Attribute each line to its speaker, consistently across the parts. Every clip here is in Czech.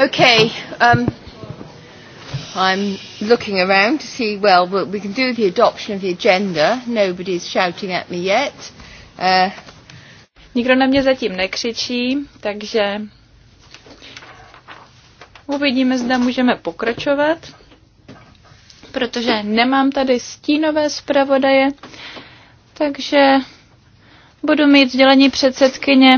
Speaker 1: Okay, um, I'm looking around to see, well, we can do the adoption of the agenda. Nobody's
Speaker 2: shouting at me yet. Uh, Nikdo na mě zatím nekřičí, takže uvidíme, zda můžeme pokračovat, protože nemám tady stínové zpravodaje, takže budu mít sdělení předsedkyně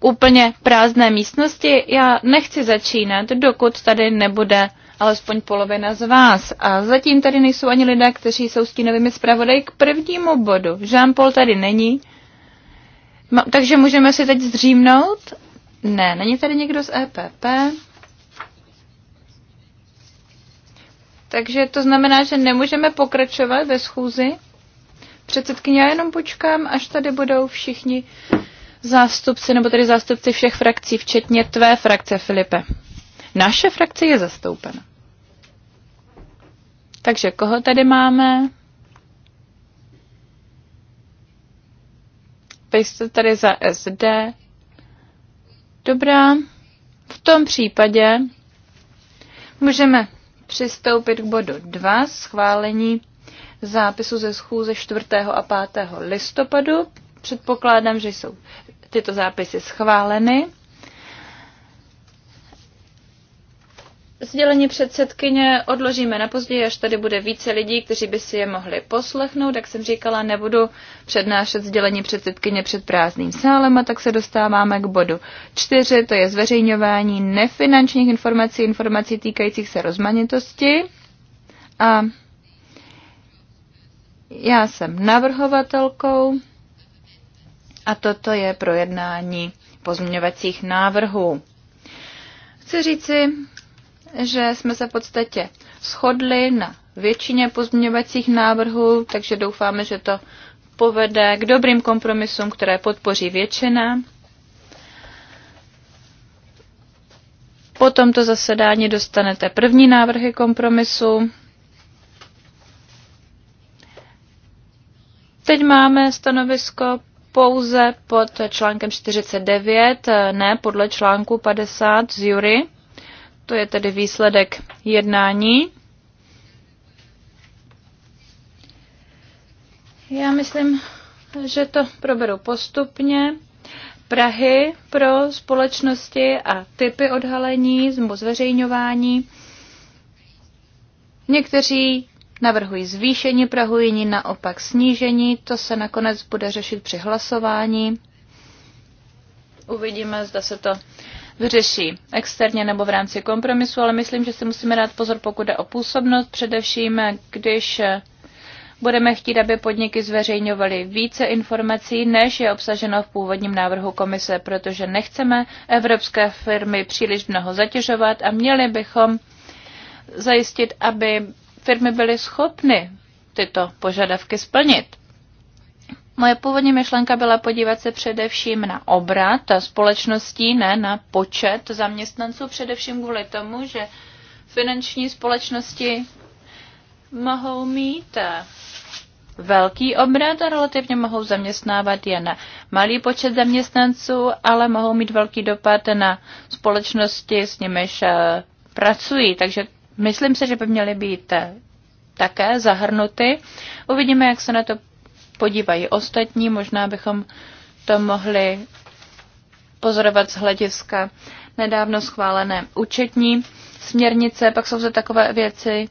Speaker 2: úplně prázdné místnosti. Já nechci začínat, dokud tady nebude alespoň polovina z vás. A zatím tady nejsou ani lidé, kteří jsou stínovými zpravodaji k prvnímu bodu. Jean-Paul tady není. Takže můžeme si teď zřímnout? Ne, není tady někdo z EPP. Takže to znamená, že nemůžeme pokračovat ve schůzi. Předsedkyně, já jenom počkám, až tady budou všichni zástupci, nebo tedy zástupci všech frakcí, včetně tvé frakce, Filipe. Naše frakce je zastoupena. Takže koho tady máme? Vy jste tady za SD. Dobrá. V tom případě můžeme přistoupit k bodu 2, schválení zápisu ze schůze 4. a 5. listopadu. Předpokládám, že jsou tyto zápisy schváleny. Sdělení předsedkyně odložíme na později, až tady bude více lidí, kteří by si je mohli poslechnout. Jak jsem říkala, nebudu přednášet sdělení předsedkyně před prázdným sálem a tak se dostáváme k bodu 4, to je zveřejňování nefinančních informací, informací týkajících se rozmanitosti. A já jsem navrhovatelkou a toto je projednání pozměňovacích návrhů. Chci říci, že jsme se v podstatě shodli na většině pozměňovacích návrhů, takže doufáme, že to povede k dobrým kompromisům, které podpoří většina. Po tomto zasedání dostanete první návrhy kompromisu. Teď máme stanovisko pouze pod článkem 49, ne podle článku 50 z jury. To je tedy výsledek jednání. Já myslím, že to proberu postupně. Prahy pro společnosti a typy odhalení nebo zveřejňování. Někteří Navrhuji zvýšení Prahu, jiní naopak snížení. To se nakonec bude řešit při hlasování. Uvidíme, zda se to vyřeší externě nebo v rámci kompromisu, ale myslím, že si musíme dát pozor, pokud jde o působnost, především když budeme chtít, aby podniky zveřejňovaly více informací, než je obsaženo v původním návrhu komise, protože nechceme evropské firmy příliš mnoho zatěžovat a měli bychom zajistit, aby firmy byly schopny tyto požadavky splnit. Moje původní myšlenka byla podívat se především na obrat společností, ne na počet zaměstnanců, především kvůli tomu, že finanční společnosti mohou mít eh, velký obrat a relativně mohou zaměstnávat jen malý počet zaměstnanců, ale mohou mít velký dopad na společnosti, s nimiž eh, pracují. Takže Myslím se, že by měly být eh, také zahrnuty. Uvidíme, jak se na to podívají ostatní. Možná bychom to mohli pozorovat z hlediska nedávno schválené účetní směrnice. Pak jsou zde takové věci,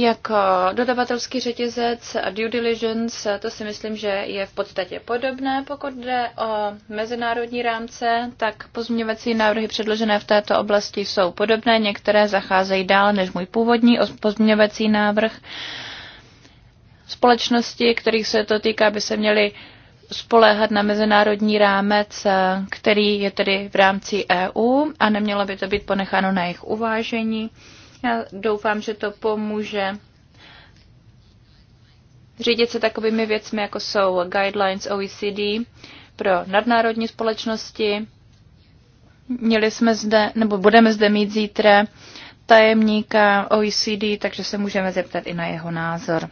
Speaker 2: jako dodavatelský řetězec a eh, due diligence, eh, to si myslím, že je v podstatě podobné. Pokud jde o mezinárodní rámce, tak pozměňovací návrhy předložené v této oblasti jsou podobné. Některé zacházejí dál než můj původní pozměňovací návrh. Společnosti, kterých se to týká, by se měly spoléhat na mezinárodní rámec, který je tedy v rámci EU a nemělo by to být ponecháno na jejich uvážení. Já doufám, že to pomůže řídit se takovými věcmi, jako jsou guidelines OECD pro nadnárodní společnosti. Měli jsme zde, nebo budeme zde mít zítra tajemníka OECD, takže se můžeme zeptat i na jeho názor.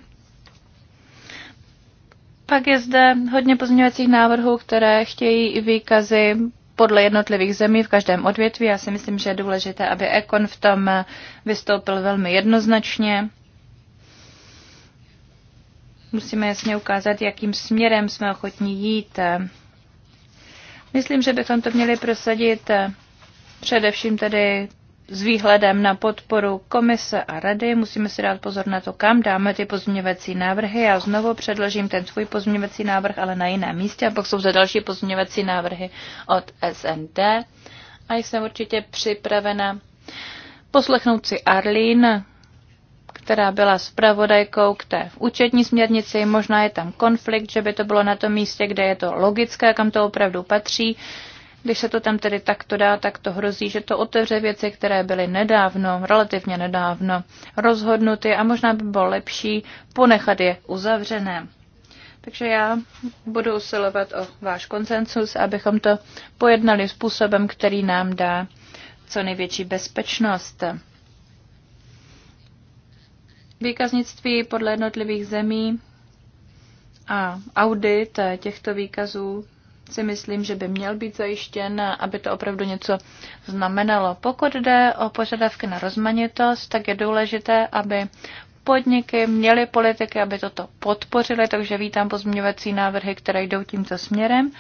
Speaker 2: Pak je zde hodně pozměňovacích návrhů, které chtějí výkazy podle jednotlivých zemí v každém odvětví. Já si myslím, že je důležité, aby Ekon v tom vystoupil velmi jednoznačně. Musíme jasně ukázat, jakým směrem jsme ochotní jít. Myslím, že bychom to měli prosadit především tedy s výhledem na podporu komise a rady musíme si dát pozor na to, kam dáme ty pozměňovací návrhy. Já znovu předložím ten svůj pozměňovací návrh, ale na jiném místě. A pak jsou zde další pozměňovací návrhy od SND. A jsem určitě připravena poslechnout si Arlín, která byla zpravodajkou k té v účetní směrnici. Možná je tam konflikt, že by to bylo na tom místě, kde je to logické, kam to opravdu patří. Když se to tam tedy takto dá, tak to hrozí, že to otevře věci, které byly nedávno, relativně nedávno rozhodnuty a možná by bylo lepší ponechat je uzavřené. Takže já budu usilovat o váš konsensus, abychom to pojednali způsobem, který nám dá co největší bezpečnost. Výkaznictví podle jednotlivých zemí a audit těchto výkazů si myslím, že by měl být zajištěn, aby to opravdu něco znamenalo. Pokud jde o požadavky na rozmanitost, tak je důležité, aby podniky měly politiky, aby toto podpořily, takže vítám pozměňovací návrhy, které jdou tímto směrem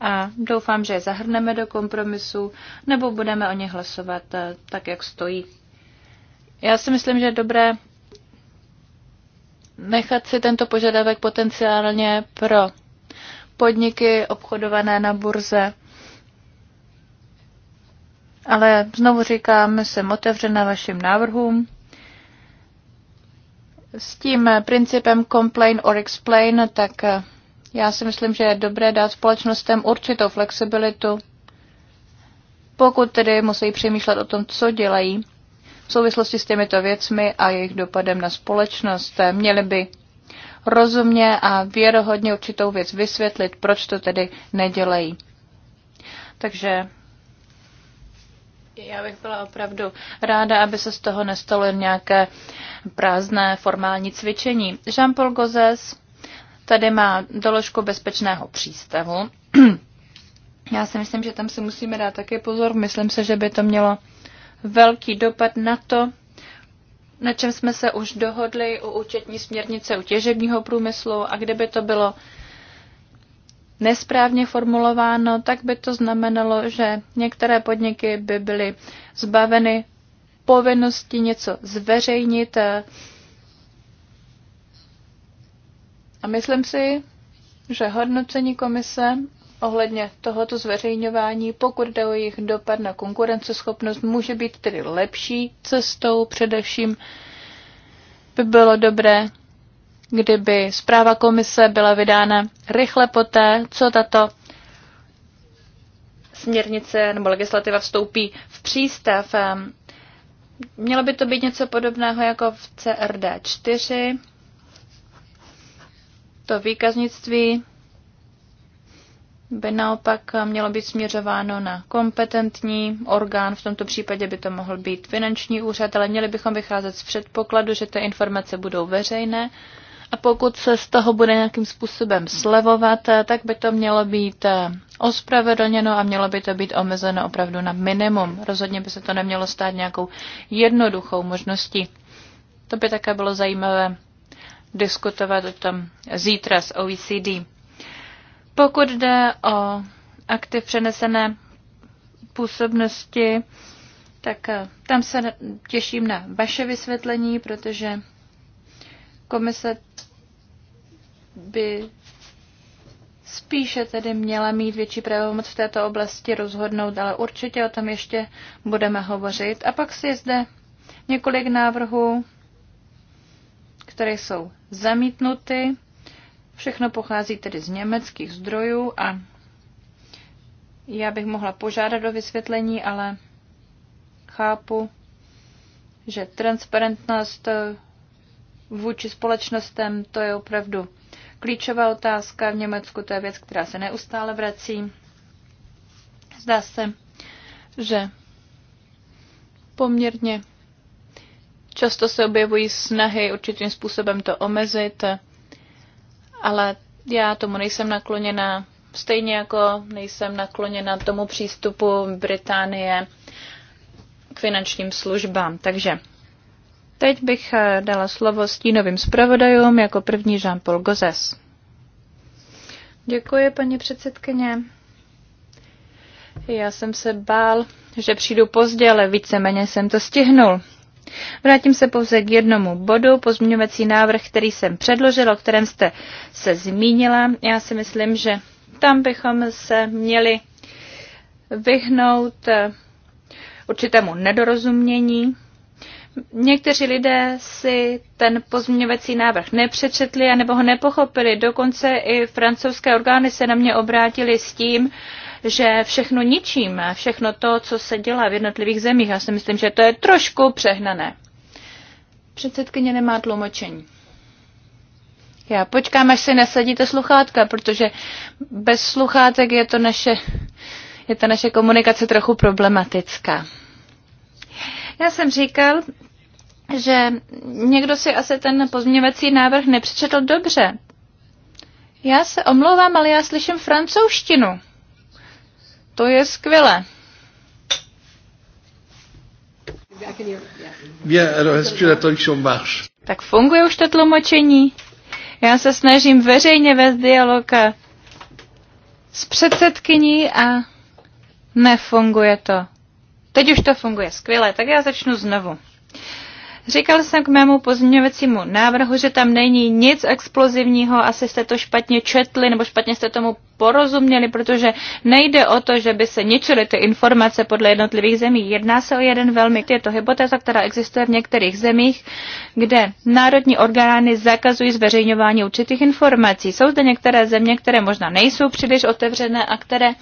Speaker 2: a doufám, že je zahrneme do kompromisu nebo budeme o ně hlasovat eh, tak, jak stojí. Já si myslím, že je dobré nechat si tento požadavek potenciálně pro podniky obchodované na burze. Ale znovu říkám, jsem otevřena vašim návrhům. S tím principem complain or explain, tak já si myslím, že je dobré dát společnostem určitou flexibilitu, pokud tedy musí přemýšlet o tom, co dělají v souvislosti s těmito věcmi a jejich dopadem na společnost. Měli by rozumně a věrohodně určitou věc vysvětlit, proč to tedy nedělají. Takže já bych byla opravdu ráda, aby se z toho nestalo nějaké prázdné formální cvičení. Jean-Paul Gozes tady má doložku bezpečného přístavu. Já si myslím, že tam si musíme dát také pozor. Myslím se, že by to mělo velký dopad na to, na čem jsme se už dohodli u účetní směrnice u těžebního průmyslu a kdyby to bylo nesprávně formulováno, tak by to znamenalo, že některé podniky by byly zbaveny povinnosti něco zveřejnit. A myslím si, že hodnocení komise ohledně tohoto zveřejňování, pokud jde o jejich dopad na konkurenceschopnost, může být tedy lepší cestou. Především by bylo dobré, kdyby zpráva komise byla vydána rychle poté, co tato směrnice nebo legislativa vstoupí v přístav. Mělo by to být něco podobného jako v CRD 4, to výkaznictví by naopak mělo být směřováno na kompetentní orgán, v tomto případě by to mohl být finanční úřad, ale měli bychom vycházet z předpokladu, že ty informace budou veřejné a pokud se z toho bude nějakým způsobem slevovat, tak by to mělo být ospravedlněno a mělo by to být omezeno opravdu na minimum. Rozhodně by se to nemělo stát nějakou jednoduchou možností. To by také bylo zajímavé diskutovat o tom zítra s OECD. Pokud jde o akty přenesené působnosti, tak eh, tam se těším na vaše vysvětlení, protože komise by spíše tedy měla mít větší pravomoc v této oblasti rozhodnout, ale určitě o tom ještě budeme hovořit. A pak si je zde několik návrhů, které jsou zamítnuty. Všechno pochází tedy z německých zdrojů a já bych mohla požádat o vysvětlení, ale chápu, že transparentnost eh, vůči společnostem, to je opravdu klíčová otázka v Německu, to je věc, která se neustále vrací. Zdá se, že poměrně často se objevují snahy určitým způsobem to omezit ale já tomu nejsem nakloněna, stejně jako nejsem nakloněna tomu přístupu Británie k finančním službám. Takže teď bych eh, dala slovo stínovým zpravodajům jako první Jean-Paul Gozes. Děkuji, paní předsedkyně. Já jsem se bál, že přijdu pozdě, ale víceméně jsem to stihnul. Vrátím se pouze k jednomu bodu, pozměňovací návrh, který jsem předložil, o kterém jste se zmínila. Já si myslím, že tam bychom se měli vyhnout eh, určitému nedorozumění. Někteří lidé si ten pozměňovací návrh nepřečetli nebo ho nepochopili. Dokonce i francouzské orgány se na mě obrátili s tím, že všechno ničíme, všechno to, co se dělá v jednotlivých zemích. Já si myslím, že to je trošku přehnané. Předsedkyně nemá tlumočení. Já počkám, až si nesadíte sluchátka, protože bez sluchátek je to naše, je ta naše komunikace trochu problematická. Já jsem říkal, že někdo si asi ten pozměňovací návrh nepřečetl dobře. Já se omlouvám, ale já slyším francouzštinu. To je skvělé. Tak funguje už to tlumočení. Já se snažím veřejně vést dialog s předsedkyní a nefunguje to. Teď už to funguje skvěle, tak já začnu znovu. Říkal jsem k mému pozměňovacímu návrhu, že tam není nic explozivního, asi jste to špatně četli nebo špatně jste tomu porozuměli, protože nejde o to, že by se ničily ty informace podle jednotlivých zemí. Jedná se o jeden velmi, je to hypotéza, která existuje v některých zemích, kde národní orgány zakazují zveřejňování určitých informací. Jsou zde některé země, které možná nejsou příliš otevřené a které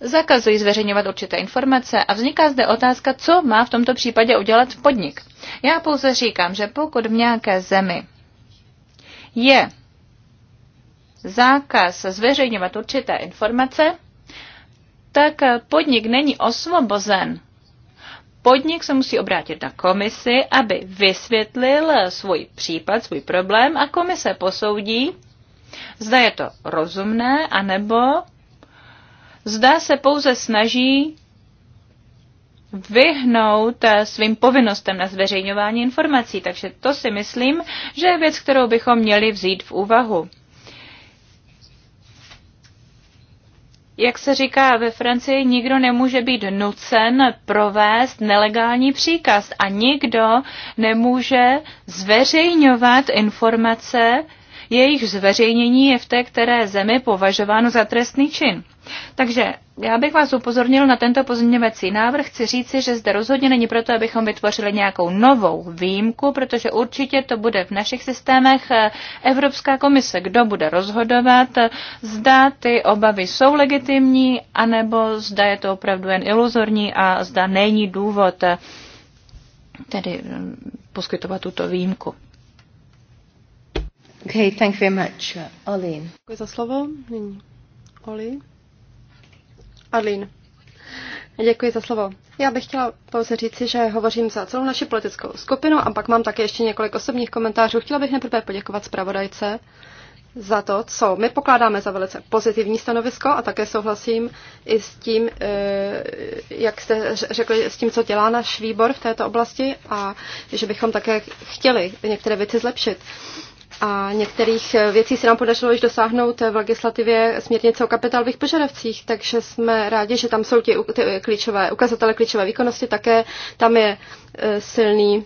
Speaker 2: zakazují zveřejňovat určité informace a vzniká zde otázka, co má v tomto případě udělat podnik. Já pouze říkám, že pokud v nějaké zemi je zákaz zveřejňovat určité informace, tak podnik není osvobozen. Podnik se musí obrátit na komisi, aby vysvětlil svůj případ, svůj problém a komise posoudí, zda je to rozumné, anebo zda se pouze snaží vyhnout eh, svým povinnostem na zveřejňování informací. Takže to si myslím, že je věc, kterou bychom měli vzít v úvahu. Jak se říká ve Francii, nikdo nemůže být nucen provést nelegální příkaz a nikdo nemůže zveřejňovat informace, jejich zveřejnění je v té které zemi považováno za trestný čin. Takže já bych vás upozornil na tento pozměňovací návrh. Chci říci, že zde rozhodně není proto, abychom vytvořili nějakou novou výjimku, protože určitě to bude v našich systémech Evropská komise, kdo bude rozhodovat, zda ty obavy jsou legitimní, anebo zda je to opravdu jen iluzorní a zda není důvod eh, tedy mm, poskytovat tuto výjimku. Okay, thank you very much. Uh, Olin.
Speaker 3: Děkuji za slovo. Nyní Oli. Adlín. Děkuji za slovo. Já bych chtěla pouze říci, že hovořím za celou naši politickou skupinu a pak mám také ještě několik osobních komentářů. Chtěla bych nejprve poděkovat zpravodajce za to, co my pokládáme za velice pozitivní stanovisko a také souhlasím i s tím, eh, jak jste řekli, s tím, co dělá náš výbor v této oblasti a že bychom také chtěli některé věci zlepšit. A některých eh, věcí se nám podařilo již dosáhnout eh, v legislativě směrnice o kapitálových požadavcích, takže jsme rádi, že tam jsou ti klíčové ukazatele klíčové výkonnosti, také tam je eh, silný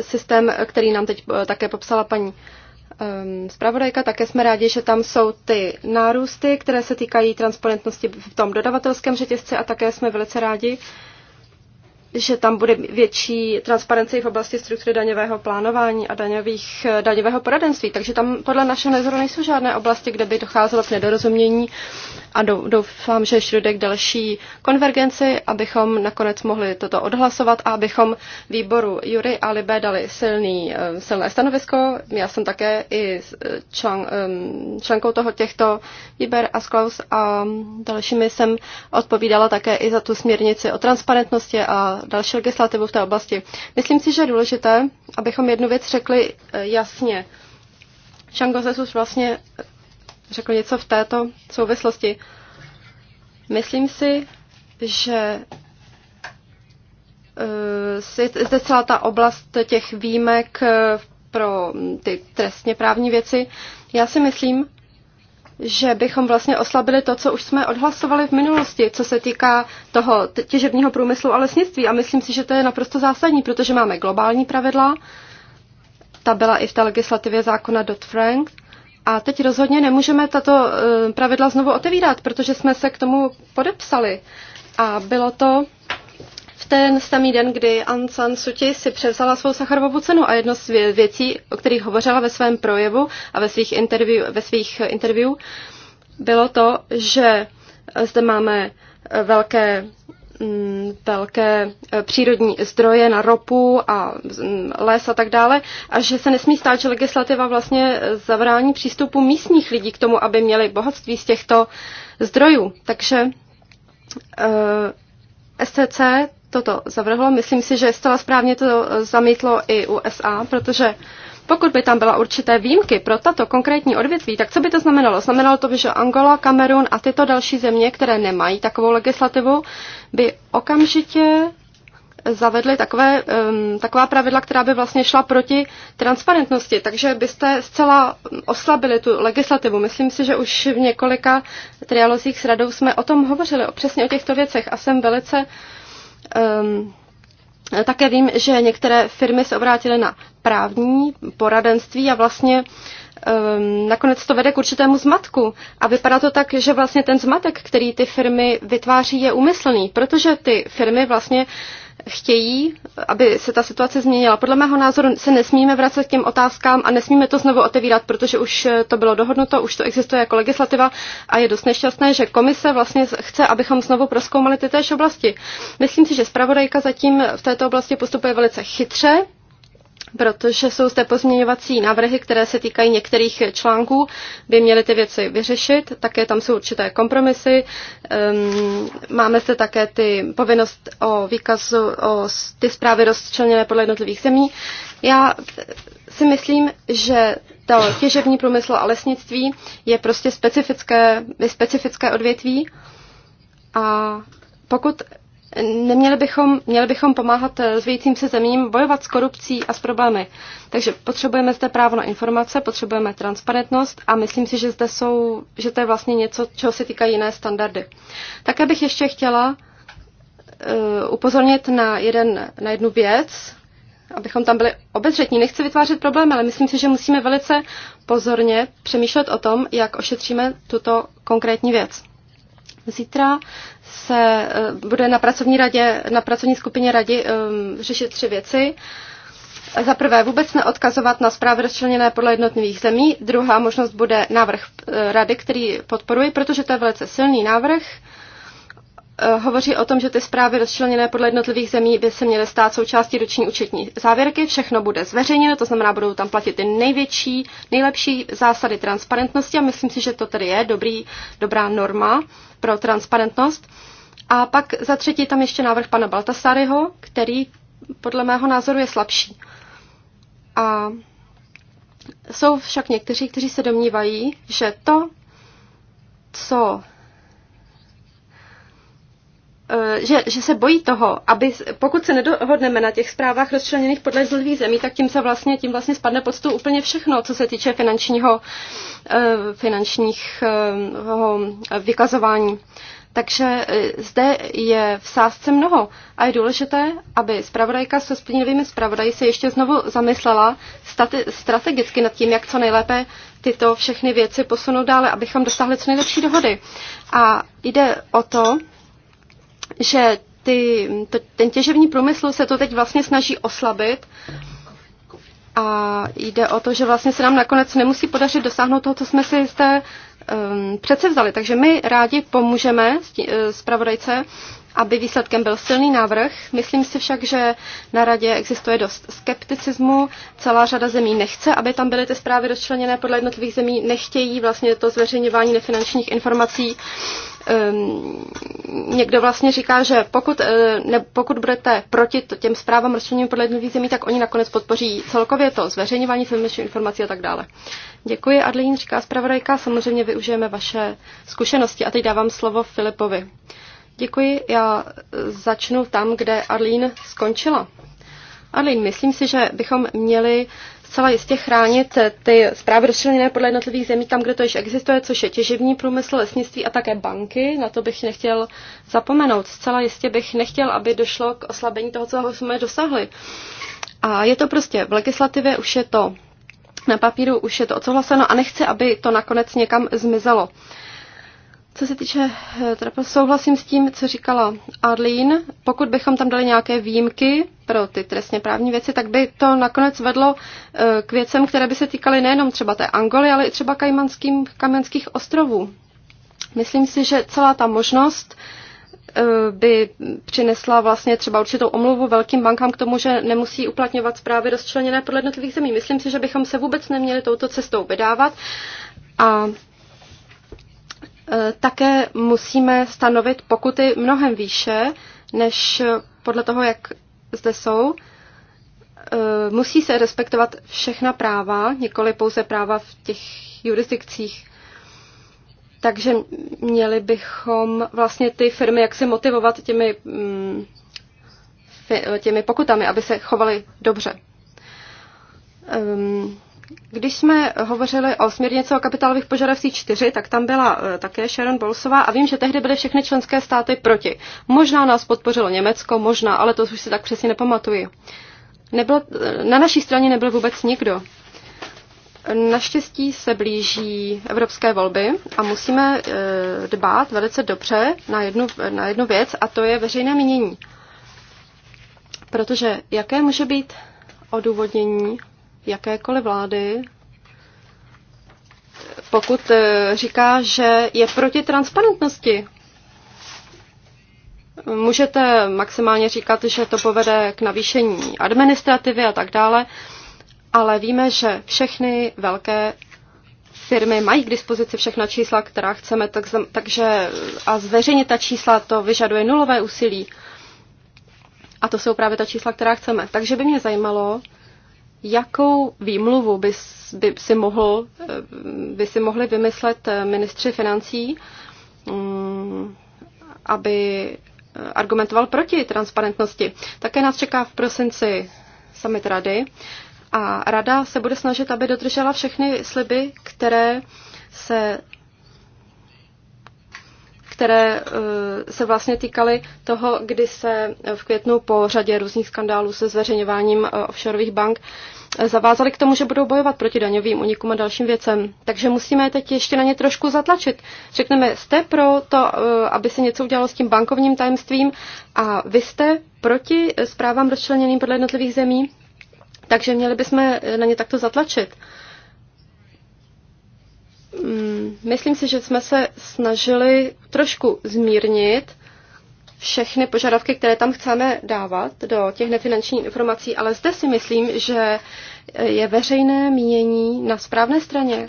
Speaker 3: systém, který nám teď také popsala paní ehm, zpravodajka, také jsme rádi, že tam jsou ty nárůsty, které se týkají transparentnosti v tom dodavatelském řetězci a také jsme velice rádi, že tam bude větší transparence v oblasti struktury daňového plánování a daňových, eh, daňového poradenství. Takže tam podle našeho názoru nejsou žádné oblasti, kde by docházelo k nedorozumění a doufám, že ještě dojde k další konvergenci, abychom nakonec mohli toto odhlasovat a abychom výboru Jury a Libé dali silný, eh, silné stanovisko. Já jsem také i eh, člen, ehm, členkou toho těchto výber a Sklaus a mm, dalšími jsem odpovídala také i za tu směrnici o transparentnosti a další legislativu v té oblasti. Myslím si, že je důležité, abychom jednu věc řekli eh, jasně. Šangozes už vlastně eh, řekl něco v této souvislosti. Myslím si, že eh, je zde celá ta oblast těch výjimek pro mm, ty trestně právní věci. Já si myslím, že bychom vlastně oslabili to, co už jsme odhlasovali v minulosti, co se týká toho těžebního průmyslu a lesnictví. A myslím si, že to je naprosto zásadní, protože máme globální pravidla, ta byla i v té legislativě zákona Dodd-Frank. A teď rozhodně nemůžeme tato eh, pravidla znovu otevírat, protože jsme se k tomu podepsali. A bylo to ten samý den, kdy Aung San Suu Kyi si převzala svou sacharovou cenu a jedno z věcí, o kterých hovořila ve svém projevu a ve svých interview, ve svých eh, interview bylo to, že eh, zde máme eh, velké mm, velké přírodní zdroje na ropu a mm, les a tak dále a že se nesmí stát, že legislativa vlastně zavrání přístupu místních lidí k tomu, aby měli bohatství z těchto zdrojů. Takže SCC toto zavrhlo. Myslím si, že zcela správně to zamítlo i USA, protože pokud by tam byla určité výjimky pro tato konkrétní odvětví, tak co by to znamenalo? Znamenalo to by, že Angola, Kamerun a tyto další země, které nemají takovou legislativu, by okamžitě zavedly takové, um, taková pravidla, která by vlastně šla proti transparentnosti. Takže byste zcela oslabili tu legislativu. Myslím si, že už v několika trialozích s radou jsme o tom hovořili, o, přesně o těchto věcech a jsem velice Um, také vím, že některé firmy se obrátily na právní poradenství a vlastně um, nakonec to vede k určitému zmatku. A vypadá to tak, že vlastně ten zmatek, který ty firmy vytváří, je úmyslný, protože ty firmy vlastně uh, chtějí, aby se ta situace změnila. Podle mého názoru se nesmíme vracet k těm otázkám a nesmíme to znovu otevírat, protože už eh, to bylo dohodnuto, už to existuje jako legislativa a je dost nešťastné, že komise vlastně chce, abychom znovu proskoumali ty též oblasti. Myslím si, že zpravodajka zatím v této oblasti postupuje velice chytře, protože jsou zde pozměňovací návrhy, které se týkají některých článků, by měly ty věci vyřešit. Také tam jsou určité kompromisy. Ehm, máme zde také ty povinnost o výkazu, o ty zprávy rozčleněné podle jednotlivých zemí. Já si myslím, že to těžební průmysl a lesnictví je prostě specifické, je specifické odvětví a pokud neměli bychom, měli bychom pomáhat eh, zvějícím se zemím bojovat s korupcí a s problémy. Takže potřebujeme zde právo na informace, potřebujeme transparentnost a myslím si, že zde jsou, že to je vlastně něco, čeho se týkají jiné standardy. Také bych ještě chtěla uh, upozornit na, jeden, na jednu věc, abychom tam byli obezřetní. Nechci vytvářet problém, ale myslím si, že musíme velice pozorně přemýšlet o tom, jak ošetříme tuto konkrétní věc. Zítra se eh, bude na pracovní, radě, na pracovní skupině radi um, eh, řešit tři věci. Za prvé vůbec neodkazovat na zprávy rozčleněné podle jednotlivých zemí. Druhá možnost bude návrh eh, rady, který podporuji, protože to je velice silný návrh. Eh, hovoří o tom, že ty zprávy rozčleněné podle jednotlivých zemí by se měly stát součástí roční účetní závěrky. Všechno bude zveřejněno, to znamená, budou tam platit ty největší, nejlepší zásady transparentnosti a myslím si, že to tedy je dobrý, dobrá norma pro transparentnost. A pak za třetí tam ještě návrh pana Baltasaryho, který podle mého názoru je slabší. A jsou však někteří, kteří se domnívají, že to, co Eh, že, že se bojí toho, aby pokud se nedohodneme na těch zprávách rozčleněných podle jednotlivých zemí, tak tím se vlastně, tím vlastně spadne pod stůl úplně všechno, co se týče finančního, eh, finančních vykazování. Takže eh, zde je v sázce mnoho a je důležité, aby zpravodajka s splněnými zpravodají se ještě znovu zamyslela strategicky nad tím, jak co nejlépe tyto všechny věci posunout dále, abychom dosáhli co nejlepší dohody. A jde o to, že ty, to, ten těžební průmysl se to teď vlastně snaží oslabit a jde o to, že vlastně se nám nakonec nemusí podařit dosáhnout toho, co jsme si zde um, přece vzali. Takže my rádi pomůžeme eh, zpravodajce, aby výsledkem byl silný návrh. Myslím si však, že na radě existuje dost skepticismu. Celá řada zemí nechce, aby tam byly ty zprávy rozčleněné podle jednotlivých zemí, nechtějí vlastně to zveřejňování nefinančních informací. Ehm, někdo vlastně říká, že pokud, eh, ne, pokud budete proti těm zprávám rozšlením podle jednotlivých zemí, tak oni nakonec podpoří celkově to zveřejňování finančních informací a tak dále. Děkuji, Adlín, říká zpravodajka. Samozřejmě využijeme vaše zkušenosti a teď dávám slovo Filipovi. Děkuji, já eh, začnu tam, kde Adlín skončila. Adlín, myslím si, že bychom měli zcela jistě chránit eh, ty zprávy rozčleněné podle jednotlivých zemí tam, kde to již existuje, což je těživní průmysl, lesnictví a také banky. Na to bych nechtěl zapomenout. Zcela jistě bych nechtěl, aby došlo k oslabení toho, co jsme dosahli. A je to prostě v legislativě, už je to na papíru, už je to odsouhlaseno a nechci, aby to nakonec někam zmizelo. Co se týče, eh, teda souhlasím s tím, co říkala Arlene, pokud bychom tam dali nějaké výjimky pro ty trestně právní věci, tak by to nakonec vedlo eh, k věcem, které by se týkaly nejenom třeba té Angoly, ale i třeba kajmanským, kajmanských ostrovů. Myslím si, že celá ta možnost eh, by přinesla vlastně třeba určitou omluvu velkým bankám k tomu, že nemusí uplatňovat zprávy rozčleněné podle jednotlivých zemí. Myslím si, že bychom se vůbec neměli touto cestou vydávat. A E, také musíme stanovit pokuty mnohem výše, než podle toho, jak zde jsou. E, musí se respektovat všechna práva, nikoli pouze práva v těch jurisdikcích. Takže měli bychom vlastně ty firmy jak si motivovat těmi, mm, těmi pokutami, aby se chovaly dobře. Ehm, když jsme hovořili o směrnici o kapitálových požadavcích 4, tak tam byla e, také Sharon Bolsová a vím, že tehdy byly všechny členské státy proti. Možná nás podpořilo Německo, možná, ale to už si tak přesně nepamatuji. Nebyl, e, na naší straně nebyl vůbec nikdo. Naštěstí se blíží evropské volby a musíme e, dbát velice dobře na jednu, na jednu věc a to je veřejné mínění. Protože jaké může být odůvodnění jakékoliv vlády, pokud eh, říká, že je proti transparentnosti. Můžete maximálně říkat, že to povede k navýšení administrativy a tak dále, ale víme, že všechny velké firmy mají k dispozici všechna čísla, která chceme, tak, takže a zveřejnit ta čísla to vyžaduje nulové úsilí. A to jsou právě ta čísla, která chceme. Takže by mě zajímalo, Jakou výmluvu by, by, si, mohl, eh, by si mohli vymyslet eh, ministři financí, mm, aby eh, argumentoval proti transparentnosti? Také nás čeká v prosinci summit rady a rada se bude snažit, aby dodržela všechny sliby, které se které eh, se vlastně týkaly toho, kdy se v květnu po řadě různých skandálů se zveřejňováním eh, offshoreových bank eh, zavázali k tomu, že budou bojovat proti daňovým unikům a dalším věcem. Takže musíme teď ještě na ně trošku zatlačit. Řekneme, jste pro to, aby se něco udělalo s tím bankovním tajemstvím a vy jste proti zprávám rozčleněným podle jednotlivých zemí, takže měli bychom na ně takto zatlačit. Mm, myslím si, že jsme se snažili trošku zmírnit všechny požadavky, které tam chceme dávat do těch nefinančních informací, ale zde si myslím, že je veřejné mínění na správné straně,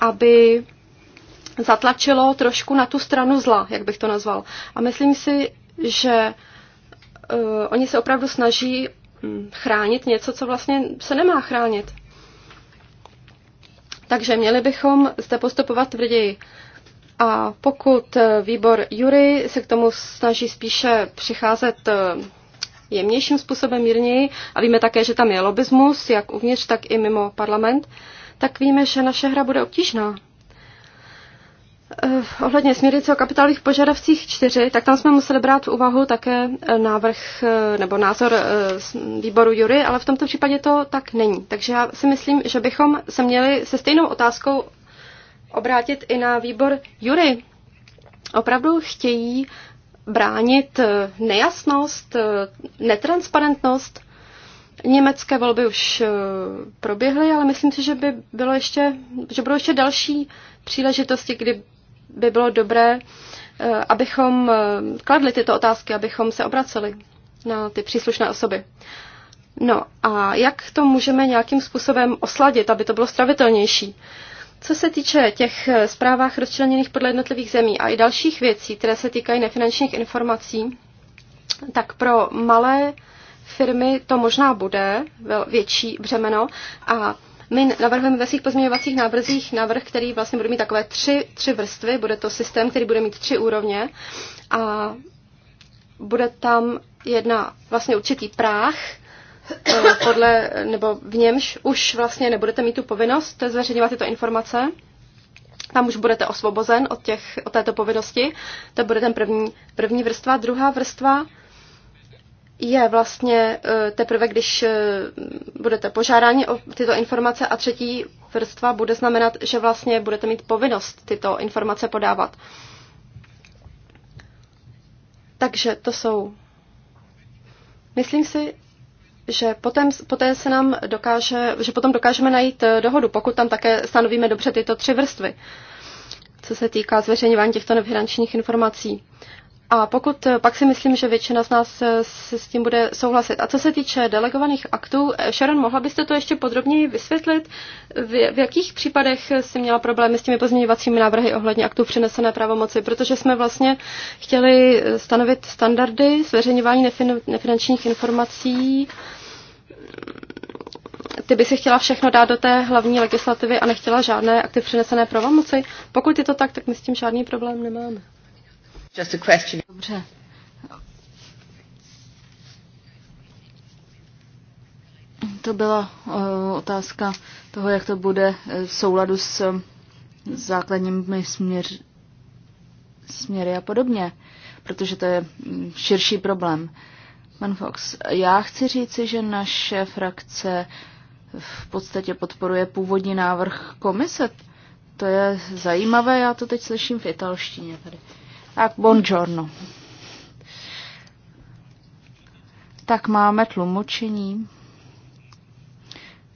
Speaker 3: aby zatlačilo trošku na tu stranu zla, jak bych to nazval. A myslím si, že uh, oni se opravdu snaží hm, chránit něco, co vlastně se nemá chránit. Takže měli bychom zde postupovat tvrději. A pokud výbor Jury se k tomu snaží spíše přicházet eh, jemnějším způsobem, mírněji, a víme také, že tam je lobismus, jak uvnitř, tak i mimo parlament, tak víme, že naše hra bude obtížná. Eh, ohledně směrnice o kapitálových požadavcích 4, tak tam jsme museli brát v úvahu také eh, návrh eh, nebo názor výboru Jury, ale v tomto případě to tak není. Takže já si myslím, že bychom se měli se stejnou otázkou obrátit i na výbor Jury. Opravdu chtějí bránit nejasnost, netransparentnost. Německé volby už proběhly, ale myslím si, že by bylo ještě, že budou ještě další příležitosti, kdy by bylo dobré, eh, abychom eh, kladli tyto otázky, abychom se obraceli na ty příslušné osoby. No a jak to můžeme nějakým způsobem osladit, aby to bylo stravitelnější? Co se týče těch eh, zprávách rozčleněných podle jednotlivých zemí a i dalších věcí, které se týkají nefinančních informací, tak pro malé firmy to možná bude větší břemeno a my navrhujeme ve svých pozměňovacích návrzích návrh, který vlastně bude mít takové tři, tři vrstvy. Bude to systém, který bude mít tři úrovně a bude tam jedna vlastně určitý práh, eh, podle, nebo v němž už vlastně nebudete mít tu povinnost zveřejňovat tyto informace. Tam už budete osvobozen od, těch, od této povinnosti. To bude ten první, první vrstva. Druhá vrstva je vlastně eh, teprve, když eh, budete požádáni o tyto informace a třetí vrstva bude znamenat, že vlastně budete mít povinnost tyto informace podávat. Takže to jsou. Myslím si, že potom, poté se nám dokáže, že potom dokážeme najít eh, dohodu, pokud tam také stanovíme dobře tyto tři vrstvy, co se týká zveřejňování těchto nefinančních informací. A pokud eh, pak si myslím, že většina z nás eh, se s tím bude souhlasit. A co se týče delegovaných aktů, eh, Sharon, mohla byste to ještě podrobněji vysvětlit? V, v jakých případech si měla problémy s těmi pozměňovacími návrhy ohledně aktů přenesené pravomoci? Protože jsme vlastně chtěli stanovit standardy zveřejňování nefin- nefinančních informací. Ty by si chtěla všechno dát do té hlavní legislativy a nechtěla žádné akty přenesené pravomoci. Pokud je to tak, tak my s tím žádný problém nemáme.
Speaker 1: Just a
Speaker 4: question. Dobře. To byla uh, otázka toho, jak to bude eh, v souladu s um, základními směr, směry a podobně, protože to je mm, širší problém. Pan Fox, já chci říci, že naše frakce v podstatě podporuje původní návrh komise. To je zajímavé, já to teď slyším v italštině tady. Uh, a buongiorno. Tak máme tlumočení.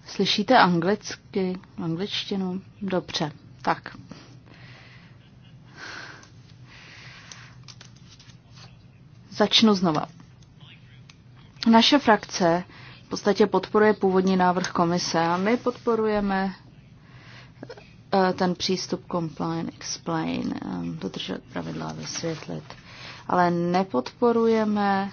Speaker 4: Slyšíte anglicky, angličtinu? Dobře, tak. Začnu znova. Naše frakce v podstatě podporuje původní návrh komise a my podporujeme Eh, ten přístup complain, explain, eh, dodržet pravidla, vysvětlit. Ale nepodporujeme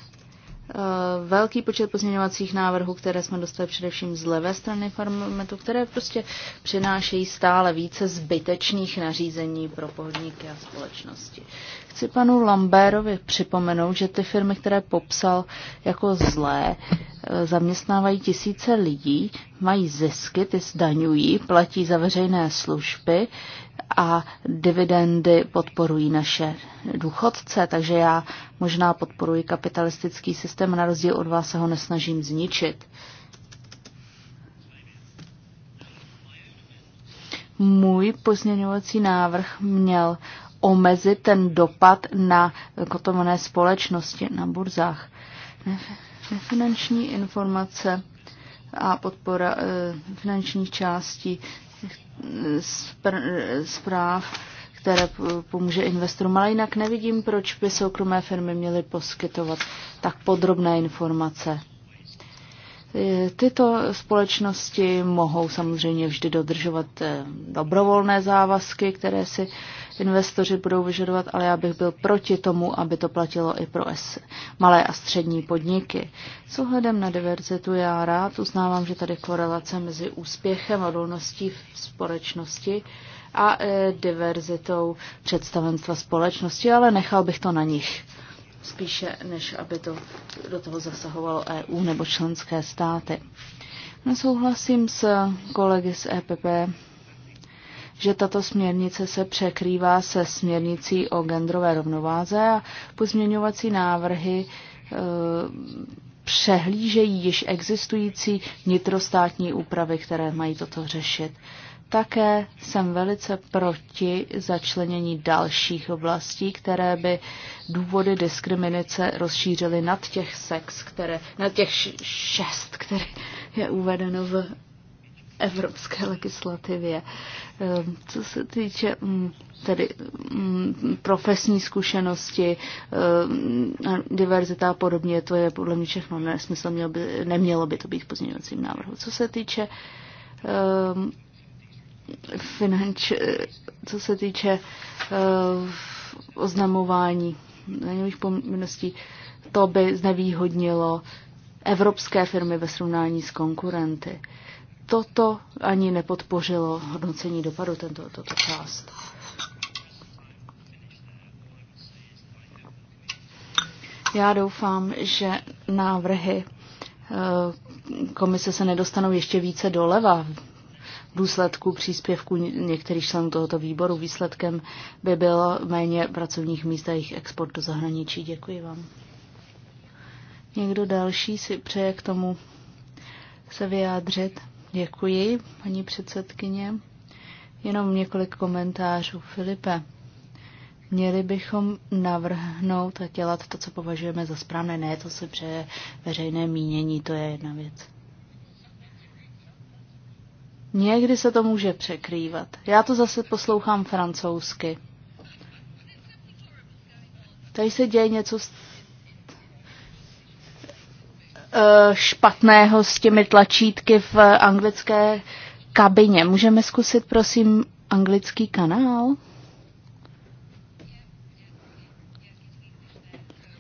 Speaker 4: eh, velký počet pozměňovacích návrhů, které jsme dostali především z levé strany parlamentu, které prostě přinášejí stále více zbytečných nařízení pro podniky a společnosti. Chci panu Lambérovi připomenout, že ty firmy, které popsal jako zlé, e, zaměstnávají tisíce lidí, mají zisky, ty zdaňují, platí za veřejné služby a dividendy podporují naše důchodce, takže já možná podporuji kapitalistický systém, na rozdíl od vás se ho nesnažím zničit. Můj pozměňovací návrh měl omezit ten dopad na kotované společnosti na burzách. Nefinanční informace a podpora eh, finančních částí eh, zpráv, které pomůže investorům. Ale jinak nevidím, proč by soukromé firmy měly poskytovat tak podrobné informace. Tyto společnosti mohou samozřejmě vždy dodržovat eh, dobrovolné závazky, které si investoři budou vyžadovat, ale já bych byl proti tomu, aby to platilo i pro S, malé a střední podniky. S ohledem na diverzitu já rád uznávám, že tady korelace mezi úspěchem a odolností v společnosti a e, diverzitou představenstva společnosti, ale nechal bych to na nich spíše než aby to do toho zasahovalo EU nebo členské státy. Nesouhlasím s kolegy z EPP, že tato směrnice se překrývá se směrnicí o genderové rovnováze a pozměňovací návrhy e, přehlížejí již existující vnitrostátní úpravy, které mají toto řešit. Také jsem velice proti začlenění dalších oblastí, které by důvody diskriminace rozšířily nad těch sex, které, nad těch šest, které je uvedeno v evropské legislativě. Ehm, co se týče mm, tedy mm, profesní zkušenosti, ehm, diverzita a podobně, to je podle mě všechno nesmysl, mělo by, nemělo by to být v pozměňovacím návrhu. Co se týče ehm, finanč, co se týče eh, oznamování daňových povinností, to by znevýhodnilo evropské firmy ve srovnání s konkurenty. Toto ani nepodpořilo hodnocení dopadu, tento, toto část. Já doufám, že návrhy eh, komise se nedostanou ještě více doleva důsledku příspěvku některých členů tohoto výboru. Výsledkem by bylo méně pracovních míst a jejich export do zahraničí. Děkuji vám. Někdo další si přeje k tomu se vyjádřit? Děkuji, paní předsedkyně. Jenom několik komentářů. Filipe, měli bychom navrhnout a dělat to, co považujeme za správné. Ne, to si přeje veřejné mínění, to je jedna věc. Někdy se to může překrývat. Já to zase poslouchám francouzsky. Tady se děje něco eh, špatného s těmi tlačítky v anglické kabině. Můžeme zkusit, prosím, anglický kanál?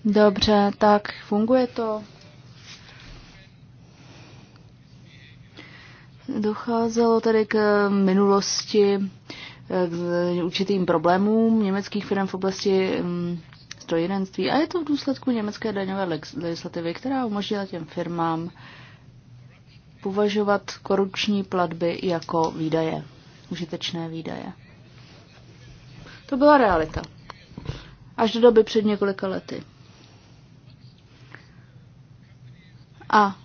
Speaker 4: Dobře, tak funguje to. Docházelo tedy k eh, minulosti, eh, k určitým problémům německých firm v oblasti mm, strojírenství a je to v důsledku německé daňové legislativy, která umožnila těm firmám považovat korupční platby jako výdaje, užitečné výdaje. To byla realita. Až do doby před několika lety. A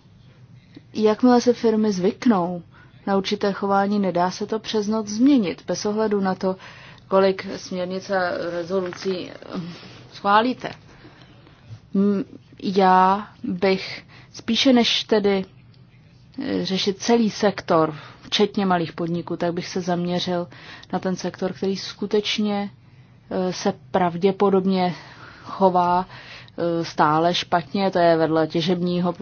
Speaker 4: jakmile se firmy zvyknou na určité chování, nedá se to přes noc změnit, bez ohledu na to, kolik směrnic a rezolucí ehm, schválíte. Já bych spíše než tedy eh, řešit celý sektor, včetně malých podniků, tak bych se zaměřil na ten sektor, který skutečně eh, se pravděpodobně chová eh, stále špatně, to je vedle těžebního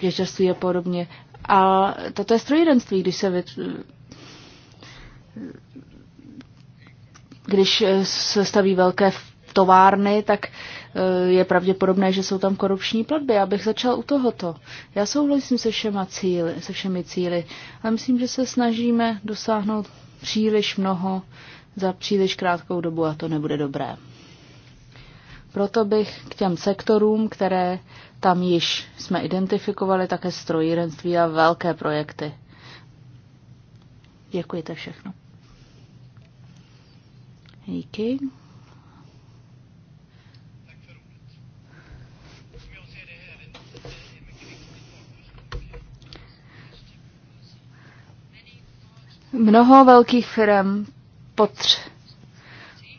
Speaker 4: těžařství a podobně. A toto je strojírenství, když se vyt... když se staví velké továrny, tak eh, je pravděpodobné, že jsou tam korupční platby. Abych začal u tohoto. Já souhlasím se, všema cíly, se všemi cíly, ale myslím, že se snažíme dosáhnout příliš mnoho za příliš krátkou dobu a to nebude dobré. Proto bych k těm sektorům, které tam již jsme identifikovali také strojírenství a velké projekty. Děkuji, to všechno. Díky. Mnoho velkých firm potř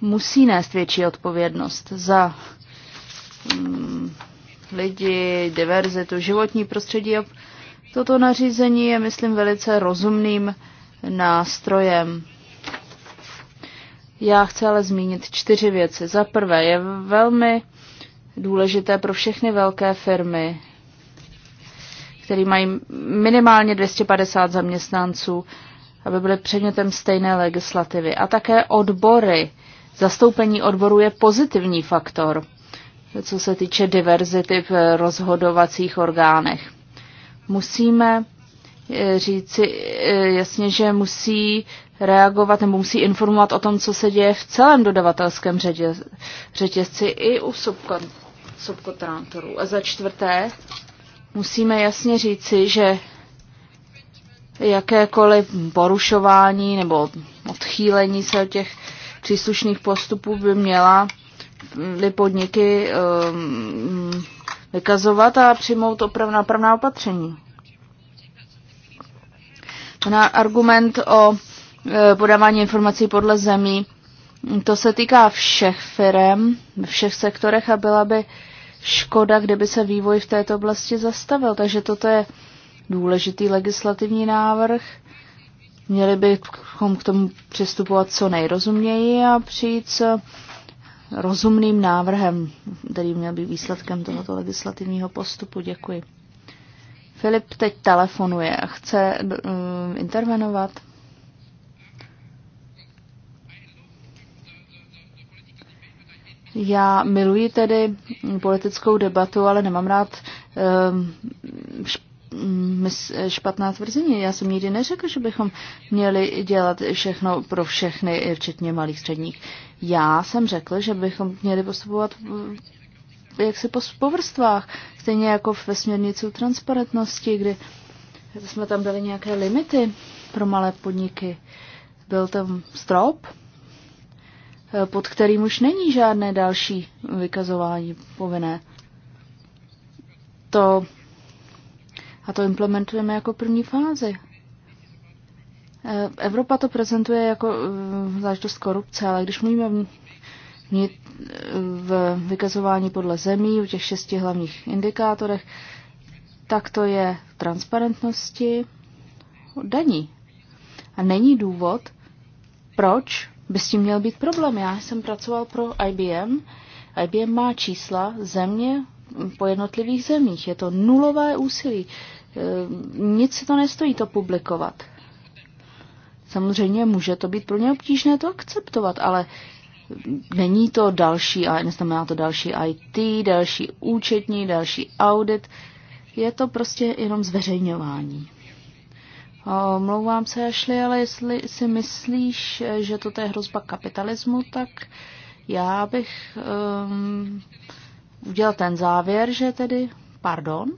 Speaker 4: musí nést větší odpovědnost za mm, lidi, diverzitu, životní prostředí. toto nařízení je, myslím, velice rozumným nástrojem. Já chci ale zmínit čtyři věci. Za prvé, je velmi důležité pro všechny velké firmy, které mají minimálně 250 zaměstnanců, aby byly předmětem stejné legislativy. A také odbory. Zastoupení odboru je pozitivní faktor co se týče diverzity v rozhodovacích orgánech. Musíme eh, říci eh, jasně, že musí reagovat nebo musí informovat o tom, co se děje v celém dodavatelském řetězci i u subkontrátorů. A za čtvrté, musíme jasně říci, že jakékoliv porušování nebo odchýlení se od těch příslušných postupů by měla podniky ehm, vykazovat a přijmout opravná, opravná opatření. Na argument o e, podávání informací podle zemí, to se týká všech firm, všech sektorech a byla by škoda, kdyby se vývoj v této oblasti zastavil. Takže toto je důležitý legislativní návrh. Měli bychom k tomu přistupovat co nejrozuměji a přijít s rozumným návrhem, který měl být výsledkem tohoto legislativního postupu. Děkuji. Filip teď telefonuje a chce um, intervenovat. Já miluji tedy politickou debatu, ale nemám rád eh, mm, špatná tvrzení. Já jsem nikdy neřekl, že bychom měli dělat všechno pro všechny, eh, včetně malých středních já jsem řekl, že bychom měli postupovat jak si po, po vrstvách, stejně jako ve směrnici o transparentnosti, kdy jsme tam dali nějaké limity pro malé podniky. Byl tam strop, eh, pod kterým už není žádné další vykazování povinné. To, a to implementujeme jako první fázi. Eh, Evropa to prezentuje jako eh, záležitost korupce, ale když mluvíme v, eh, v vykazování podle zemí, u těch šesti hlavních indikátorech, tak to je transparentnosti daní. A není důvod, proč by s tím měl být problém. Já jsem pracoval pro IBM. IBM má čísla země po jednotlivých zemích. Je to nulové úsilí. Nic se to nestojí to publikovat. Samozřejmě může to být pro ně obtížné to akceptovat, ale není to další, a neznamená to další IT, další účetní, další audit, je to prostě jenom zveřejňování. Mlouvám se, Ashley, ale jestli si myslíš, že to je hrozba kapitalismu, tak já bych um, udělal ten závěr, že tedy, pardon,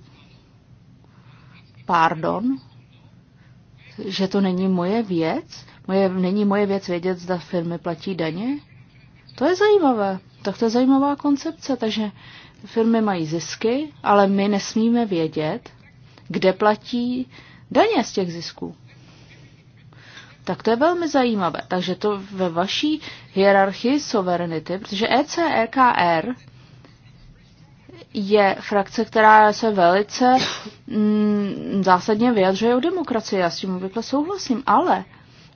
Speaker 4: pardon, že to není moje věc? Moje, není moje věc vědět, zda firmy platí daně? To je zajímavé. Tak to je zajímavá koncepce. Takže firmy mají zisky, ale my nesmíme vědět, kde platí daně z těch zisků. Tak to je velmi zajímavé. Takže to ve vaší hierarchii sovereignty, protože ECEKR je frakce, která se velice mm, zásadně vyjadřuje o demokracii. Já s tím obvykle souhlasím, ale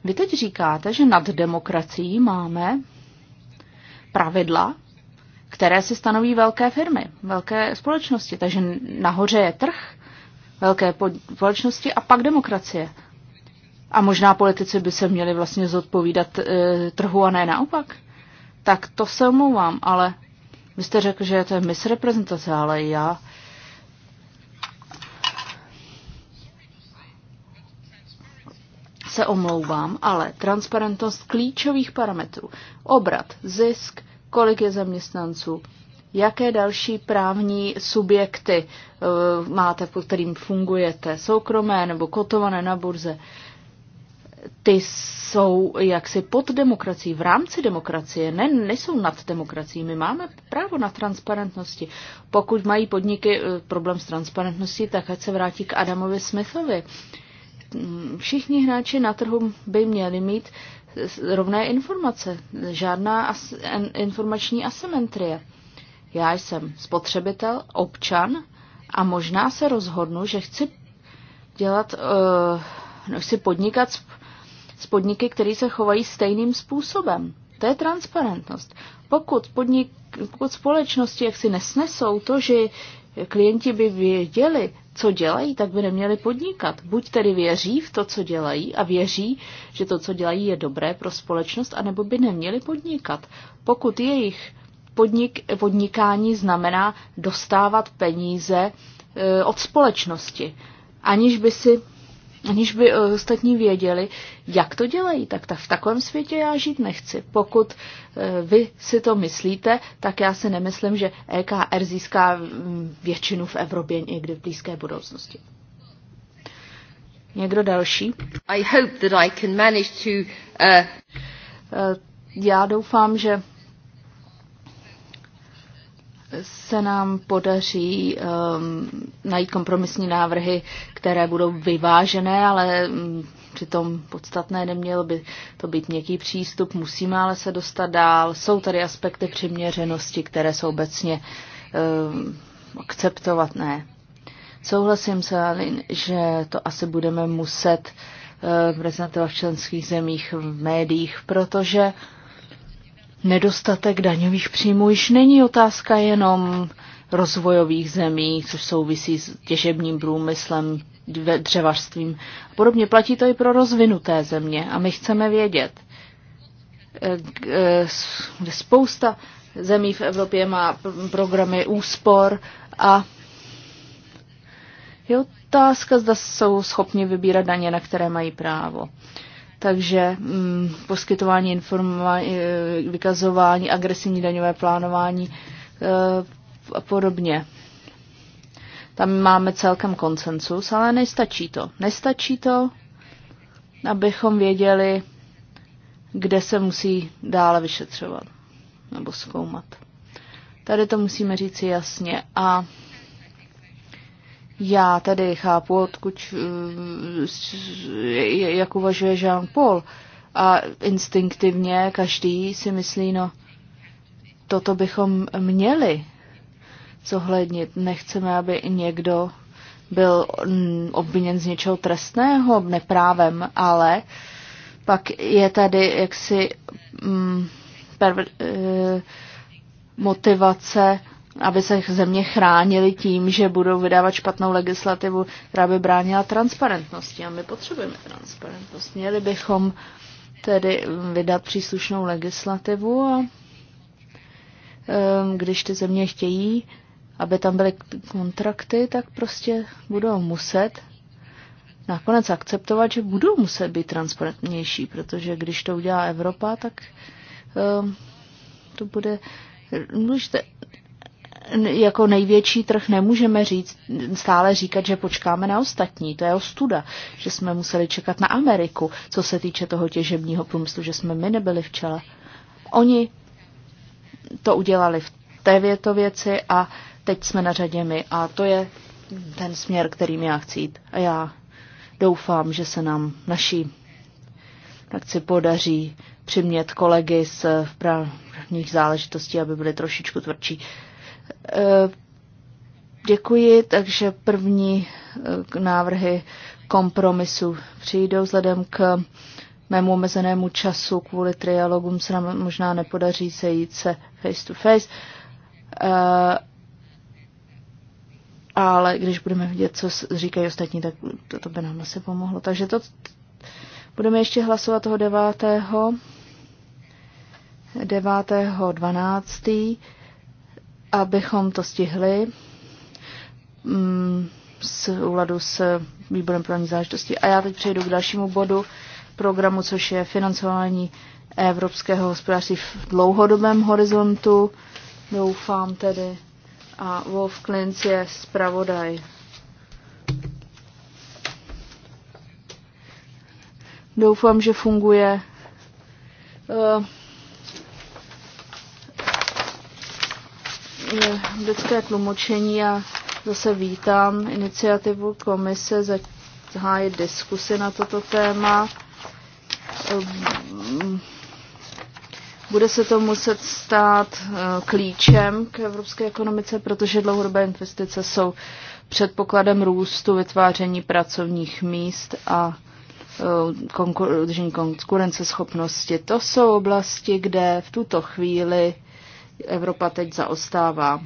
Speaker 4: vy teď říkáte, že nad demokracií máme pravidla, které si stanoví velké firmy, velké společnosti. Takže nahoře je trh, velké společnosti a pak demokracie. A možná politici by se měli vlastně zodpovídat e, trhu a ne naopak. Tak to se omlouvám, ale vy jste řekl, že to je misreprezentace, ale já se omlouvám, ale transparentnost klíčových parametrů, obrat, zisk, kolik je zaměstnanců, jaké další právní subjekty eh, máte, pod kterým fungujete, soukromé nebo kotované na burze, ty jsou jaksi pod demokracií, v rámci demokracie, ne, nejsou nad demokracií. My máme právo na transparentnosti. Pokud mají podniky eh, problém s transparentností, tak ať se vrátí k Adamovi Smithovi. Mm, Všichni hráči na trhu by měli mít rovné informace, žádná as, informační asymetrie. Já jsem spotřebitel, občan a možná se rozhodnu, že chci dělat, uh, chci podnikat s podniky, které se chovají stejným způsobem. To je transparentnost. Pokud, podnik, pokud společnosti jaksi nesnesou to, že klienti by věděli, co dělají, tak by neměli podnikat. Buď tedy věří v to, co dělají a věří, že to, co dělají, je dobré pro společnost, anebo by neměli podnikat. Pokud jejich podnik, podnikání znamená dostávat peníze e, od společnosti, aniž by si aniž by eh, ostatní věděli, jak to dělají, tak ta, v takovém světě já žít nechci. Pokud eh, vy si to myslíte, tak já si nemyslím, že EKR získá mm, většinu v Evropě někdy v blízké budoucnosti. Někdo další? I hope that I can manage to, uh... Já doufám, že se nám podaří um, najít kompromisní návrhy, které budou vyvážené, ale um, přitom podstatné neměl by to být měkký přístup. Musíme ale se dostat dál. Jsou tady aspekty přiměřenosti, které jsou obecně um, akceptovatné. Souhlasím se, že to asi budeme muset uh, prezentovat v členských zemích, v médiích, protože uh, nedostatek daňových příjmů již není otázka jenom rozvojových zemí, což souvisí s těžebním průmyslem, dřevařstvím. Podobně platí to i pro rozvinuté země a my chceme vědět, eh, eh, kde spousta zemí v Evropě má programy úspor a je otázka, zda jsou schopni vybírat daně, na které mají právo. Takže mm, poskytování informování, eh, vykazování, agresivní daňové plánování eh, a podobně. Tam máme celkem koncensus, ale nestačí to. Nestačí to, abychom věděli, kde se musí dále vyšetřovat nebo zkoumat. Tady to musíme říci jasně. A já tedy chápu, odkud, eh, jak uvažuje Jean-Paul. A instinktivně každý si myslí, no, toto bychom měli zohlednit. Nechceme, aby někdo byl mm, obviněn z něčeho trestného, neprávem, ale pak je tady jaksi mm, per, e, eh, motivace aby se země chránili tím, že budou vydávat špatnou legislativu, která by bránila transparentnosti. A my potřebujeme transparentnost. Měli bychom tedy vydat příslušnou legislativu a když ty země chtějí, aby tam byly kontrakty, tak prostě budou muset nakonec akceptovat, že budou muset být transparentnější, protože když to udělá Evropa, tak to bude důležité jako největší trh nemůžeme říct, stále říkat, že počkáme na ostatní. To je ostuda, že jsme museli čekat na Ameriku, co se týče toho těžebního průmyslu, že jsme my nebyli v čele. Oni to udělali v věto věci a teď jsme na řadě my a to je ten směr, kterým já chci jít. A já doufám, že se nám naší akci podaří přimět kolegy z právních záležitostí, aby byli trošičku tvrdší. Eh, děkuji, takže první eh, návrhy kompromisu přijdou vzhledem k mému omezenému času kvůli trialogům se nám možná nepodaří sejít se face to face. Eh, ale když budeme vidět, co říkají ostatní, tak to, to by nám asi pomohlo. Takže to budeme ještě hlasovat toho 9. 9. 12 abychom to stihli mm, s úladu s výborem právní záležitosti. A já teď přejdu k dalšímu bodu programu, což je financování evropského hospodářství v dlouhodobém horizontu. Doufám tedy. A Wolf Klinc je zpravodaj. Doufám, že funguje uh, dětské tlumočení a zase vítám iniciativu komise zahájit diskusy na toto téma. Ehm, bude se to muset stát eh, klíčem k evropské ekonomice, protože dlouhodobé investice jsou předpokladem růstu, vytváření pracovních míst a eh, konkurenceschopnosti. To jsou oblasti, kde v tuto chvíli Evropa teď zaostává.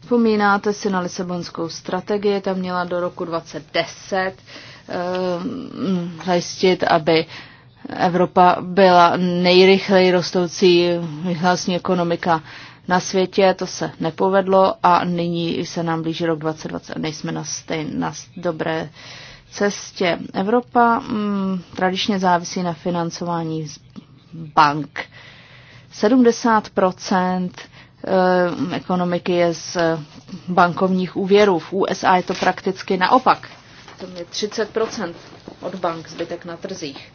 Speaker 4: Vzpomínáte si na Lisabonskou strategii, ta měla do roku 2010 ehm, zajistit, aby Evropa byla nejrychleji rostoucí hlasní ekonomika na světě, to se nepovedlo a nyní se nám blíží rok 2020 a nejsme na, stejn, na dobré cestě. Evropa mm, tradičně závisí na financování z bank. Eh, 70 eh, ekonomiky je z eh, bankovních úvěrů. V USA je to prakticky naopak. To je 30 od bank, zbytek na trzích.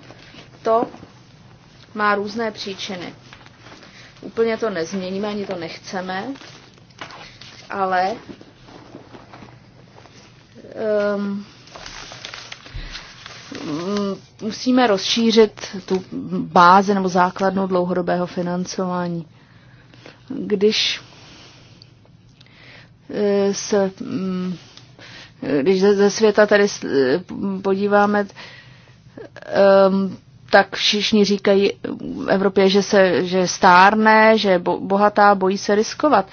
Speaker 4: To má různé příčiny. Úplně to nezměníme, ani to nechceme, ale um, musíme rozšířit tu bázi nebo základnu dlouhodobého financování. Když eh, se, mm, když ze, světa tady eh, podíváme, eh, tak všichni říkají v Evropě, že, se, že stárne, že je bohatá, bojí se riskovat.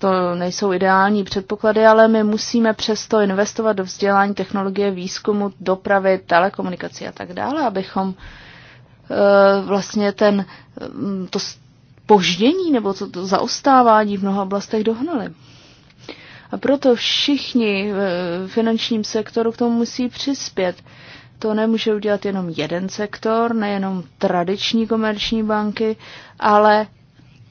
Speaker 4: To, nejsou ideální předpoklady, ale my musíme přesto investovat do vzdělání, technologie, výzkumu, dopravy, telekomunikaci a tak dále, abychom eh, vlastně ten, mm, to poždění nebo to, to zaostávání v mnoha oblastech dohnali. A proto všichni v eh, finančním sektoru k tomu musí přispět. To nemůže udělat jenom jeden sektor, nejenom tradiční komerční banky, ale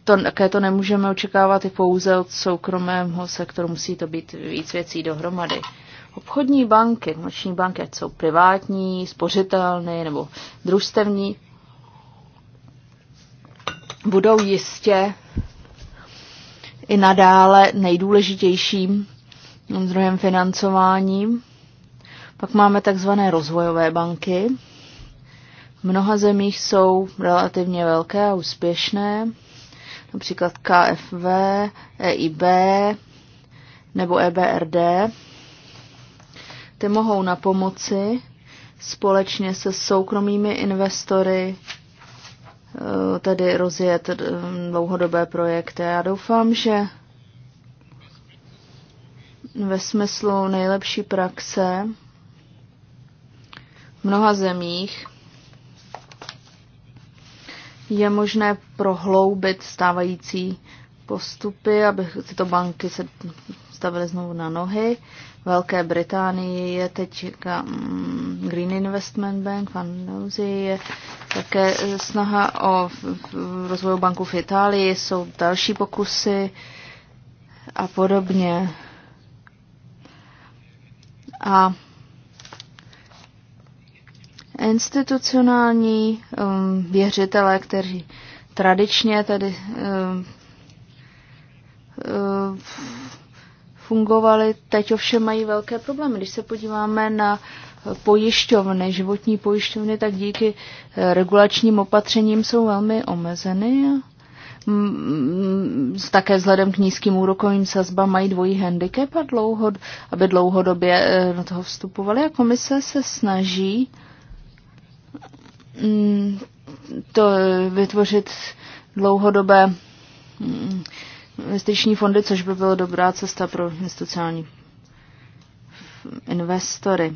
Speaker 4: to, také to nemůžeme očekávat i pouze od soukromého sektoru, musí to být víc věcí dohromady. Obchodní banky, komerční banky, ať jsou privátní, spořitelné nebo družstevní, budou jistě i nadále nejdůležitějším zdrojem financováním pak máme takzvané rozvojové banky. V mnoha zemích jsou relativně velké a úspěšné, například KFV, EIB nebo EBRD. Ty mohou na pomoci společně se soukromými investory eh, tedy rozjet eh, dlouhodobé projekty. Já doufám, že ve smyslu nejlepší praxe mnoha zemích je možné prohloubit stávající postupy, aby tyto banky se stavily znovu na nohy. Velké Británii je teď mm, Green Investment Bank, Van je také e, snaha o rozvoj banku v Itálii, jsou další pokusy a podobně. A institucionální um, věřitelé, kteří tradičně tedy um, uh, fungovali, teď ovšem mají velké problémy. Když se podíváme na pojišťovny, životní pojišťovny, tak díky eh, regulačním opatřením jsou velmi omezeny mm, mm, také vzhledem k nízkým úrokovým sazbám mají dvojí handicap a dlouho, aby dlouhodobě eh, do toho vstupovali a komise se snaží uh, Mm, to vytvořit dlouhodobé mm, investiční fondy, což by byla dobrá cesta pro institucionální investory.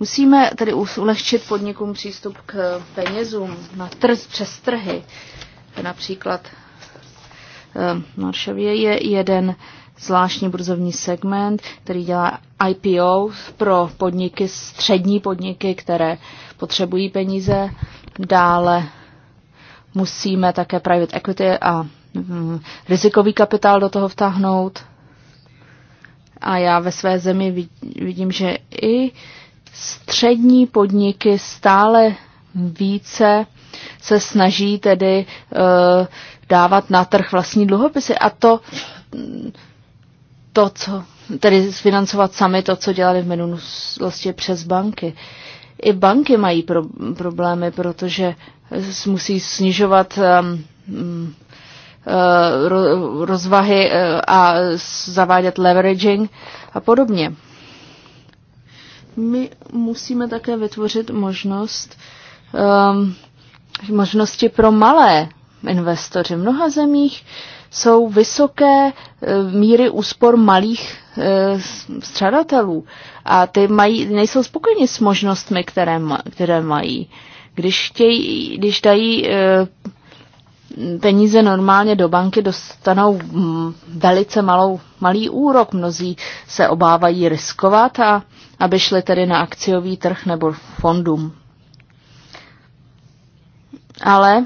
Speaker 4: Musíme tedy ulehčit podnikům přístup k penězům na trz, přes trhy. Například v eh, Varšavě je jeden zvláštní burzovní segment, který dělá IPO pro podniky, střední podniky, které potřebují peníze. Dále musíme také private equity a mm, rizikový kapitál do toho vtáhnout. A já ve své zemi vidím, že i střední podniky stále více se snaží tedy e, dávat na trh vlastní dluhopisy. A to, to co tedy financovat sami to, co dělali v minulosti přes banky. I banky mají pro, problémy, protože musí snižovat um, uh, rozvahy eh, a zavádět leveraging a podobně. My musíme také vytvořit možnost um, možnosti pro malé investoři. V mnoha zemích uh, jsou vysoké eh, míry úspor malých eh, střadatelů a ty mají, nejsou spokojeni s možnostmi, které, které mají. Když, chtějí, když dají eh, peníze normálně do banky, dostanou mm, velice malou, malý úrok. Mnozí se obávají riskovat, a aby šli tedy na akciový trh nebo fondům. Ale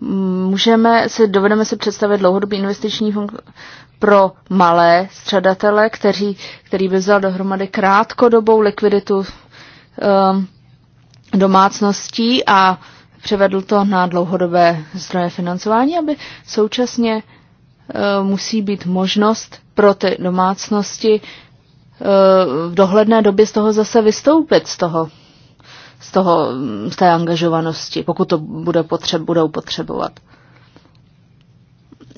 Speaker 4: Můžeme si, dovedeme si představit dlouhodobý investiční fond pro malé středatele, kteří, který by vzal dohromady krátkodobou likviditu um, domácností a převedl to na dlouhodobé zdroje financování, aby současně uh, musí být možnost pro ty domácnosti uh, v dohledné době z toho zase vystoupit, z toho z, toho, z té angažovanosti, pokud to bude potřeb, budou potřebovat.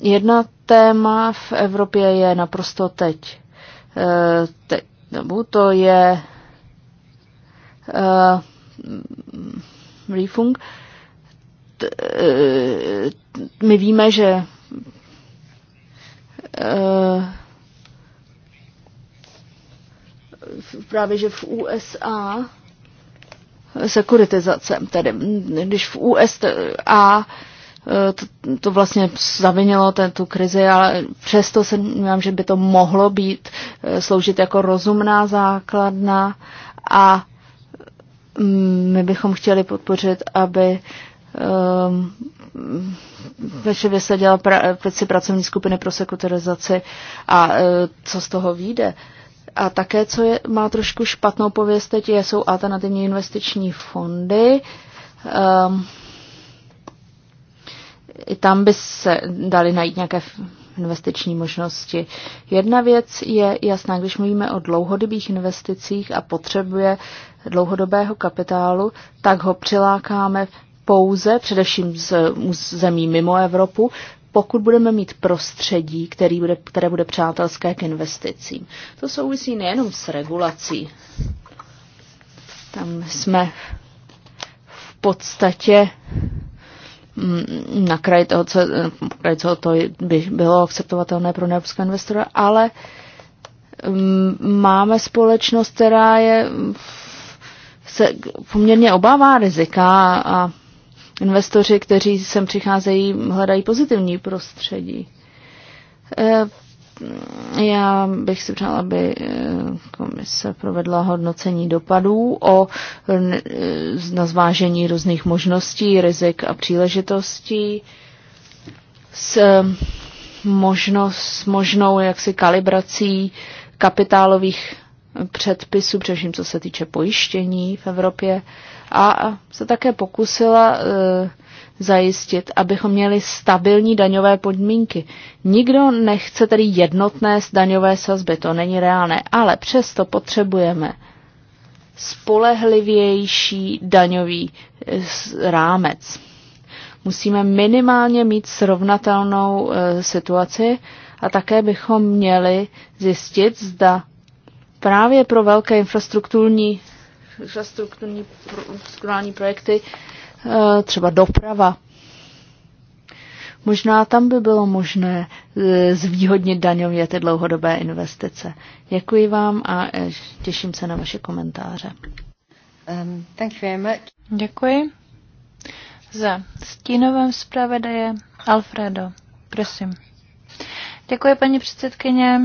Speaker 4: Jedna téma v Evropě je naprosto teď. Eh, te, nebo to je uh, eh, refung. T, uh, my víme, že uh, právě že v USA sekuritizace. Tedy, když v USA eh, to, to vlastně zavinilo tu krizi, ale přesto se mývám, že by to mohlo být, eh, sloužit jako rozumná základna a mm, my bychom chtěli podpořit, aby um, ehm, pečlivě se dělal pra, eh, pracovní skupiny pro sekuritizaci a uh, co z toho vyjde. Uh, a také, co je, má trošku špatnou pověst teď, jsou alternativní investiční fondy. Um, i tam by se dali najít nějaké investiční možnosti. Jedna věc je jasná, když mluvíme o dlouhodobých investicích a potřebuje dlouhodobého kapitálu, tak ho přilákáme pouze, především z zemí mimo Evropu, pokud budeme mít prostředí, který bude, které bude přátelské k investicím. To souvisí nejenom s regulací. Tam jsme v podstatě mm, na kraji toho, co, kraji toho to by bylo akceptovatelné pro neevropské investora, ale mm, máme společnost, která je se poměrně obává rizika a Investoři, kteří sem přicházejí, hledají pozitivní prostředí. E, já bych si přála, aby e, komise provedla hodnocení dopadů o, e, nazvážení různých možností, rizik a příležitostí s, možnost, s možnou jaksi kalibrací kapitálových předpisů, především co se týče pojištění v Evropě. Uh, a se také pokusila e, zajistit, abychom měli stabilní daňové podmínky. Nikdo nechce tedy jednotné daňové sazby, to není reálné, ale přesto potřebujeme spolehlivější daňový e, rámec. Musíme minimálně mít srovnatelnou e, situaci a také bychom měli zjistit, zda právě pro velké infrastrukturní infrastrukturní strukturální projekty, eh, třeba doprava. Možná tam by bylo možné eh, zvýhodnit daňově ty dlouhodobé investice. Děkuji vám a eh, těším se na vaše komentáře. Um, thank
Speaker 2: you very much. Děkuji. Za stínovém zpravodaje Alfredo, prosím. Děkuji, paní předsedkyně.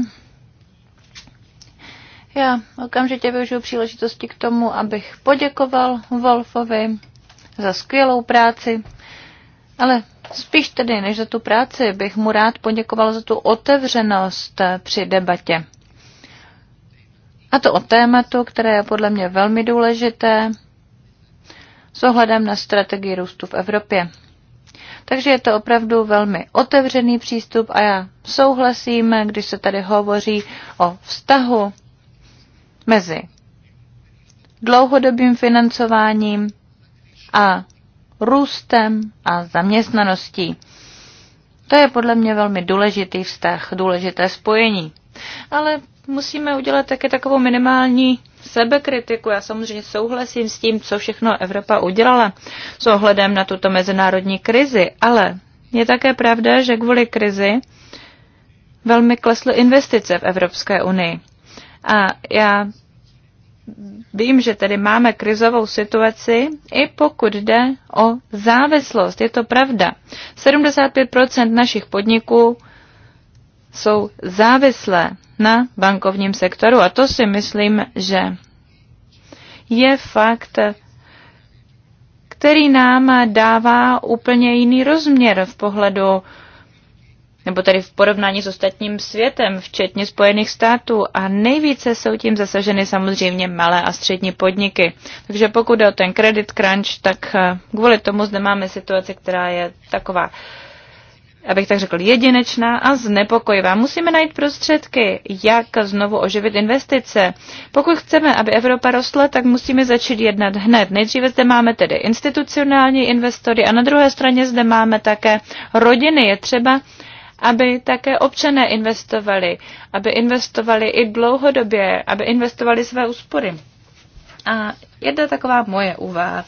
Speaker 2: Já okamžitě využiju příležitosti k tomu, abych poděkoval Wolfovi za skvělou práci, ale spíš tedy než za tu práci bych mu rád poděkoval za tu otevřenost při debatě. A to o tématu, které je podle mě velmi důležité s ohledem na strategii růstu v Evropě. Takže je to opravdu velmi otevřený přístup a já souhlasím, když se tady hovoří o vztahu mezi dlouhodobým financováním a růstem a zaměstnaností. To je podle mě velmi důležitý vztah, důležité spojení. Ale musíme udělat také takovou minimální sebekritiku. Já samozřejmě souhlasím s tím, co všechno Evropa udělala s ohledem na tuto mezinárodní krizi, ale je také pravda, že kvůli krizi velmi klesly investice v Evropské unii. A já vím, že tady máme krizovou situaci, i pokud jde o závislost. Je to pravda. 75% našich podniků jsou závislé na bankovním sektoru a to si myslím, že je fakt, který nám dává úplně jiný rozměr v pohledu nebo tedy v porovnání s ostatním světem, včetně Spojených států. A nejvíce jsou tím zasaženy samozřejmě malé a střední podniky. Takže pokud jde o ten credit crunch, tak eh, kvůli tomu zde máme situaci, která je taková abych tak řekl, jedinečná a znepokojivá. Musíme najít prostředky, jak znovu oživit investice. Pokud chceme, aby Evropa rostla, tak musíme začít jednat hned. Nejdříve zde máme tedy institucionální investory a na druhé straně zde máme také rodiny. Je třeba aby také občané investovali, aby investovali i dlouhodobě, aby investovali své úspory. A jedna taková moje úvaha.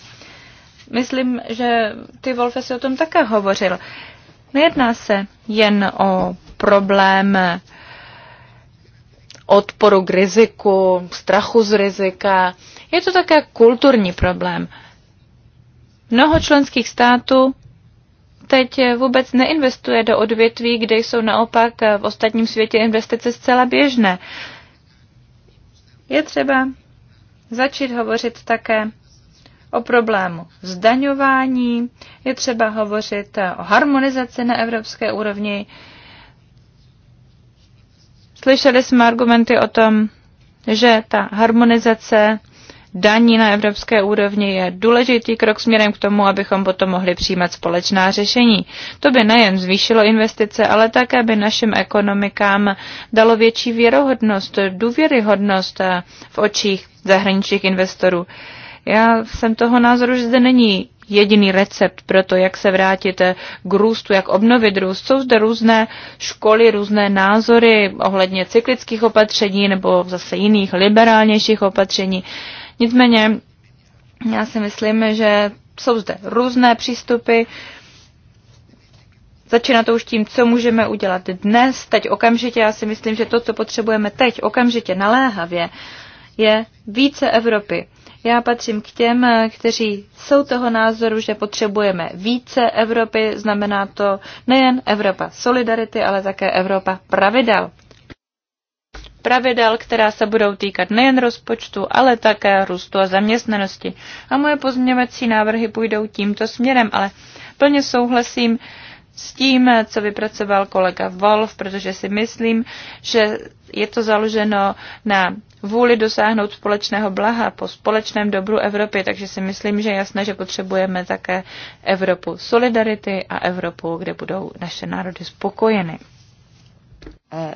Speaker 2: Myslím, že ty Wolfe si o tom také hovořil. Nejedná se jen o problém odporu k riziku, strachu z rizika. Je to také kulturní problém. Mnoho členských států teď vůbec neinvestuje do odvětví, kde jsou naopak v ostatním světě investice zcela běžné. Je třeba začít hovořit také o problému zdaňování, je třeba hovořit o harmonizaci na evropské úrovni. Slyšeli jsme argumenty o tom, že ta harmonizace daní na evropské úrovni je důležitý krok směrem k tomu, abychom potom mohli přijímat společná řešení. To by nejen zvýšilo investice, ale také by našim ekonomikám dalo větší věrohodnost, důvěryhodnost eh, v očích zahraničních investorů. Já jsem toho názoru, že zde není jediný recept pro to, jak se vrátit eh, k růstu, jak obnovit růst. Jsou zde různé školy, různé názory ohledně cyklických opatření nebo zase jiných liberálnějších opatření. Nicméně já si myslím, že jsou zde různé přístupy. Začíná to už tím, co můžeme udělat dnes, teď okamžitě. Já si myslím, že to, co potřebujeme teď okamžitě naléhavě, je více Evropy. Já patřím k těm, kteří jsou toho názoru, že potřebujeme více Evropy. Znamená to nejen Evropa solidarity, ale také Evropa pravidel pravidel, která se budou týkat nejen rozpočtu, ale také růstu a zaměstnanosti. A moje pozměňovací návrhy půjdou tímto směrem, ale plně souhlasím s tím, co vypracoval kolega Wolf, protože si myslím, že je to založeno na vůli dosáhnout společného blaha po společném dobru Evropy, takže si myslím, že je jasné, že potřebujeme také Evropu solidarity a Evropu, kde budou naše národy spokojeny. Eh,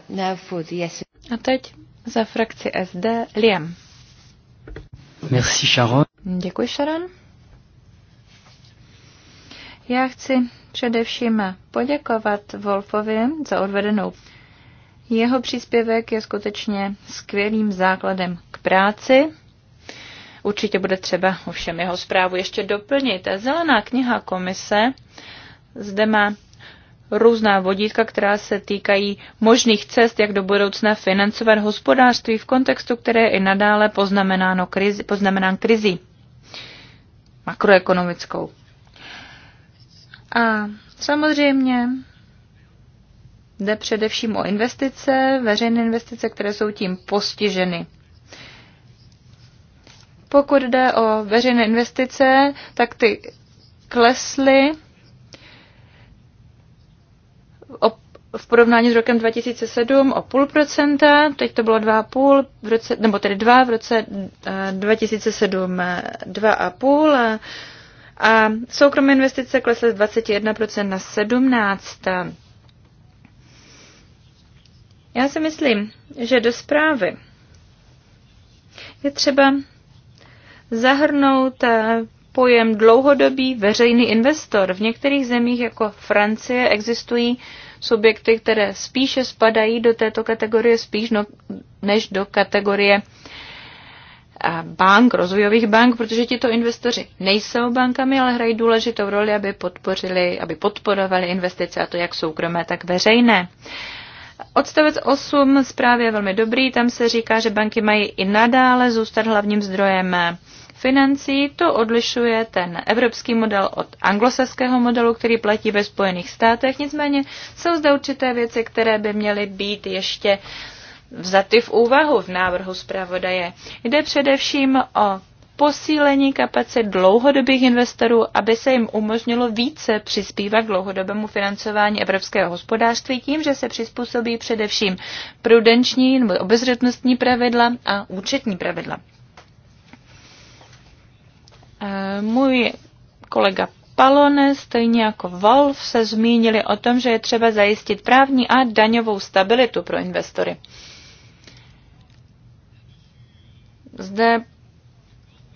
Speaker 2: A teď za frakci SD Liam.
Speaker 3: Merci, Sharon.
Speaker 2: Děkuji, Sharon. Já chci především poděkovat Wolfovi za odvedenou. Jeho příspěvek je skutečně skvělým základem k práci. Určitě bude třeba ovšem jeho zprávu ještě doplnit. Zelená kniha komise zde má různá vodítka, která se týkají možných cest, jak do budoucna financovat hospodářství v kontextu, které je i nadále poznamenáno krizi, poznamenán krizi makroekonomickou. A samozřejmě jde především o investice, veřejné investice, které jsou tím postiženy. Pokud jde o veřejné investice, tak ty klesly o, v porovnání s rokem 2007 o půl procenta, teď to bylo 2,5, v roce, nebo tedy 2, v roce 2007 eh, 2,5 eh, a, eh, a soukromé investice klesly z 21% na 17%. Já si myslím, že do zprávy je třeba zahrnout pojem dlouhodobý veřejný investor. V některých zemích jako Francie existují subjekty, které spíše spadají do této kategorie spíš no, než do kategorie eh, bank, rozvojových bank, protože tito investoři nejsou bankami, ale hrají důležitou roli, aby podpořili, aby podporovali investice, a to jak soukromé, tak veřejné. Odstavec 8 zprávy je velmi dobrý, tam se říká, že banky mají i nadále zůstat hlavním zdrojem eh, financí, to odlišuje ten evropský model od anglosaského modelu, který platí ve Spojených státech. Nicméně jsou zde určité věci, které by měly být ještě vzaty v úvahu v návrhu zpravodaje. Jde především o posílení kapacit dlouhodobých investorů, aby se jim umožnilo více přispívat k dlouhodobému financování evropského hospodářství tím, že se přizpůsobí především prudenční nebo obezřetnostní pravidla a účetní pravidla. Eh, můj kolega Palone, stejně jako Wolf, se zmínili o tom, že je třeba zajistit právní a daňovou stabilitu pro investory. Zde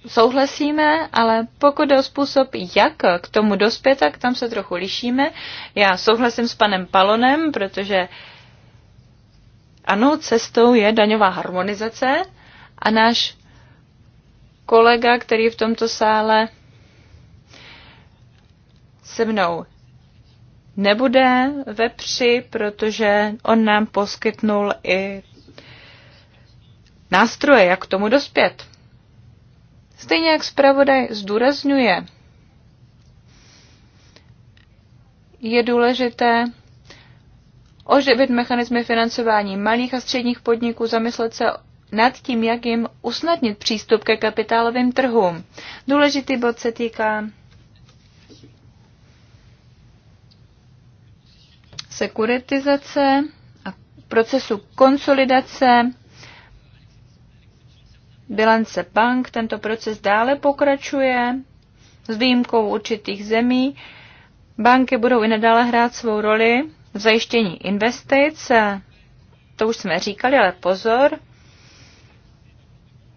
Speaker 2: souhlasíme, ale pokud jde o způsob, jak k tomu dospět, tak tam se trochu lišíme. Já souhlasím s panem Palonem, protože ano, cestou je daňová harmonizace a náš kolega, který v tomto sále se mnou nebude ve při, protože on nám poskytnul i nástroje, jak k tomu dospět. Stejně jak zpravodaj zdůrazňuje, je důležité oživit mechanizmy financování malých a středních podniků, zamyslet se nad tím, jak jim usnadnit přístup ke kapitálovým trhům. Důležitý bod se týká sekuritizace a procesu konsolidace bilance bank. Tento proces dále pokračuje s výjimkou určitých zemí. Banky budou i nadále hrát svou roli v zajištění investic. To už jsme říkali, ale pozor,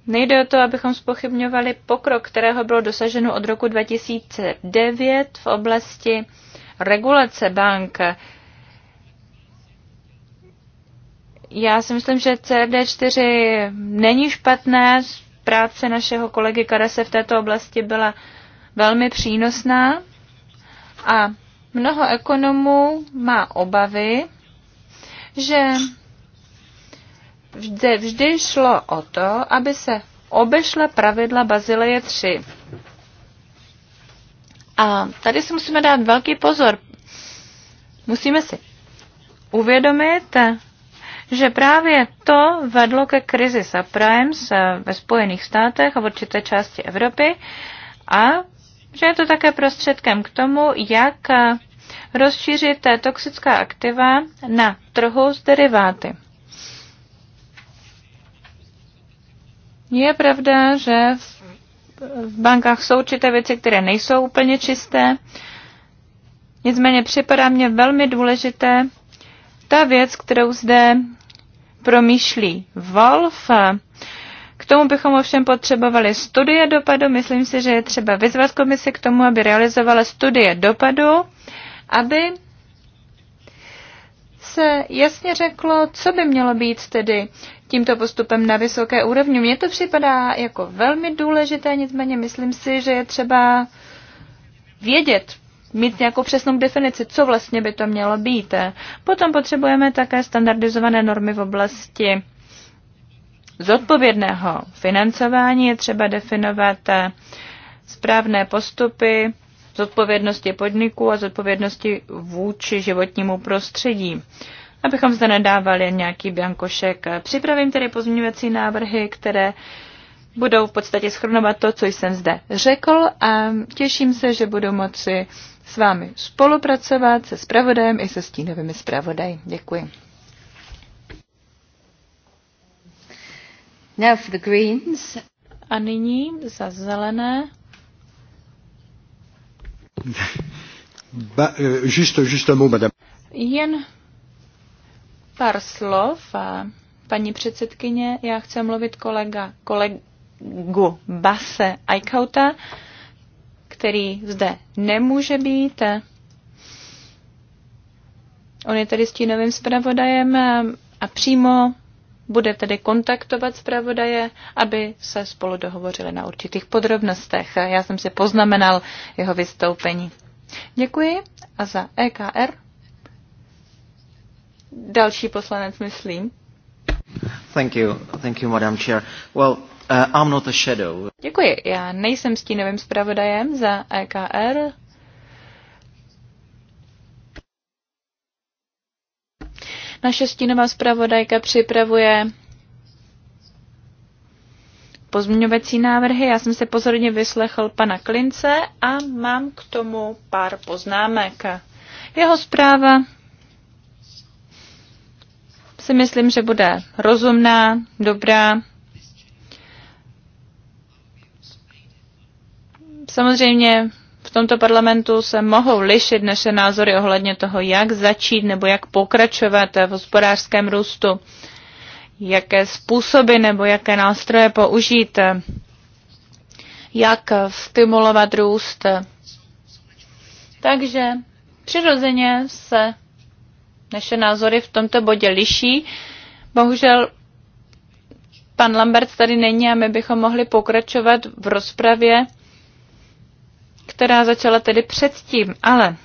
Speaker 2: Nejde o to, abychom spochybňovali pokrok, kterého bylo dosaženo od roku 2009 v oblasti regulace bank. Já si myslím, že CRD4 není špatné. Práce našeho kolegy Karase v této oblasti byla velmi přínosná a mnoho ekonomů má obavy, že Vždy, vždy šlo o to, aby se obešla pravidla Bazileje 3. A tady si musíme dát velký pozor. Musíme si uvědomit, že právě to vedlo ke krizi subprimes ve Spojených státech a v určité části Evropy a že je to také prostředkem k tomu, jak rozšířit toxická aktiva na trhu s deriváty. Je pravda, že v bankách jsou určité věci, které nejsou úplně čisté. Nicméně připadá mně velmi důležité ta věc, kterou zde promýšlí Wolf. K tomu bychom ovšem potřebovali studie dopadu. Myslím si, že je třeba vyzvat komisi k tomu, aby realizovala studie dopadu, aby se jasně řeklo, co by mělo být tedy tímto postupem na vysoké úrovni. Mně to připadá jako velmi důležité, nicméně myslím si, že je třeba vědět, mít nějakou přesnou definici, co vlastně by to mělo být. Potom potřebujeme také standardizované normy v oblasti zodpovědného financování. Je třeba definovat správné postupy zodpovědnosti podniků a zodpovědnosti vůči životnímu prostředí abychom zde nedávali nějaký biankošek. Připravím tedy pozměňovací návrhy, které budou v podstatě schronovat to, co jsem zde řekl a těším se, že budu moci s vámi spolupracovat se zpravodajem i se stínovými zpravodaji. Děkuji. Now for the Greens. A nyní za zelené.
Speaker 1: Ba, eh, juste, juste un mot, madame.
Speaker 2: Jen pár slov. Paní předsedkyně, já chci mluvit kolega, kolegu Base Aikauta, který zde nemůže být. On je tedy stínovým zpravodajem a přímo bude tedy kontaktovat zpravodaje, aby se spolu dohovořili na určitých podrobnostech. Já jsem si poznamenal jeho vystoupení. Děkuji a za EKR Další poslanec, myslím.
Speaker 3: Thank you, thank you, Madam Chair. Well, uh, I'm not a shadow.
Speaker 2: Děkuji. Já nejsem stínovým zpravodajem za EKR. Naše stínová zpravodajka připravuje pozměňovací návrhy. Já jsem se pozorně vyslechl pana Klince a mám k tomu pár poznámek. Jeho zpráva si myslím, že bude rozumná, dobrá. Samozřejmě v tomto parlamentu se mohou lišit naše názory ohledně toho, jak začít nebo jak pokračovat v hospodářském růstu, jaké způsoby nebo jaké nástroje použít, jak stimulovat růst. Takže přirozeně se naše názory v tomto bodě liší. Bohužel pan Lambert tady není a my bychom mohli pokračovat v rozpravě, která začala tedy předtím, ale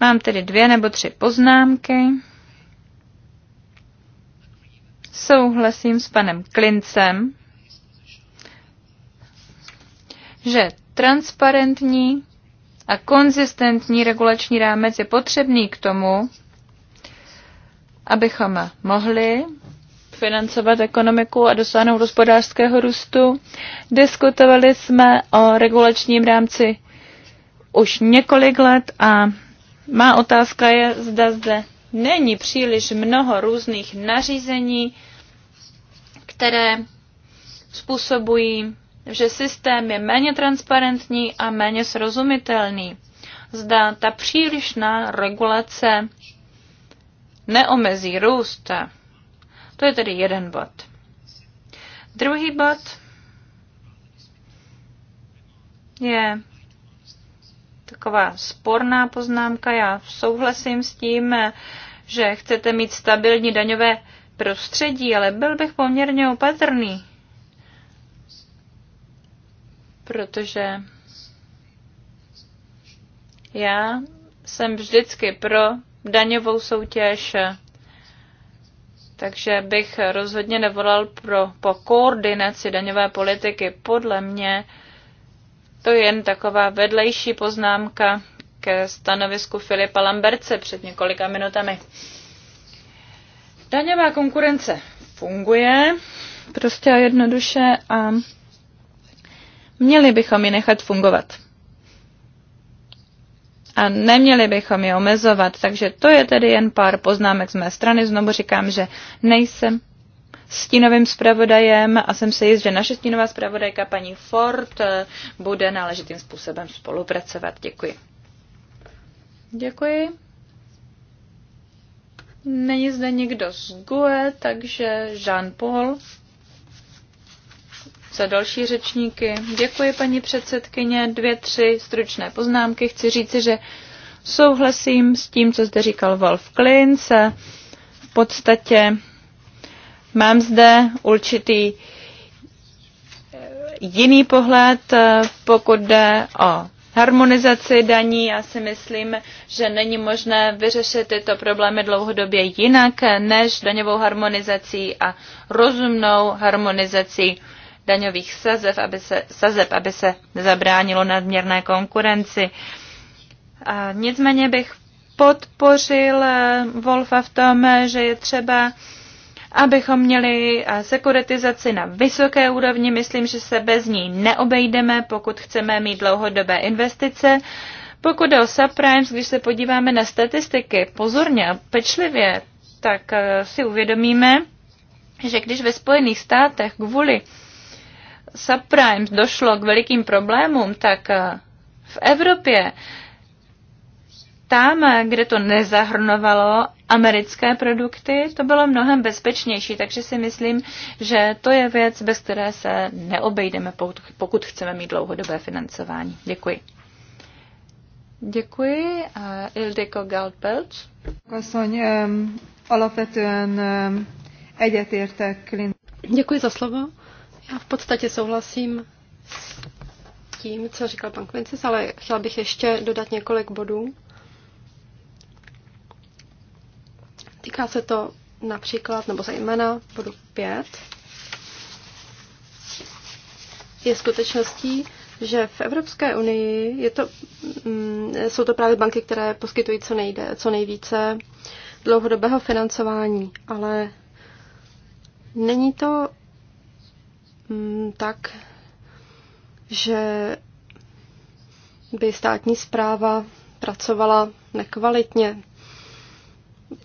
Speaker 2: mám tedy dvě nebo tři poznámky. Souhlasím s panem Klincem, že transparentní a konzistentní regulační rámec je potřebný k tomu, abychom mohli financovat ekonomiku a dosáhnout hospodářského růstu. Diskutovali jsme o regulačním rámci už několik let a má otázka je, zda zde není příliš mnoho různých nařízení, které způsobují že systém je méně transparentní a méně srozumitelný. Zda ta přílišná regulace neomezí růst. To je tedy jeden bod. Druhý bod je taková sporná poznámka. Já souhlasím s tím, že chcete mít stabilní daňové prostředí, ale byl bych poměrně opatrný protože já jsem vždycky pro daňovou soutěž, takže bych rozhodně nevolal pro, po koordinaci daňové politiky. Podle mě to je jen taková vedlejší poznámka ke stanovisku Filipa Lamberce před několika minutami. Daňová konkurence funguje prostě a jednoduše a Měli bychom ji nechat fungovat. A neměli bychom je omezovat. Takže to je tedy jen pár poznámek z mé strany. Znovu říkám, že nejsem stínovým zpravodajem a jsem se jist, že naše stínová zpravodajka paní Ford bude náležitým způsobem spolupracovat. Děkuji. Děkuji. Není zde nikdo z GUE, takže Jean-Paul za další řečníky. Děkuji, paní předsedkyně. Dvě, tři stručné poznámky. Chci říci, že souhlasím s tím, co zde říkal Wolf Klinc. V podstatě mám zde určitý eh, jiný pohled, eh, pokud jde o harmonizaci daní. Já si myslím, že není možné vyřešit tyto problémy dlouhodobě jinak než daňovou harmonizací a rozumnou harmonizací daňových sazeb, aby se, sazeb, aby se zabránilo nadměrné konkurenci. A nicméně bych podpořil eh, Wolfa v tom, eh, že je třeba abychom měli eh, sekuritizaci na vysoké úrovni. Myslím, že se bez ní neobejdeme, pokud chceme mít dlouhodobé investice. Pokud jde o subprimes, když se podíváme na statistiky pozorně a pečlivě, tak si uvědomíme, že když ve Spojených státech kvůli subprimes došlo k velikým problémům, tak eh, v Evropě tam, eh, kde to nezahrnovalo americké produkty, to bylo mnohem bezpečnější, takže si myslím, že to je věc, bez které se neobejdeme, pokud chceme mít dlouhodobé financování. Děkuji. Děkuji. Uh, Ildiko
Speaker 3: Galpelc. Děkuji za slovo. Já v podstatě souhlasím s tím, co říkal pan Kvincis, ale chtěla bych ještě dodat několik bodů. Týká se to například, nebo zejména bodu 5. Je skutečností, že v Evropské unii je to, mm, jsou to právě banky, které poskytují co, nejde, co nejvíce dlouhodobého financování, ale není to Mm, tak, že by státní zpráva pracovala nekvalitně.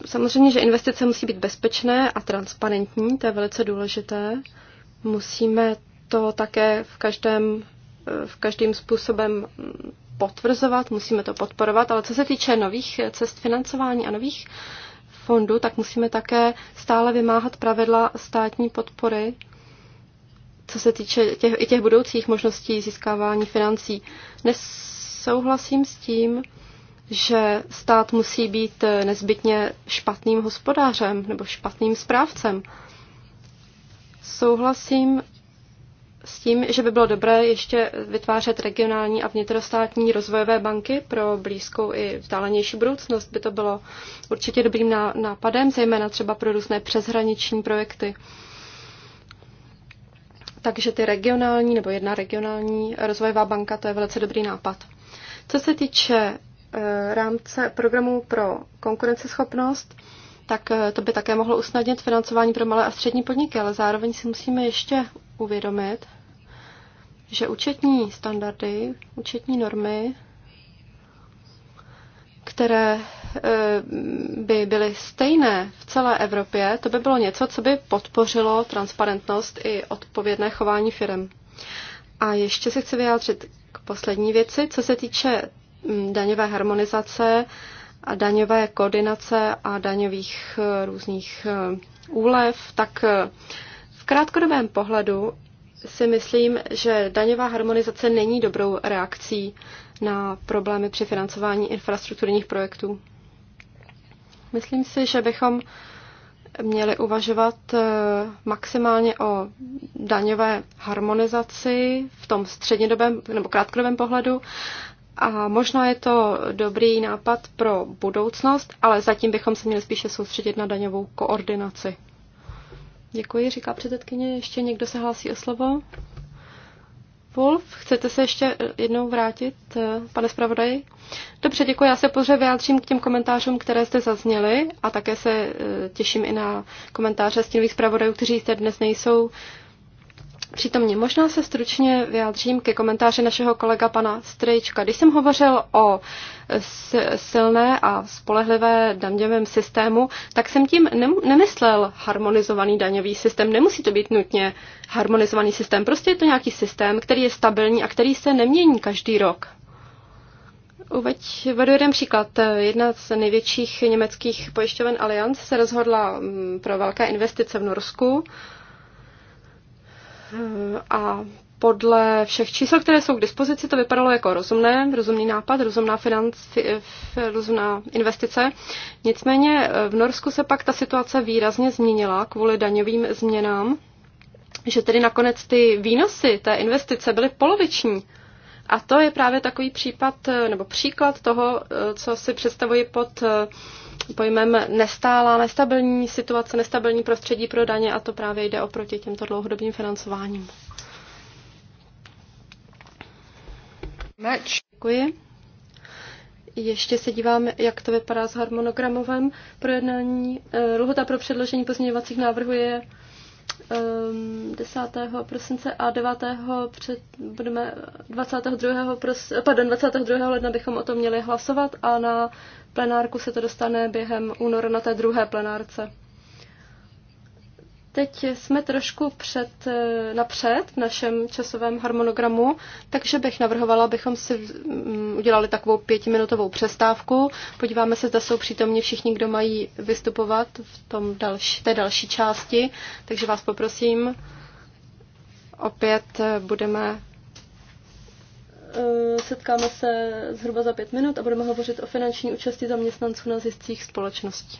Speaker 3: Samozřejmě, že investice musí být bezpečné a transparentní, to je velice důležité. Musíme to také v každém, eh, v každým způsobem mm, potvrzovat, musíme to podporovat, ale co se týče nových cest financování a nových fondů, tak musíme také stále vymáhat pravidla státní podpory, co se týče těch, i těch budoucích možností získávání financí. Nesouhlasím s tím, že stát musí být nezbytně špatným hospodářem nebo špatným správcem. Souhlasím s tím, že by bylo dobré ještě vytvářet regionální a vnitrostátní rozvojové banky pro blízkou i vzdálenější budoucnost. By to bylo určitě dobrým nápadem, zejména třeba pro různé přeshraniční projekty. Takže ty regionální nebo jedna regionální rozvojová banka, to je velice dobrý nápad. Co se týče eh, rámce programu pro konkurenceschopnost, tak eh, to by také mohlo usnadnit financování pro malé a střední podniky, ale zároveň si musíme ještě uvědomit, že účetní standardy, účetní normy které eh, by byly stejné v celé Evropě, to by bylo něco, co by podpořilo transparentnost i odpovědné chování firm. A ještě se chci vyjádřit k poslední věci, co se týče mm, daňové harmonizace a daňové koordinace a daňových eh, různých eh, úlev, tak v krátkodobém pohledu si myslím, že daňová harmonizace není dobrou reakcí na problémy při financování infrastrukturních projektů. Myslím si, že bychom měli uvažovat eh, maximálně o daňové harmonizaci v tom střednědobém nebo krátkodobém pohledu. A možná je to dobrý nápad pro budoucnost, ale zatím bychom se měli spíše soustředit na daňovou koordinaci. Děkuji, říká předsedkyně. Ještě někdo se hlásí o slovo? Wolf, chcete se ještě eh, jednou vrátit, eh, pane zpravodaji? Dobře, děkuji. Já se pozře vyjádřím k těm komentářům, které jste zazněli a také se eh, těším i na komentáře stínových zpravodajů, kteří zde dnes nejsou, přítomně. Možná se stručně vyjádřím ke komentáři našeho kolega pana Strejčka. Když jsem hovořil o silné a spolehlivé daňovém systému, tak jsem tím nemyslel harmonizovaný daňový systém. Nemusí to být nutně harmonizovaný systém. Prostě je to nějaký systém, který je stabilní a který se nemění každý rok. Uveď, vedu jeden příklad. Jedna z největších německých pojišťoven Allianz se rozhodla mm, pro velké investice v Norsku a podle všech čísel, které jsou k dispozici, to vypadalo jako rozumné, rozumný nápad, rozumná, financ, eh, rozumná investice. Nicméně eh, v Norsku se pak ta situace výrazně změnila kvůli daňovým změnám, že tedy nakonec ty výnosy té investice byly poloviční. A to je právě takový případ eh, nebo příklad toho, co si představuji pod pojmem nestálá, nestabilní situace, nestabilní prostředí pro daně a to právě jde oproti těmto dlouhodobým financováním. Děkuji. Ještě se dívám, jak to vypadá s harmonogramovém projednání. Eh, Lhota pro předložení pozměňovacích návrhů je 10. Ehm, prosince a 9. Před, budeme 22. Pros, eh, pardon, 22. ledna bychom o tom měli hlasovat a na plenárku se to dostane během února na té druhé plenárce. Teď jsme trošku před, eh, napřed v našem časovém harmonogramu, takže bych navrhovala, abychom si mm, udělali takovou pětiminutovou přestávku. Podíváme se, zda jsou přítomni všichni, kdo mají vystupovat v tom další, té další části. Takže vás poprosím, opět eh, budeme Eh, setkáme se zhruba za pět minut a budeme hovořit o finanční účasti zaměstnanců na zjistcích společnosti.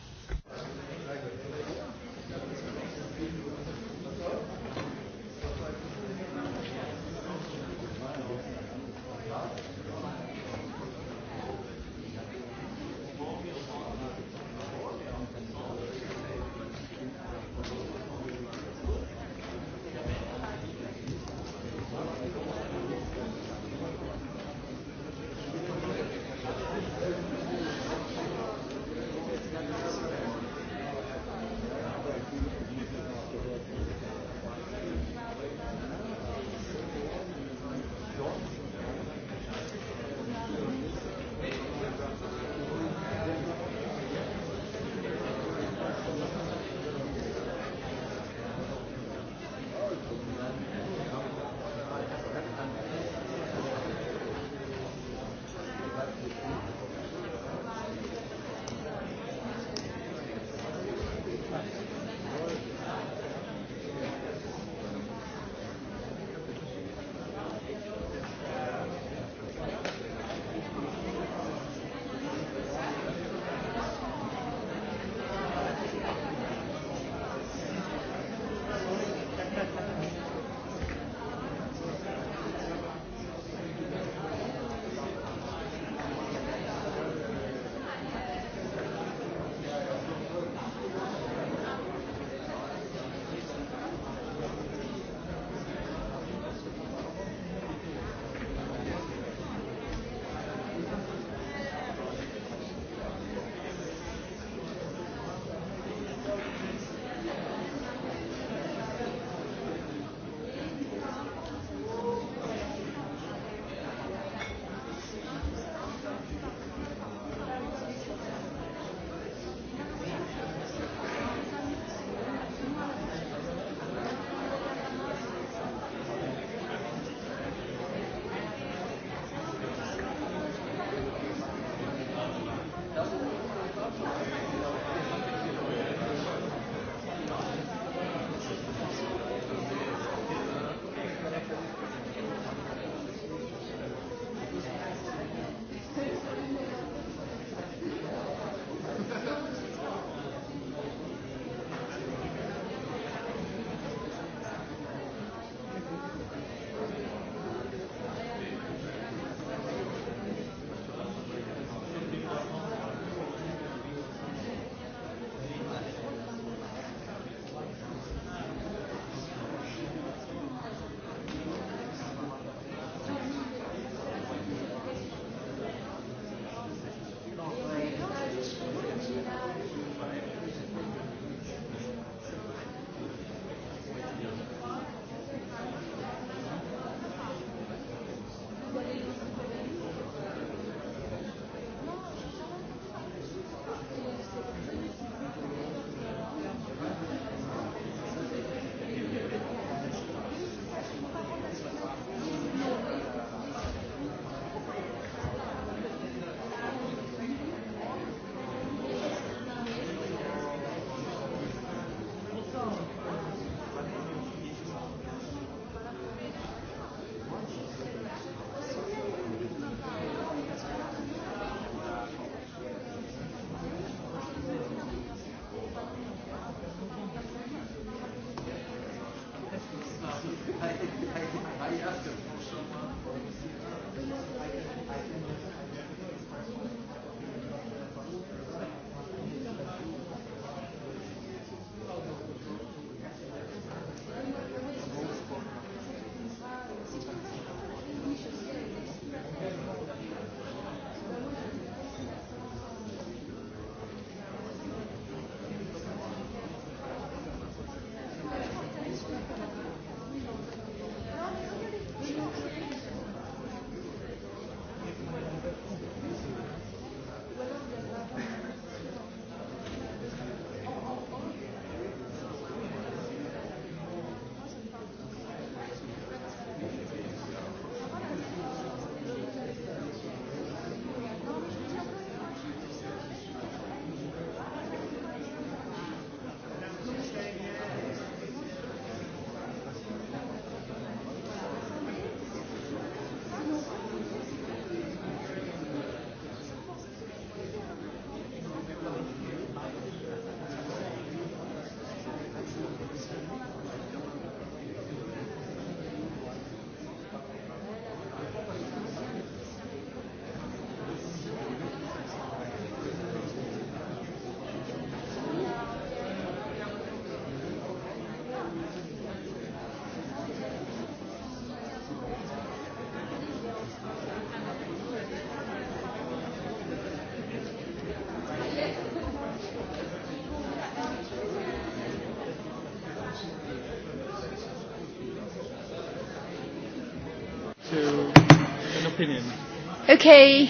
Speaker 3: Okay.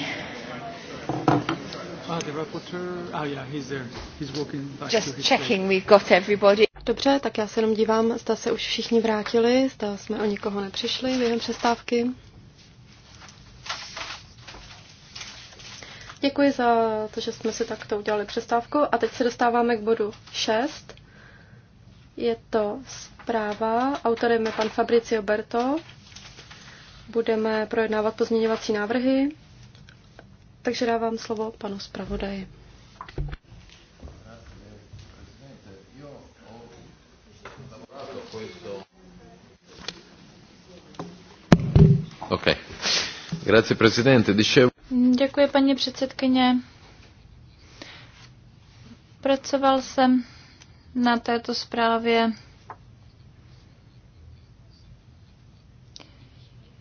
Speaker 1: Just checking
Speaker 3: we've got everybody. Dobře, tak já se jenom dívám, zda se už všichni vrátili, zda jsme o nikoho nepřišli během přestávky. Děkuji za to, že jsme si takto udělali přestávku a teď se dostáváme k bodu 6. Je to zpráva, autorem je pan Fabricio Berto. Budeme projednávat pozměňovací návrhy. Takže dávám slovo panu zpravodaji.
Speaker 1: Okay. Grazie, presidente. Dicevo...
Speaker 2: Děkuji, paní předsedkyně. Pracoval jsem na této zprávě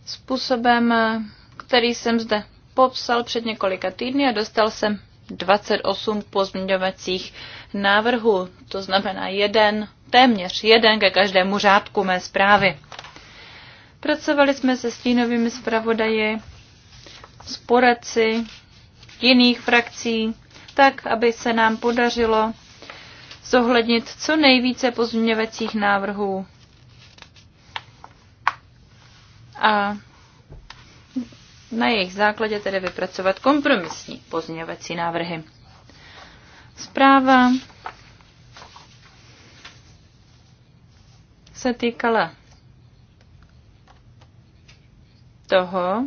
Speaker 2: způsobem, který jsem zde popsal před několika týdny a dostal jsem 28 pozměňovacích návrhů, to znamená jeden, téměř jeden ke každému řádku mé zprávy. Pracovali jsme se stínovými zpravodaji, s poradci jiných frakcí, tak, aby se nám podařilo zohlednit co nejvíce pozměňovacích návrhů a na jejich základě tedy vypracovat kompromisní pozměňovací návrhy. Zpráva se týkala toho,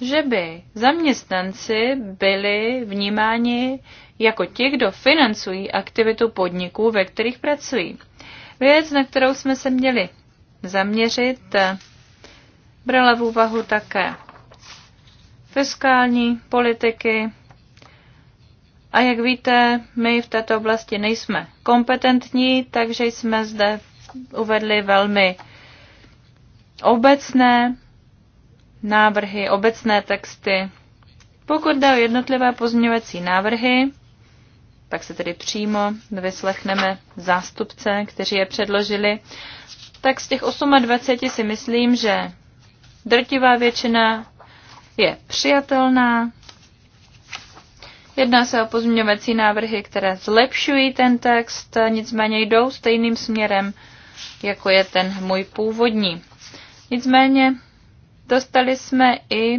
Speaker 2: že by zaměstnanci byli vnímáni jako ti, kdo financují aktivitu podniků, ve kterých pracují. Věc, na kterou jsme se měli zaměřit, brala v úvahu také fiskální politiky. A jak víte, my v této oblasti nejsme kompetentní, takže jsme zde uvedli velmi obecné návrhy, obecné texty. Pokud jde o jednotlivé pozměňovací návrhy, pak se tedy přímo vyslechneme zástupce, kteří je předložili, tak z těch 28 si myslím, že drtivá většina je přijatelná. Jedná se o pozměňovací návrhy, které zlepšují ten text, nicméně jdou stejným směrem, jako je ten můj původní. Nicméně dostali jsme i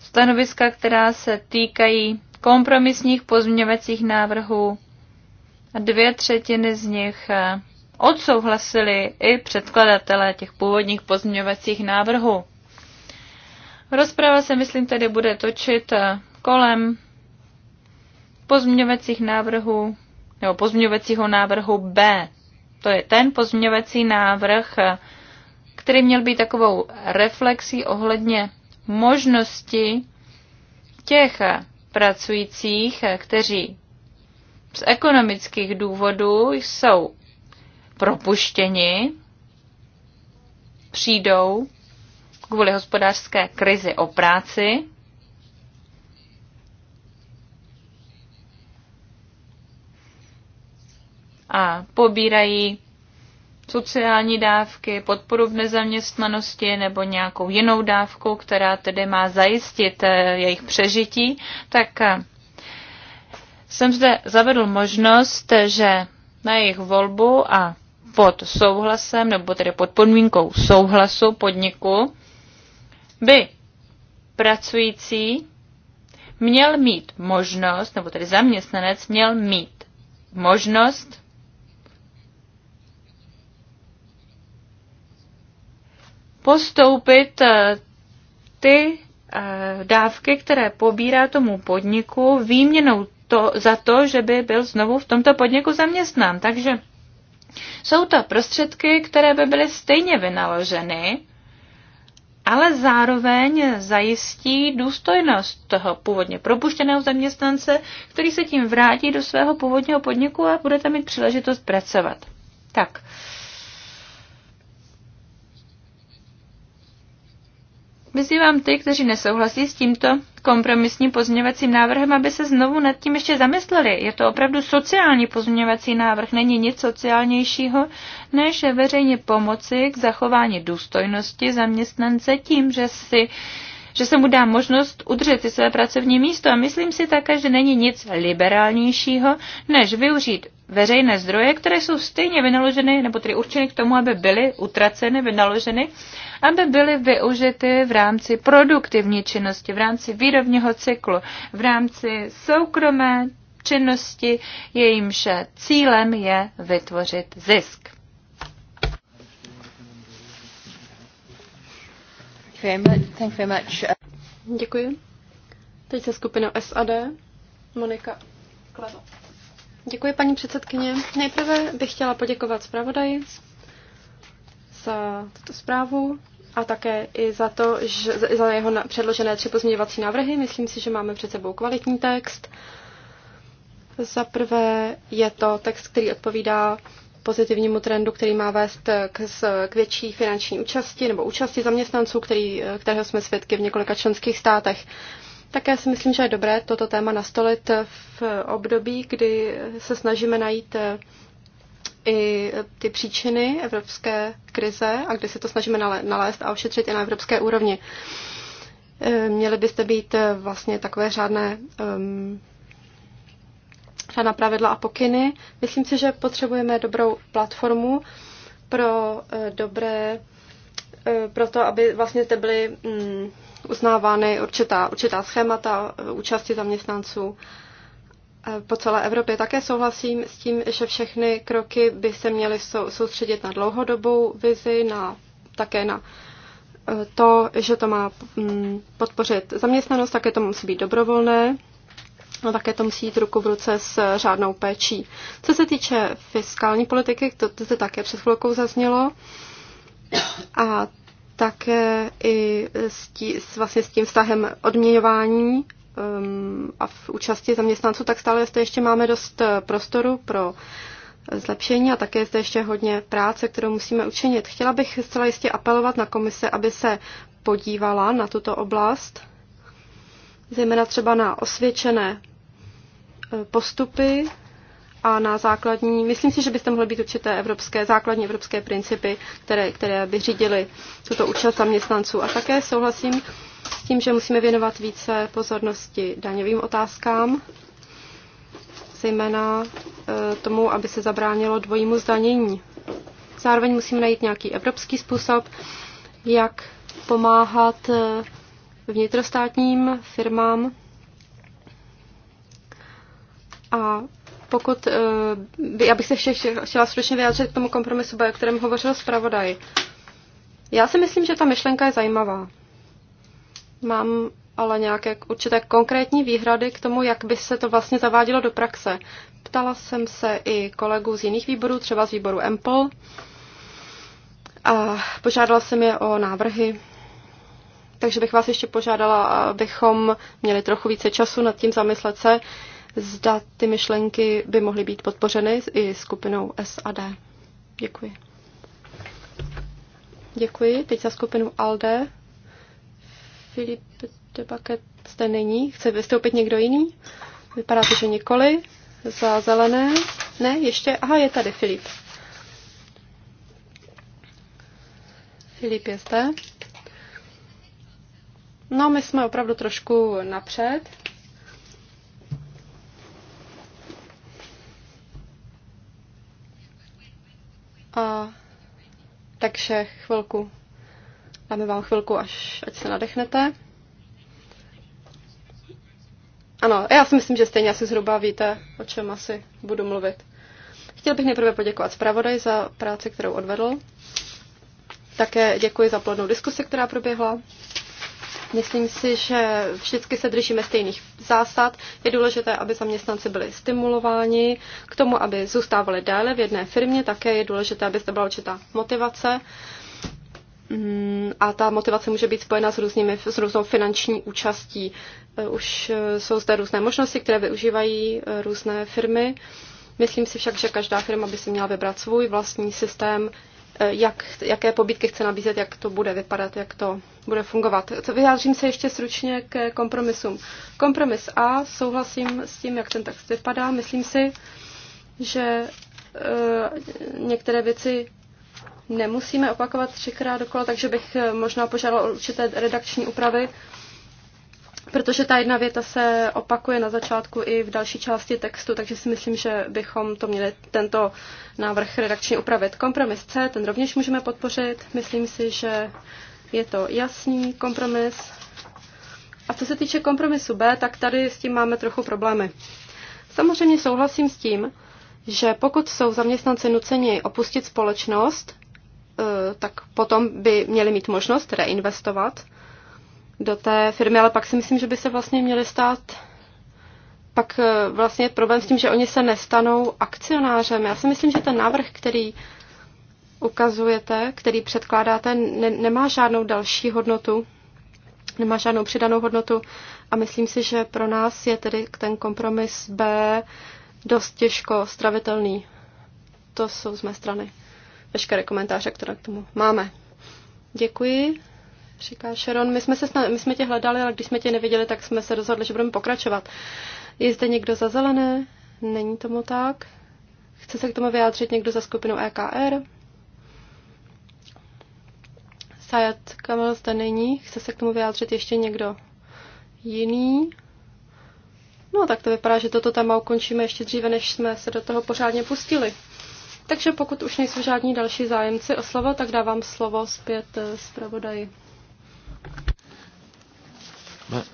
Speaker 2: stanoviska, která se týkají kompromisních pozměňovacích návrhů a dvě třetiny z nich eh, odsouhlasili i předkladatelé těch původních pozměňovacích návrhů. Rozprava se, myslím, tedy bude točit eh, kolem pozměňovacích návrhů nebo pozměňovacího návrhu B. To je ten pozměňovací návrh, eh, který měl být takovou reflexí ohledně možnosti těch eh, pracujících, kteří z ekonomických důvodů jsou propuštěni, přijdou kvůli hospodářské krizi o práci, a pobírají sociální dávky, podporu v nezaměstnanosti nebo nějakou jinou dávku, která tedy má zajistit eh, jejich přežití, tak eh, jsem zde zavedl možnost, eh, že na jejich volbu a pod souhlasem nebo tedy pod podmínkou souhlasu podniku by pracující měl mít možnost, nebo tedy zaměstnanec měl mít možnost postoupit eh, ty eh, dávky, které pobírá tomu podniku, výměnou to, za to, že by byl znovu v tomto podniku zaměstnán. Takže jsou to prostředky, které by byly stejně vynaloženy, ale zároveň zajistí důstojnost toho původně propuštěného zaměstnance, který se tím vrátí do svého původního podniku a budete mít příležitost pracovat. Tak, Vyzývám ty, kteří nesouhlasí s tímto kompromisním pozměňovacím návrhem, aby se znovu nad tím ještě zamysleli. Je to opravdu sociální pozměňovací návrh, není nic sociálnějšího, než veřejně pomoci k zachování důstojnosti zaměstnance tím, že si uh, že se mu dá možnost udržet si své pracovní místo. A myslím si také, že není nic liberálnějšího, než využít veřejné zdroje, které jsou stejně vynaloženy, nebo tedy určeny k tomu, aby byly utraceny, vynaloženy, aby byly využity v rámci produktivní činnosti, v rámci výrobního cyklu, v rámci soukromé činnosti, jejímž cílem je
Speaker 3: vytvořit zisk. Uh, Děkuji. Teď se skupina SAD. Monika Klevo. Děkuji, paní předsedkyně. Nejprve bych chtěla poděkovat zpravodaji za tuto zprávu a také i za to, že, za jeho předložené tři pozměňovací návrhy. Myslím si, že máme před sebou kvalitní text. Za prvé je to text, který odpovídá pozitivnímu trendu, který má vést k, k větší finanční účasti nebo účasti zaměstnanců, který, kterého jsme svědky v několika členských státech. Také si myslím, že je dobré toto téma nastolit v období, kdy se snažíme najít eh, i ty příčiny evropské krize a kdy se to snažíme nalézt a ošetřit i na evropské úrovni. Eh, měly byste být eh, vlastně takové řádné um, na pravidla a pokyny. Myslím si, že potřebujeme dobrou platformu pro eh, dobré, eh, pro to, aby vlastně zde byly mm, uznávány určitá, určitá schémata eh, účasti zaměstnanců po celé Evropě. Také souhlasím s tím, že všechny kroky by se měly soustředit na dlouhodobou vizi, na, také na to, že to má mm, podpořit zaměstnanost, také to musí být dobrovolné. No také to musí jít ruku v ruce s řádnou péčí. Co se týče fiskální politiky, to, to také před chvilkou zaznělo, a také i s, tí, s, vlastně s tím vztahem odměňování um, a v účasti zaměstnanců, tak stále zde ještě máme dost eh, prostoru pro zlepšení a také zde ještě hodně práce, kterou musíme učinit. Chtěla bych zcela jistě apelovat na komise, aby se podívala na tuto oblast zejména třeba na osvědčené e, postupy a na základní, myslím si, že byste mohli mohly být určité evropské, základní evropské principy, které, které by řídily tuto účast zaměstnanců. A také souhlasím s tím, že musíme věnovat více pozornosti daňovým otázkám, zejména e, tomu, aby se zabránilo dvojímu zdanění. Zároveň musíme najít nějaký evropský způsob, jak pomáhat e, vnitrostátním firmám. A pokud, eh, já bych se ještě chtěla stručně vyjádřit k tomu kompromisu o kterém hovořil zpravodaj. Já si myslím, že ta myšlenka je zajímavá. Mám ale nějaké určité konkrétní výhrady k tomu, jak by se to vlastně zavádělo do praxe. Ptala jsem se i kolegů z jiných výborů, třeba z výboru EMPOL, a požádala jsem je o návrhy takže bych vás ještě požádala, abychom měli trochu více času nad tím zamyslet se, zda ty myšlenky by mohly být podpořeny i skupinou SAD. Děkuji. Děkuji. Teď za skupinu ALDE. Filip Debaket zde není. Chce vystoupit někdo jiný? Vypadá to, že nikoli. Za zelené. Ne, ještě. Aha, je tady Filip. Filip je zde. No, my jsme opravdu trošku napřed. A takže chvilku, dáme vám chvilku, až ať se nadechnete. Ano, já si myslím, že stejně asi zhruba víte, o čem asi budu mluvit. Chtěl bych nejprve poděkovat zpravodaj za práci, kterou odvedl. Také děkuji za plodnou diskusi, která proběhla. Myslím si, že vždycky se držíme stejných zásad. Je důležité, aby zaměstnanci byli stimulováni k tomu, aby zůstávali déle v jedné firmě. Také je důležité, aby zde byla určitá motivace. Mm, a ta motivace může být spojena s, různými, s různou finanční účastí. E, už e, jsou zde různé možnosti, které využívají e, různé firmy. Myslím si však, že každá firma by si měla vybrat svůj vlastní systém, Eh, jak, jaké pobídky chce nabízet, jak to bude vypadat, jak to bude fungovat. Vyjádřím se ještě sručně k kompromisům. Kompromis A, souhlasím s tím, jak ten text vypadá. Myslím si, že e, některé věci nemusíme opakovat třikrát dokola, takže bych eh, možná požádala o určité redakční úpravy protože ta jedna věta se opakuje na začátku i v další části textu, takže si myslím, že bychom to měli tento návrh redakčně upravit. Kompromis C, ten rovněž můžeme podpořit. Myslím si, že je to jasný kompromis. A co se týče kompromisu B, tak tady s tím máme trochu problémy. Samozřejmě souhlasím s tím, že pokud jsou zaměstnanci nuceni opustit společnost, eh, tak potom by měli mít možnost reinvestovat do té firmy, ale pak si myslím, že by se vlastně měli stát pak eh, vlastně je problém s tím, že oni se nestanou akcionářem. Já si myslím, že ten návrh, který ukazujete, který předkládáte, ne- nemá žádnou další hodnotu, nemá žádnou přidanou hodnotu a myslím si, že pro nás je tedy ten kompromis B dost těžko stravitelný. To jsou z mé strany veškeré komentáře, které k tomu máme. Děkuji říká Sharon. My jsme, se snad, my jsme tě hledali, ale když jsme tě neviděli, tak jsme se rozhodli, že budeme pokračovat. Je zde někdo za zelené? Není tomu tak. Chce se k tomu vyjádřit někdo za skupinu EKR? Sajat kamel zde není. Chce se k tomu vyjádřit ještě někdo jiný? No tak to vypadá, že toto téma ukončíme ještě dříve, než jsme se do toho pořádně pustili. Takže pokud už nejsou žádní další zájemci o slovo, tak dávám slovo zpět eh, zpravodaji.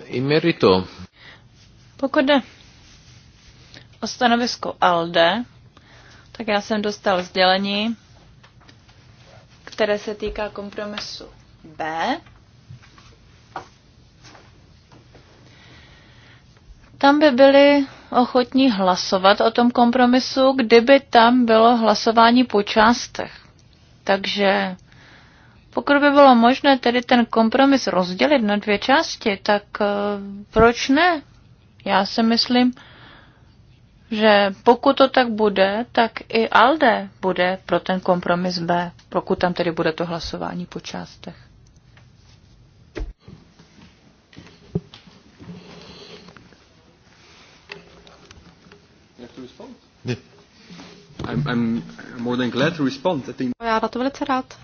Speaker 3: I Pokud
Speaker 2: jde o stanovisko ALDE, tak já jsem dostal sdělení, které se týká kompromisu B. Tam by byli ochotní hlasovat o tom kompromisu, kdyby tam bylo hlasování po částech. Takže pokud by bylo možné tedy ten kompromis rozdělit na dvě části, tak eh, proč ne? Já si myslím, že pokud to tak bude, tak i ALDE bude pro ten kompromis B, pokud tam tedy bude to hlasování po částech.
Speaker 3: Já na to velice rád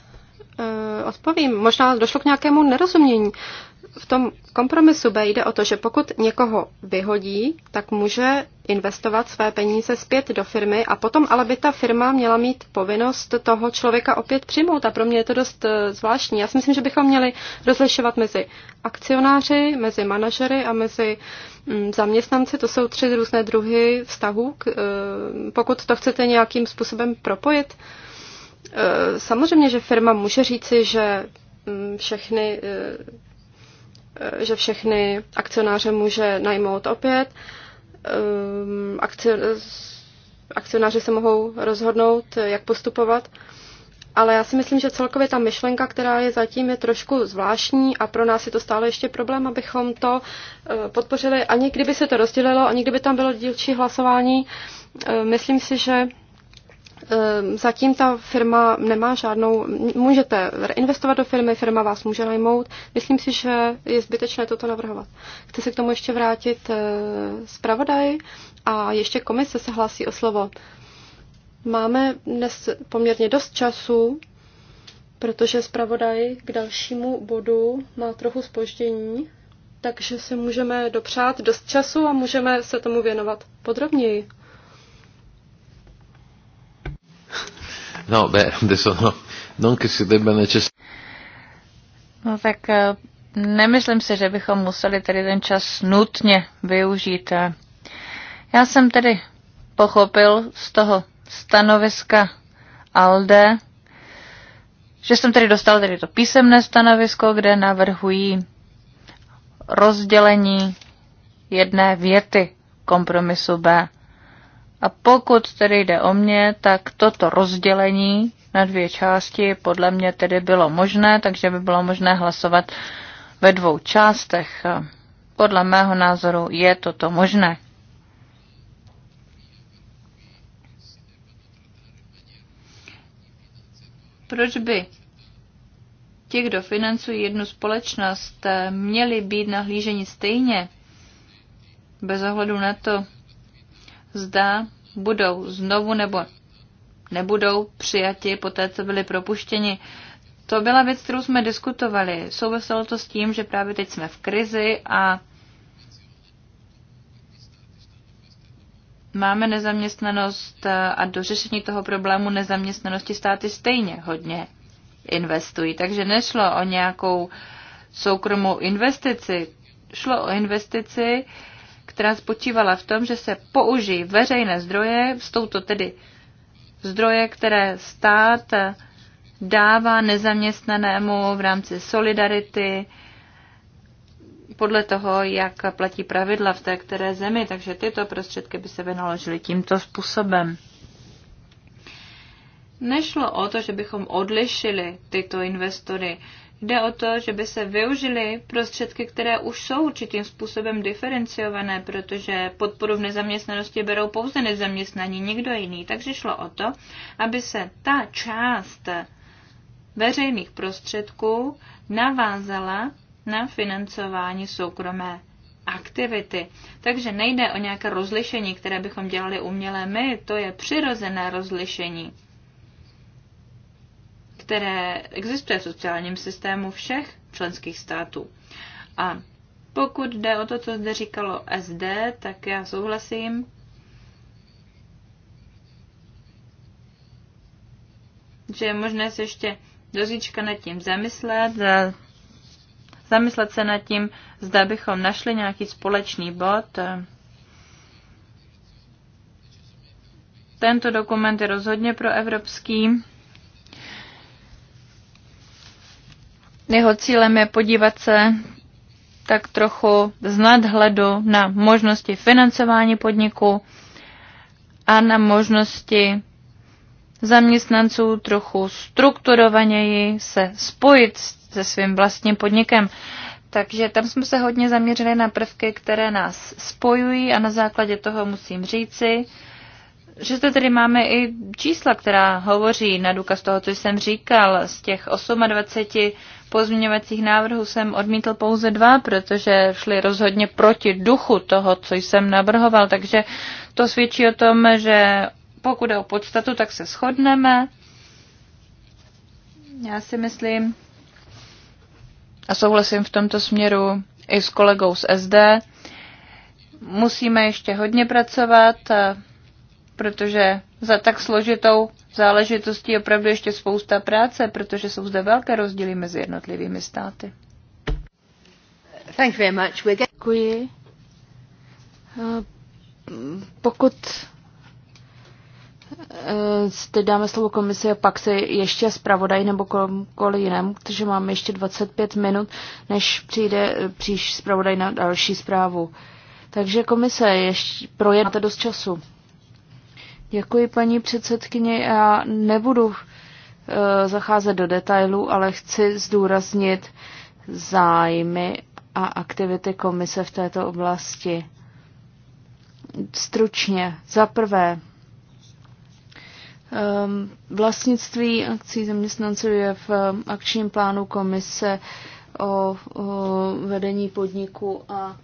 Speaker 3: Eh, odpovím. Možná došlo k nějakému nerozumění. V tom kompromisu B jde o to, že pokud někoho vyhodí, tak může investovat své peníze zpět do firmy a potom ale by ta firma měla mít povinnost toho člověka opět přijmout a pro mě je to dost eh, zvláštní. Já si myslím, že bychom měli rozlišovat mezi akcionáři, mezi manažery a mezi mm, zaměstnanci. To jsou tři různé druhy vztahů, eh, pokud to chcete nějakým způsobem propojit. Eh, samozřejmě, že firma může říci, že mm, všechny, eh, eh, že všechny akcionáře může najmout opět. Ehm, akcionáři se mohou rozhodnout, jak postupovat. Ale já si myslím, že celkově ta myšlenka, která je zatím, je trošku zvláštní a pro nás je to stále ještě problém, abychom to podpořili, ani kdyby se to rozdělilo, ani kdyby tam bylo dílčí hlasování. Myslím si, že Ehm, zatím ta firma nemá žádnou, můžete reinvestovat do firmy, firma vás může najmout. Myslím si, že je zbytečné toto navrhovat. Chce se k tomu ještě vrátit eh, zpravodaj a ještě komise se hlásí o slovo. Máme dnes poměrně dost času, protože zpravodaj k dalšímu bodu má trochu spoždění, takže si můžeme dopřát dost času a můžeme se tomu věnovat podrobněji.
Speaker 1: No, beh, adesso no, non che si debba necessariamente... No
Speaker 2: tak eh, nemyslím si, že bychom museli tady ten čas nutně využít. Eh, já jsem tedy pochopil z toho stanoviska ALDE, že jsem tedy dostal tedy to písemné stanovisko, kde navrhují rozdělení jedné věty kompromisu B. A pokud tedy jde o mě, tak toto rozdělení na dvě části podle mě tedy bylo možné, takže by bylo možné hlasovat ve dvou částech. Podle mého názoru je toto možné. Proč by ti, kdo financují jednu společnost, měli být nahlíženi stejně, bez ohledu na to, zda budou znovu nebo nebudou přijati po té, co byli propuštěni. To byla věc, kterou jsme diskutovali. Souviselo to s tím, že právě teď jsme v krizi a máme nezaměstnanost a do řešení toho problému nezaměstnanosti státy stejně hodně investují. Takže nešlo o nějakou soukromou investici, šlo o investici, která spočívala v tom, že se použijí veřejné zdroje, jsou to tedy zdroje, které stát dává nezaměstnanému v rámci solidarity, podle toho, jak platí pravidla v té které zemi, takže tyto prostředky by se vynaložily tímto způsobem. Nešlo o to, že bychom odlišili tyto investory. Jde o to, že by se využily prostředky, které už jsou určitým způsobem diferenciované, protože podporu v nezaměstnanosti berou pouze nezaměstnaní, nikdo jiný. Takže šlo o to, aby se ta část veřejných prostředků navázala na financování soukromé aktivity. Takže nejde o nějaké rozlišení, které bychom dělali uměle my, to je přirozené rozlišení které existuje v sociálním systému všech členských států. A pokud jde o to, co zde říkalo SD, tak já souhlasím. že je možné se ještě dozíčka nad tím zamyslet, zamyslet se nad tím, zda bychom našli nějaký společný bod. Tento dokument je rozhodně pro evropský Jeho cílem je podívat se tak trochu z nadhledu na možnosti financování podniku a na možnosti zaměstnanců trochu strukturovaněji se spojit se svým vlastním podnikem. Takže tam jsme se hodně zaměřili na prvky, které nás spojují a na základě toho musím říci, že zde tedy máme i čísla, která hovoří na důkaz toho, co jsem říkal, z těch 28 pozměňovacích návrhů jsem odmítl pouze dva, protože šli rozhodně proti duchu toho, co jsem navrhoval, takže to svědčí o tom, že pokud je o podstatu, tak se shodneme. Já si myslím a souhlasím v tomto směru i s kolegou z SD. Musíme ještě hodně pracovat protože za tak složitou záležitostí je opravdu ještě spousta práce, protože jsou zde velké rozdíly mezi jednotlivými státy. Thank you very much. We're getting... Děkuji.
Speaker 4: Pokud eh, teď dáme slovo komisi a pak se ještě zpravodaj nebo komukoliv jinému, protože máme ještě 25 minut, než přijde eh, příš zpravodaj na další zprávu. Takže komise, ještě projednáte dost času. Děkuji, paní předsedkyně. Já nebudu eh, zacházet do detailů, ale chci zdůraznit zájmy a aktivity komise v této oblasti. Stručně, za prvé, ehm, vlastnictví akcí zaměstnanců je v eh, akčním plánu komise o, o vedení podniku a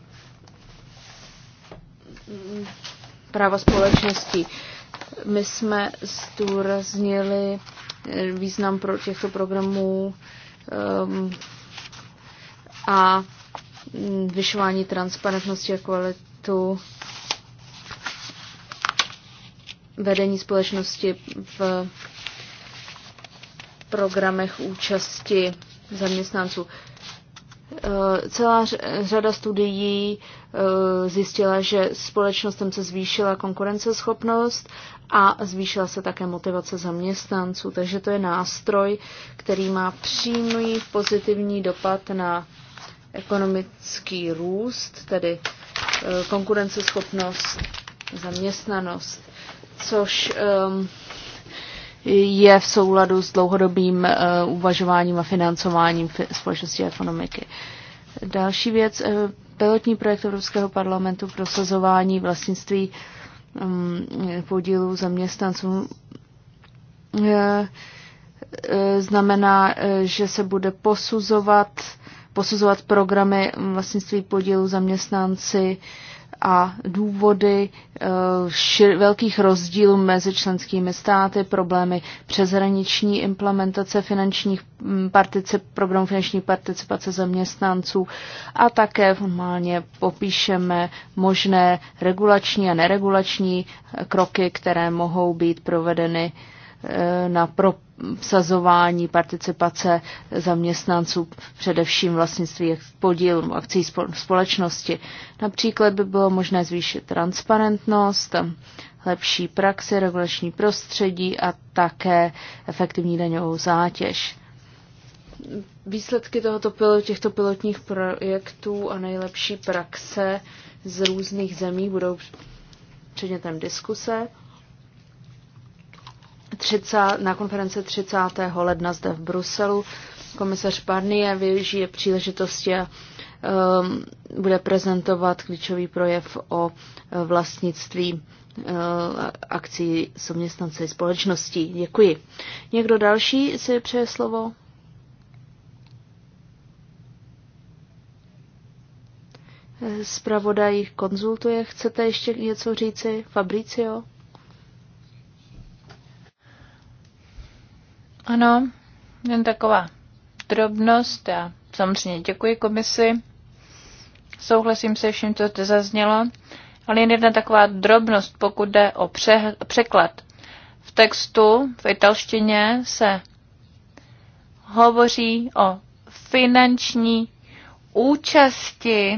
Speaker 4: mm, práva společností. My jsme zdůraznili eh, význam pro těchto programů um, a mm, vyšování transparentnosti a kvalitu vedení společnosti v programech účasti zaměstnanců. Eh, celá řada studií eh, zjistila, že společnostem se zvýšila konkurenceschopnost a zvýšila se také motivace zaměstnanců. Takže to je nástroj, který má přímý pozitivní dopad na ekonomický růst, tedy eh, konkurenceschopnost, zaměstnanost, což um, je v souladu s dlouhodobým eh, uvažováním a financováním společnosti a ekonomiky. Další věc, eh, pilotní projekt Evropského parlamentu prosazování vlastnictví mm, podílů zaměstnanců eh, znamená, že se bude posuzovat, posuzovat programy vlastnictví podílu zaměstnanci a důvody eh, šir, velkých rozdílů mezi členskými státy, problémy přeshraniční implementace finančních mm, particip, program finanční participace zaměstnanců a také formálně popíšeme možné regulační a neregulační eh, kroky, které mohou být provedeny Eh, na prosazování participace zaměstnanců, především vlastnictví podíl akcí společnosti. Například by bylo možné zvýšit transparentnost, lepší praxi, regulační prostředí a také efektivní daňovou zátěž. Výsledky tohoto, těchto pilotních projektů a nejlepší praxe z různých zemí budou předmětem diskuse. 30, na konference 30. ledna zde v Bruselu. Komisař Barnier využije příležitosti a um, bude prezentovat klíčový projev o uh, vlastnictví uh, akcí soměstnance společností. Děkuji. Někdo další si přeje slovo? Spravodaj konzultuje. Chcete ještě
Speaker 2: něco říci? Fabricio? Ano, jen taková drobnost. Já samozřejmě děkuji komisi. Souhlasím se vším, co zde zaznělo. Ale jen jedna taková drobnost, pokud jde o pře- překlad. V textu v italštině se hovoří o finanční účasti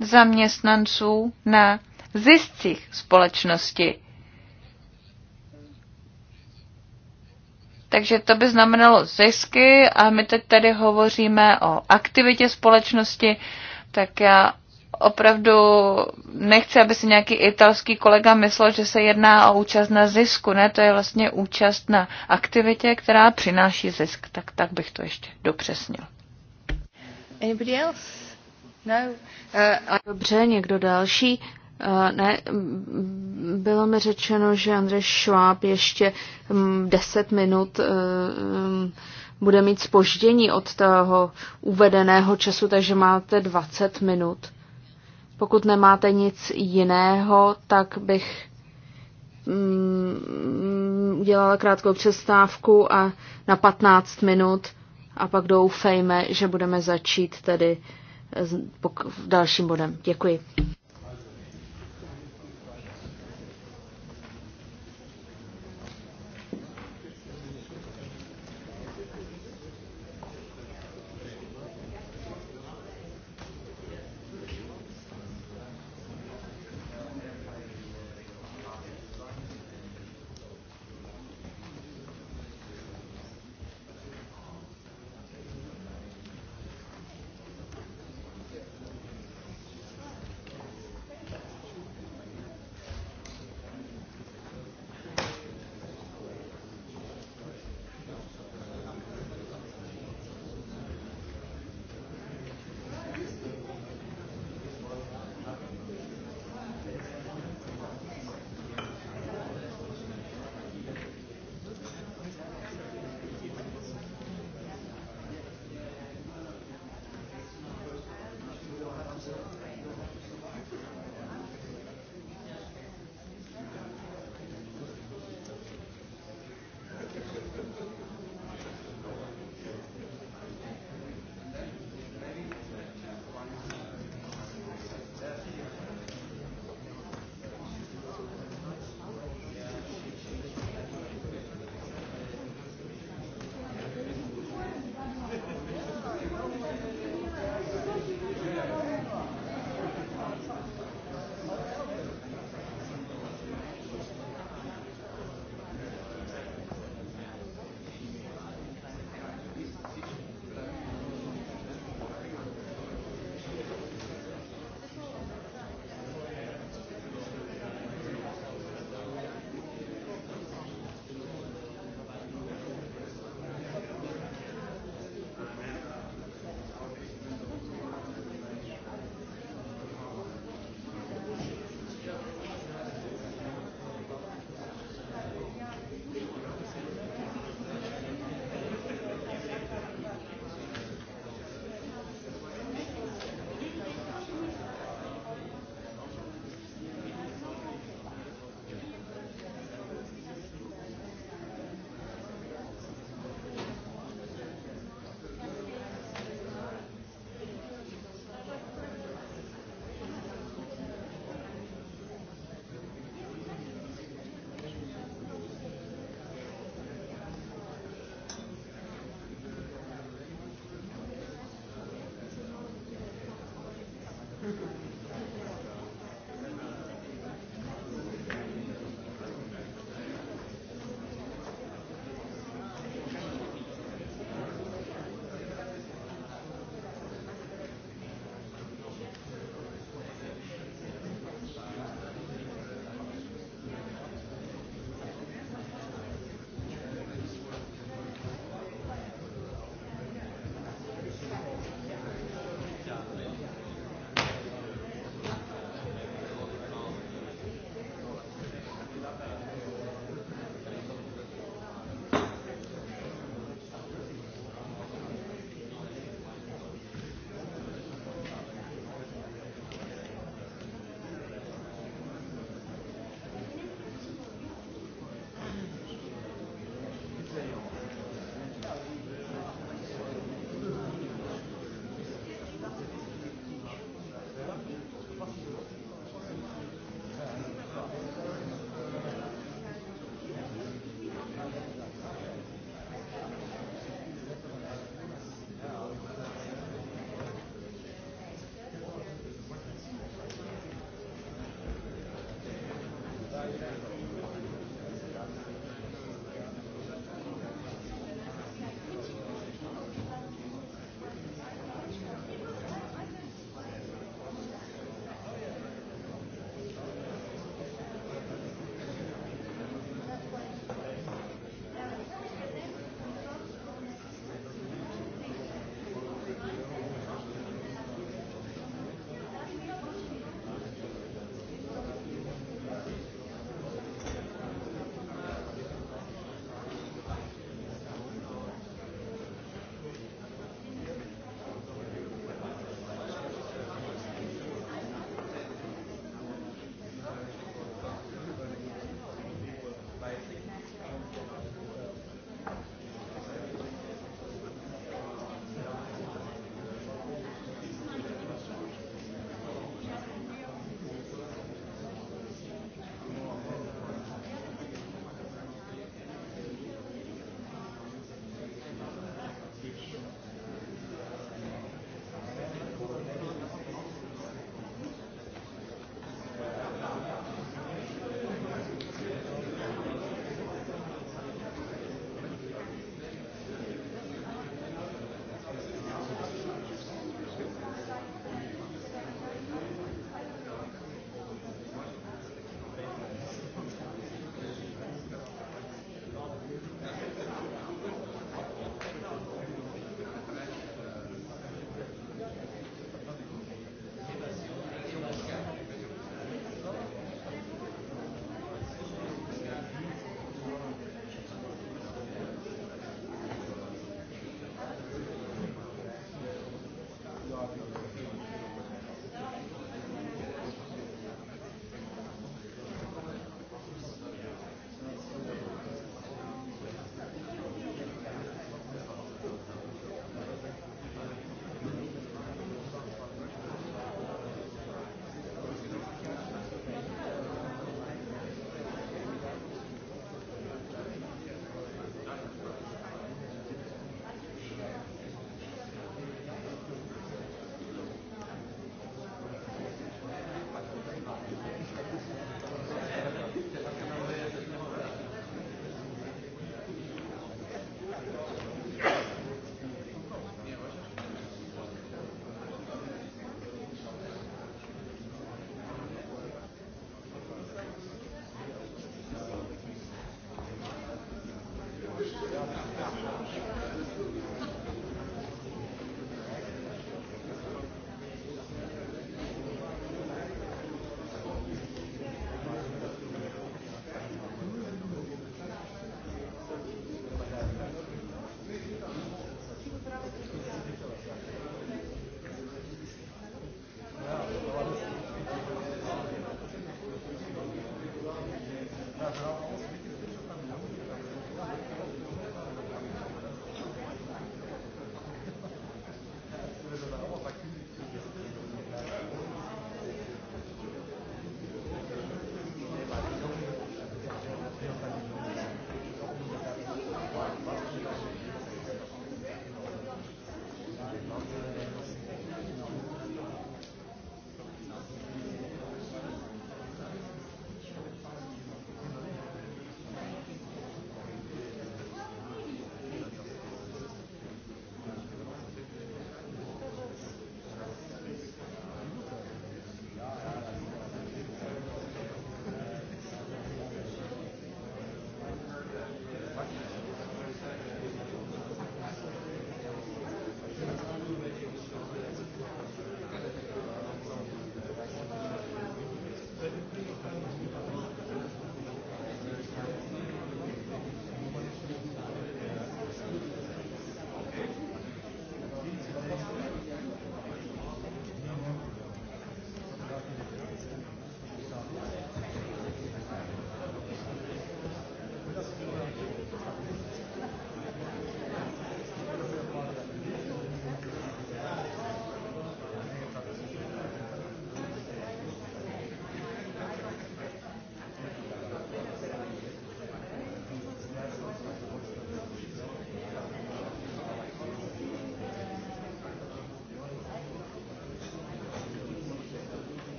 Speaker 2: zaměstnanců na ziscích společnosti. Takže to by znamenalo zisky a my teď tady hovoříme o aktivitě společnosti, tak já opravdu nechci, aby si nějaký italský kolega myslel, že se jedná o účast na zisku. Ne, to je vlastně účast na aktivitě, která přináší zisk. Tak, tak bych to ještě dopřesnil.
Speaker 4: Anybody else? No. Uh, I... Dobře, někdo další? Eh, ne, mm, bylo mi řečeno, že Andrej Šváb ještě 10 mm, minut eh, mm, bude mít spoždění od toho uvedeného času, takže máte 20 minut. Pokud nemáte nic jiného, tak bych udělala krátkou přestávku a na 15 minut a pak doufejme, že budeme začít tedy dalším bodem. Děkuji.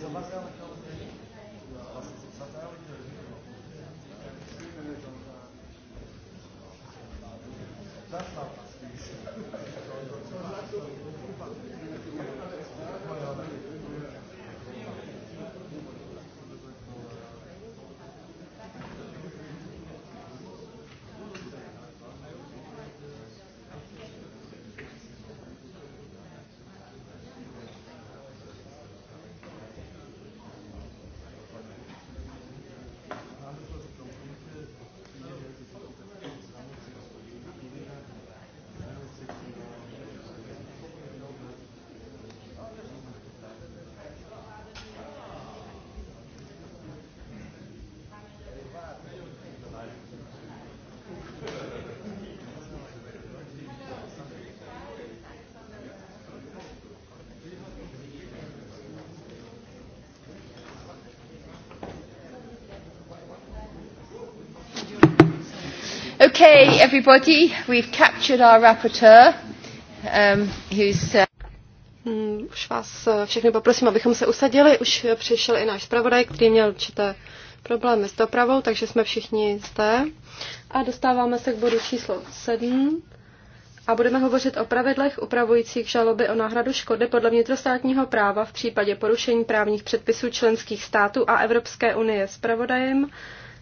Speaker 1: zobrazil.
Speaker 3: Okay, everybody, we've captured our rapporteur, um, who's... Uh... Hmm, už vás eh, všechny poprosím, abychom se usadili. Už přišel i náš zpravodaj, který měl určité problémy s dopravou, takže jsme všichni zde. A dostáváme se k bodu číslo 7 a budeme hovořit o pravidlech upravujících žaloby o náhradu škody podle vnitrostátního práva v případě porušení právních předpisů členských států a Evropské unie. Spravodajem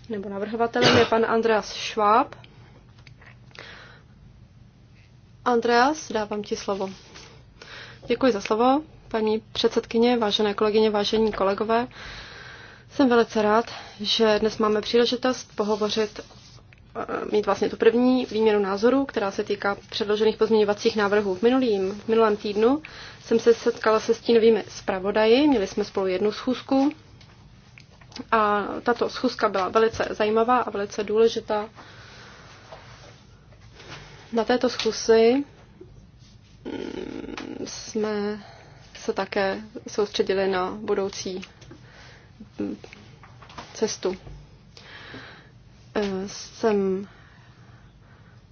Speaker 3: nebo navrhovatelem je pan Andreas Schwab. Andreas, dávám ti slovo. Děkuji za slovo, paní předsedkyně, vážené kolegyně, vážení kolegové. Jsem velice rád, že dnes máme příležitost pohovořit, eh, mít vlastně tu první výměnu názorů, která se týká předložených pozměňovacích návrhů. V, minulým, v minulém týdnu jsem se setkala se stínovými zpravodaji, měli jsme spolu jednu schůzku a tato schůzka byla velice zajímavá a velice důležitá na této schůzi mm, jsme se také soustředili na budoucí mm, cestu. E, jsem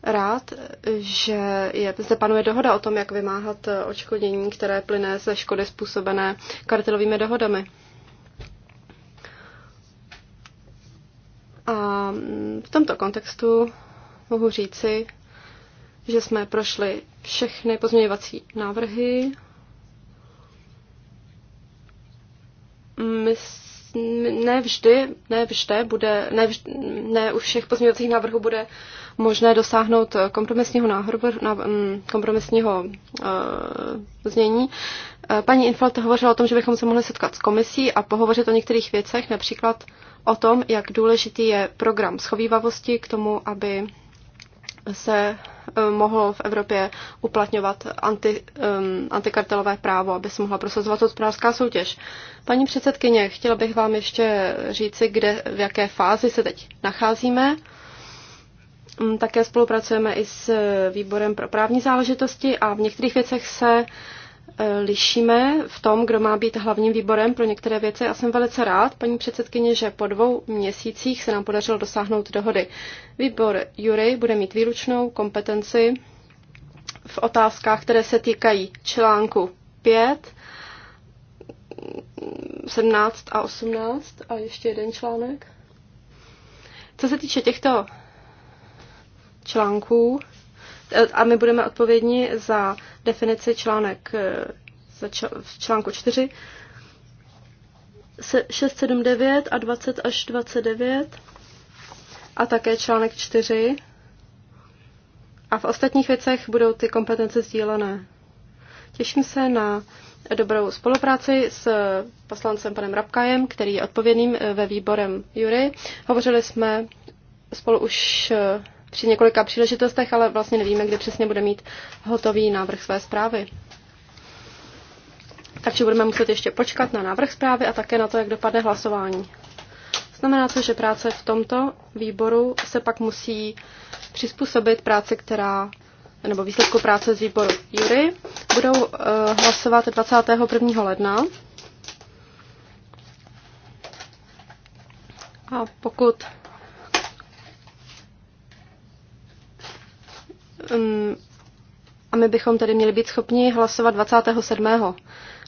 Speaker 3: rád, že je, zde panuje dohoda o tom, jak vymáhat očkodnění, které plyne ze škody způsobené kartelovými dohodami. A mm, v tomto kontextu mohu říci, že jsme prošli všechny pozměňovací návrhy. My ne vždy, ne vždy bude, ne, vždy, ne u všech pozměňovacích návrhů bude možné dosáhnout kompromisního, náhrbu, mm, kompromisního uh, znění. Eh, paní Inflat hovořila o tom, že bychom se mohli setkat s komisí a pohovořit o některých věcech, například o tom, jak důležitý je program schovývavosti k tomu, aby se eh, mohlo v Evropě uplatňovat anti, um, antikartelové právo, aby se mohla prosazovat hospodářská soutěž. Paní předsedkyně, chtěla bych vám ještě říci, kde, v jaké fázi se teď nacházíme. Hm, také spolupracujeme i s eh, výborem pro právní záležitosti a v některých věcech se Eh, lišíme v tom, kdo má být hlavním výborem pro některé věci. Já jsem velice rád, paní předsedkyně, že po dvou měsících se nám podařilo dosáhnout dohody. Výbor Jury bude mít výlučnou kompetenci v otázkách, které se týkají článku 5, 17 a 18 a ještě jeden článek. Co se týče těchto článků, eh, a my budeme odpovědní za definici článek eh, v článku 4 6, 7, 9 a 20 až 29 a také článek 4 a v ostatních věcech budou ty kompetence sdílené. Těším se na dobrou spolupráci s poslancem panem Rabkajem, který je odpovědným eh, ve výborem Jury. Hovořili jsme spolu už eh, při několika příležitostech, ale vlastně nevíme, kdy přesně bude mít hotový návrh své zprávy. Takže budeme muset ještě počkat na návrh zprávy a také na to, jak dopadne hlasování. Znamená to, že práce v tomto výboru se pak musí přizpůsobit práci, která nebo výsledku práce z výboru Jury. Budou uh, hlasovat 21. ledna. A pokud Um, a my bychom tedy měli být schopni hlasovat 27.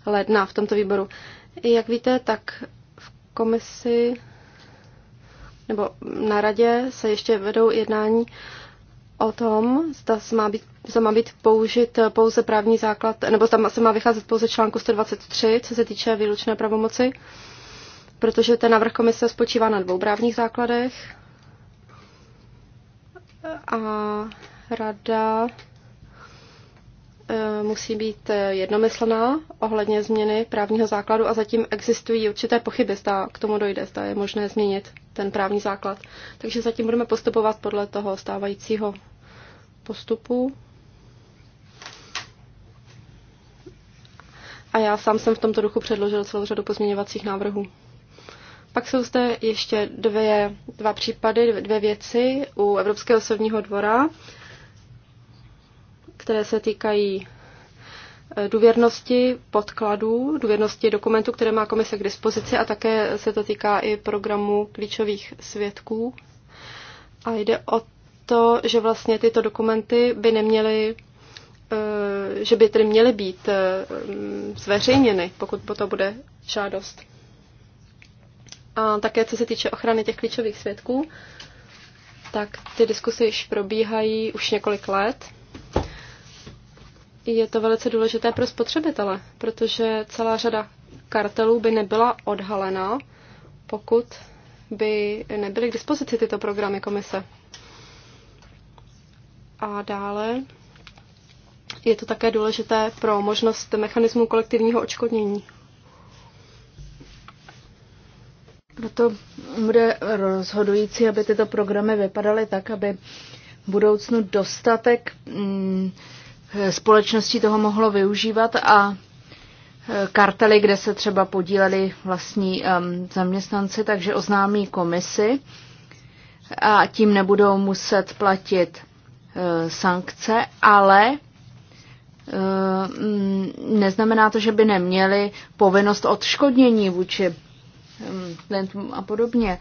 Speaker 3: ledna v tomto výboru. Jak víte, tak v komisi nebo na radě se ještě vedou jednání o tom, zda se má být, zda má být použit pouze právní základ, nebo tam se má vycházet pouze článku 123, co se týče výlučné pravomoci, protože ten návrh komise spočívá na dvou právních základech. A rada eh, musí být eh, jednomyslná ohledně změny právního základu a zatím existují určité pochyby, zda k tomu dojde, zda je možné změnit ten právní základ. Takže zatím budeme postupovat podle toho stávajícího postupu. A já sám jsem v tomto duchu předložil celou řadu pozměňovacích návrhů. Pak jsou zde ještě dvě, dva případy, dvě věci u Evropského soudního dvora které se týkají eh, důvěrnosti podkladů, důvěrnosti dokumentů, které má komise k dispozici a také se to týká i programu klíčových svědků. A jde o to, že vlastně tyto dokumenty by neměly eh, že by tedy měly být eh, mm, zveřejněny, pokud po to bude žádost. A také co se týče ochrany těch klíčových svědků, tak ty diskusy již probíhají už několik let je to velice důležité pro spotřebitele, protože celá řada kartelů by nebyla odhalena, pokud by nebyly k dispozici tyto programy komise. A dále je to také důležité pro možnost mechanismu kolektivního očkodnění.
Speaker 4: Proto bude rozhodující, aby tyto programy vypadaly tak, aby v budoucnu dostatek mm, Společnosti toho mohlo využívat a e, kartely, kde se třeba podíleli vlastní zaměstnanci, takže oznámí komisi a tím nebudou muset platit e, sankce, ale e, mm, neznamená to, že by neměli povinnost odškodnění vůči a podobně.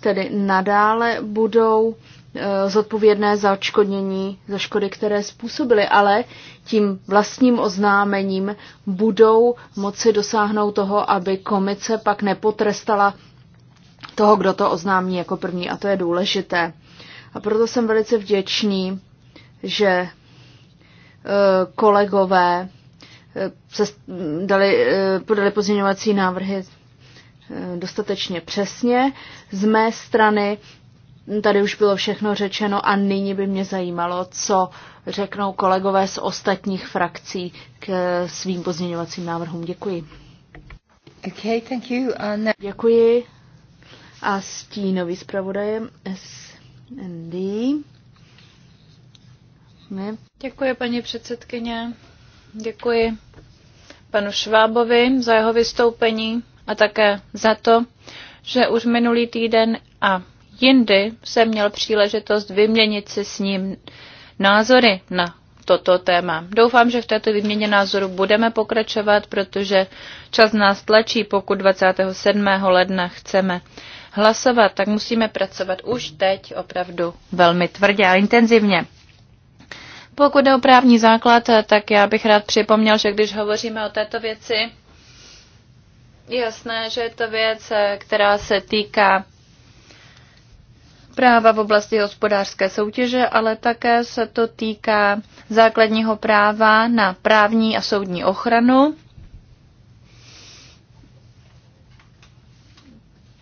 Speaker 4: Tedy nadále budou Eh, zodpovědné za odškodnění, za škody, které způsobily, ale tím vlastním oznámením budou moci dosáhnout toho, aby komice pak nepotrestala toho, kdo to oznámí jako první a to je důležité. A proto jsem velice vděčný, že eh, kolegové eh, se dali, podali pozměňovací návrhy dostatečně přesně. Z mé strany Tady už bylo všechno řečeno a nyní by mě zajímalo, co řeknou kolegové z ostatních frakcí k svým pozměňovacím návrhům. Děkuji. Okay, thank you. And... Uh, Děkuji. A stínový zpravodajem SND.
Speaker 2: Ne? Děkuji, paní předsedkyně. Děkuji panu Švábovi za jeho vystoupení a také za to, že už minulý týden a jindy jsem měl příležitost vyměnit si s ním názory na toto téma. Doufám, že v této výměně názoru budeme pokračovat, protože čas nás tlačí, pokud 27. ledna chceme hlasovat, tak musíme pracovat už teď opravdu velmi tvrdě a intenzivně. Pokud je o právní základ, tak já bych rád připomněl, že když hovoříme o této věci, je jasné, že je to věc, která se týká práva v oblasti hospodářské soutěže, ale také se to týká základního práva na právní a soudní ochranu.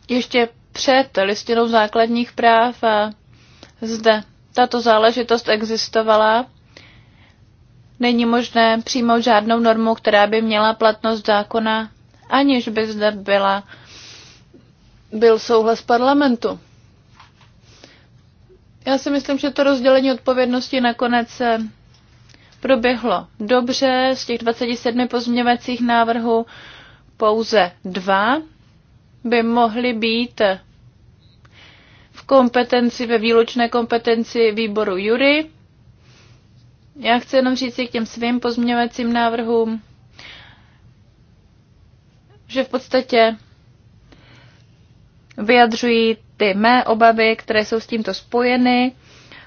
Speaker 2: Ještě před listinou základních práv zde tato záležitost existovala. Není možné přijmout žádnou normu, která by měla platnost zákona, aniž by zde byla, byl souhlas parlamentu. Já si myslím, že to rozdělení odpovědnosti nakonec eh, proběhlo dobře. Z těch 27 pozměňovacích návrhů pouze dva by mohly být eh, v kompetenci, ve výlučné kompetenci výboru jury. Já chci jenom říct k těm svým pozměňovacím návrhům, že v podstatě vyjadřují ty mé obavy, které jsou s tímto spojeny.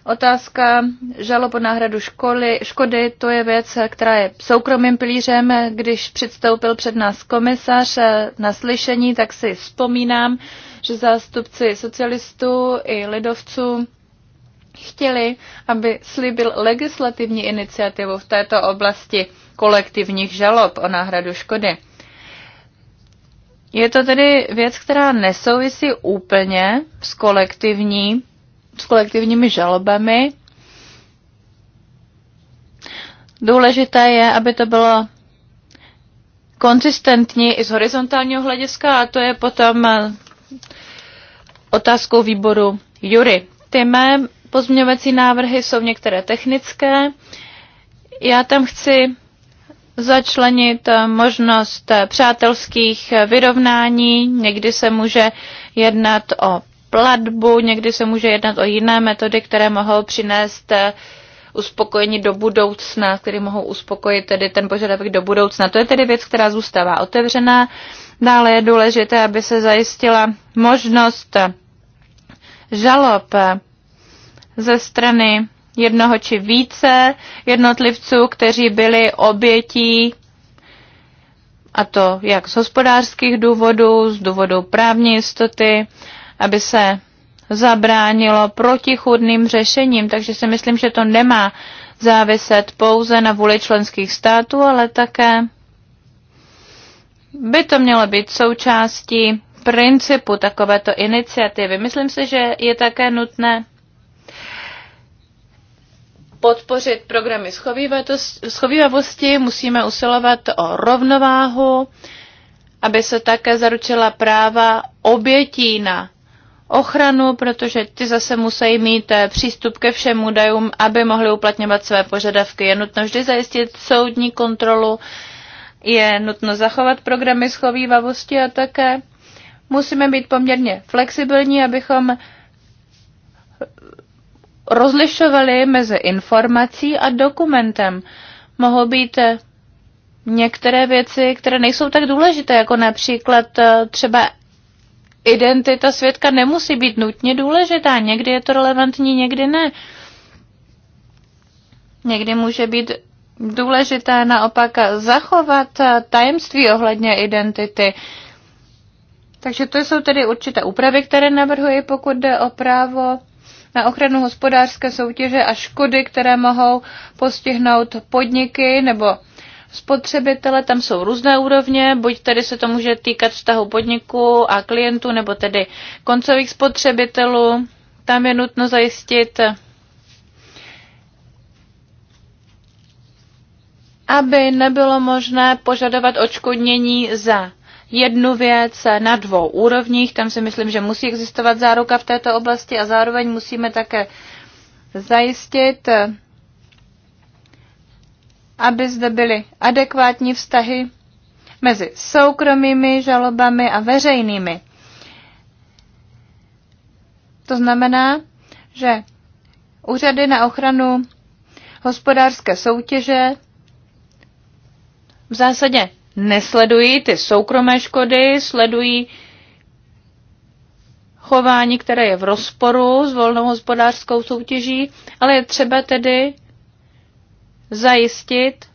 Speaker 2: Otázka žalob o náhradu školy, škody, to je věc, která je soukromým pilířem. Když předstoupil před nás komisař na slyšení, tak si vzpomínám, že zástupci socialistů i lidovců chtěli, aby slíbil legislativní iniciativu v této oblasti kolektivních žalob o náhradu škody. Je to tedy věc, která nesouvisí úplně s, kolektivní, s kolektivními žalobami. Důležité je, aby to bylo konzistentní i z horizontálního hlediska a to je potom eh, otázkou výboru Jury. Ty mé pozměňovací návrhy jsou některé technické. Já tam chci začlenit eh, možnost eh, přátelských eh, vyrovnání. Někdy se může jednat o platbu, někdy se může jednat o jiné metody, které mohou přinést uspokojení do budoucna, které mohou uspokojit tedy ten požadavek do budoucna. To je tedy věc, která zůstává otevřená. Dále je důležité, aby se zajistila možnost žalob ze strany jednoho či více jednotlivců, kteří byli obětí, a to jak z hospodářských důvodů, z důvodu právní jistoty, aby se zabránilo protichudným řešením. Takže si myslím, že to nemá záviset pouze na vůli členských států, ale také by to mělo být součástí principu takovéto iniciativy. Myslím si, že je také nutné podpořit programy schovývavosti, musíme usilovat o rovnováhu, aby se také zaručila práva obětí na ochranu, protože ty zase musí mít eh, přístup ke všem údajům, aby mohli uplatňovat své požadavky. Je nutno vždy zajistit soudní kontrolu, je nutno zachovat programy schovývavosti a také musíme být poměrně flexibilní, abychom rozlišovali mezi informací a dokumentem. Mohou být eh, některé věci, které nejsou tak důležité, jako například eh, třeba identita svědka nemusí být nutně důležitá. Někdy je to relevantní, někdy ne. Někdy může být důležité naopak zachovat eh, tajemství ohledně identity. Takže to jsou tedy určité úpravy, které navrhuji, pokud jde o právo na ochranu hospodářské soutěže a škody, které mohou postihnout podniky nebo spotřebitele. Tam jsou různé úrovně, buď tedy se to může týkat vztahu podniku a klientů, nebo tedy koncových spotřebitelů. Tam je nutno zajistit aby nebylo možné požadovat odškodnění za jednu věc na dvou úrovních. Tam si myslím, že musí existovat záruka v této oblasti a zároveň musíme také zajistit, aby zde byly adekvátní vztahy mezi soukromými žalobami a veřejnými. To znamená, že úřady na ochranu hospodářské soutěže v zásadě nesledují ty soukromé škody, sledují chování, které je v rozporu s volnou hospodářskou soutěží, ale je třeba tedy zajistit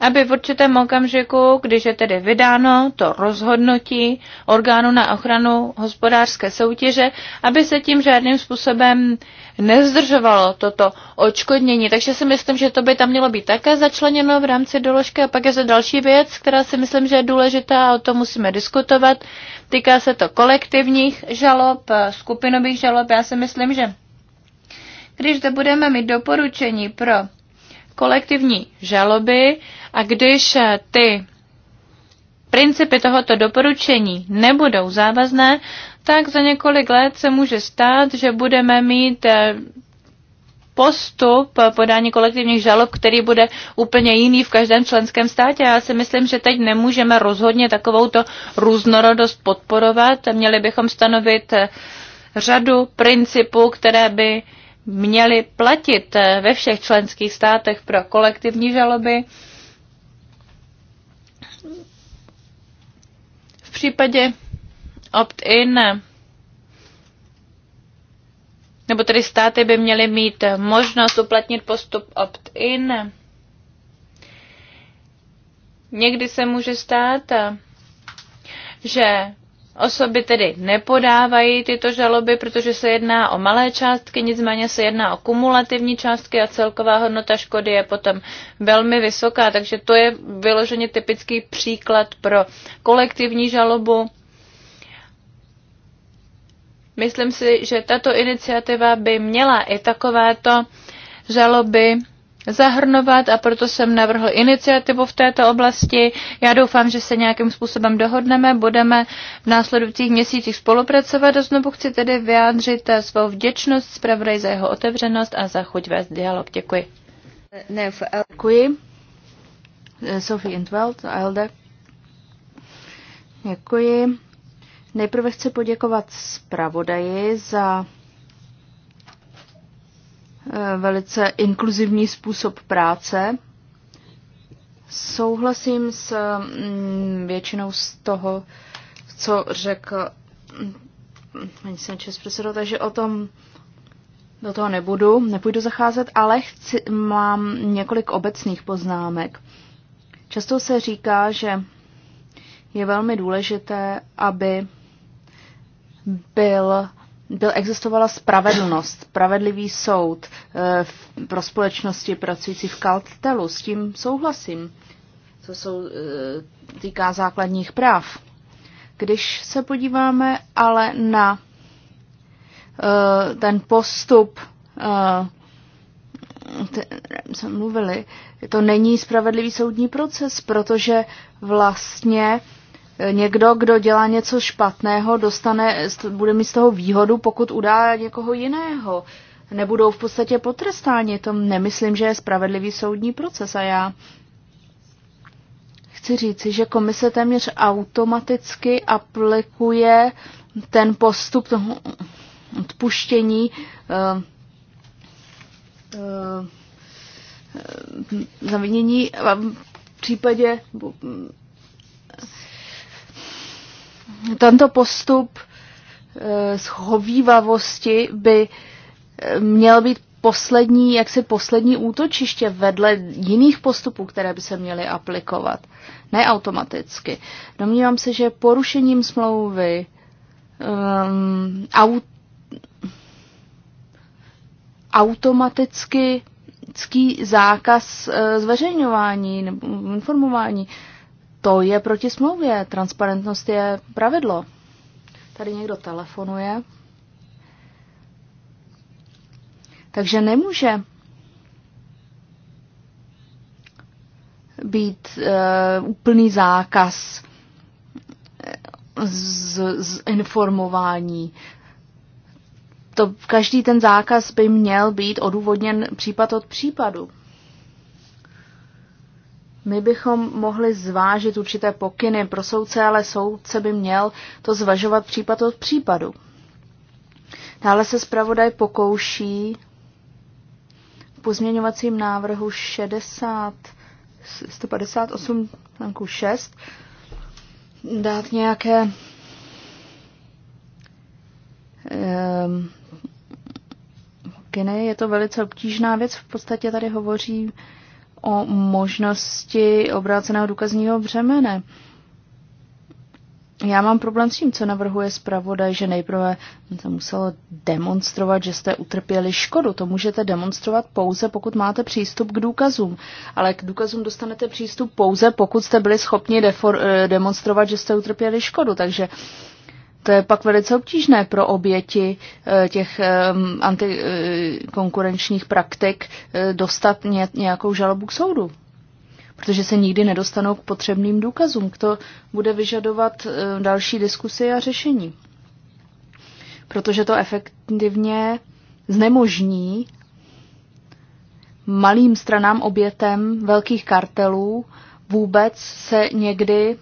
Speaker 2: aby v určitém okamžiku, když je tedy vydáno to rozhodnutí orgánu na ochranu hospodářské soutěže, aby se tím žádným způsobem nezdržovalo toto očkodnění. Takže si myslím, že to by tam mělo být také začleněno v rámci doložky. A pak je to další věc, která si myslím, že je důležitá a o tom musíme diskutovat. Týká se to kolektivních žalob, skupinových žalob. Já si myslím, že když zde budeme mít doporučení pro kolektivní žaloby a když eh, ty principy tohoto doporučení nebudou závazné, tak za několik let se může stát, že budeme mít eh, postup podání kolektivních žalob, který bude úplně jiný v každém členském státě. Já si myslím, že teď nemůžeme rozhodně takovouto různorodost podporovat. Měli bychom stanovit eh, řadu principů, které by měly platit eh, ve všech členských státech pro kolektivní žaloby. V případě opt-in, eh, nebo tedy státy by měly mít možnost uplatnit postup opt-in. Někdy se může stát, eh, že Osoby tedy nepodávají tyto žaloby, protože se jedná o malé částky, nicméně se jedná o kumulativní částky a celková hodnota škody je potom velmi vysoká, takže to je vyloženě typický příklad pro kolektivní žalobu. Myslím si, že tato iniciativa by měla i takovéto žaloby zahrnovat a proto jsem navrhl iniciativu v této oblasti. Já doufám, že se nějakým způsobem dohodneme, budeme v následujících měsících spolupracovat a znovu chci tedy vyjádřit svou vděčnost zpravodaj za jeho otevřenost a za chuť vést dialog. Děkuji. Ne, v Děkuji. Sophie Intveld,
Speaker 4: Alde. Děkuji. Nejprve chci poděkovat zpravodaji za Eh, velice inkluzivní způsob práce. Souhlasím s mm, většinou z toho, co řekl mm, paní Sanchez předsedo, takže o tom do toho nebudu, nepůjdu zacházet, ale chci, mám několik obecných poznámek. Často se říká, že je velmi důležité, aby byl byl, existovala spravedlnost, spravedlivý soud e, pro společnosti pracující v kaltelu. S tím souhlasím. co jsou, e, eh, týká základních práv. Když se podíváme ale na e, ten postup, e, jsme mluvili, to není spravedlivý soudní proces, protože vlastně e, Někdo, kdo dělá něco špatného, dostane, bude mít z toho výhodu, pokud udá někoho jiného. Nebudou v podstatě potrestáni. To nemyslím, že je spravedlivý soudní proces. A já chci říci, že komise téměř automaticky aplikuje ten postup toho odpuštění uh, uh, zavinění v případě tento postup eh, schovývavosti by eh, měl být poslední, jaksi poslední útočiště vedle jiných postupů, které by se měly aplikovat. Ne automaticky. Domnívám se, že porušením smlouvy um, aut, automaticky zákaz eh, zveřejňování nebo informování uh, to je proti smlouvě. Transparentnost je pravidlo. Tady někdo telefonuje. Takže nemůže být uh, úplný zákaz eh, z, z informování. To, každý ten zákaz by měl být odůvodněn případ od případu. My bychom mohli zvážit určité pokyny pro soudce, ale soudce by měl to zvažovat případ od případu. Dále se zpravodaj pokouší v pozměňovacím návrhu 60, 158, 6 dát nějaké um, pokyny. Je to velice obtížná věc. V podstatě tady hovoří o možnosti obráceného důkazního břemene. Já mám problém s tím, co navrhuje zpravodaj, že nejprve se muselo demonstrovat, že jste utrpěli škodu. To můžete demonstrovat pouze, pokud máte přístup k důkazům. Ale k důkazům dostanete přístup pouze, pokud jste byli schopni eh, demonstrovat, že jste utrpěli škodu. Takže to je pak velice obtížné pro oběti eh, těch ehm, antikonkurenčních eh, praktik eh, dostat nějakou žalobu k soudu, protože se nikdy nedostanou k potřebným důkazům. To bude vyžadovat další diskusy a řešení, protože to efektivně znemožní malým stranám obětem velkých kartelů vůbec se někdy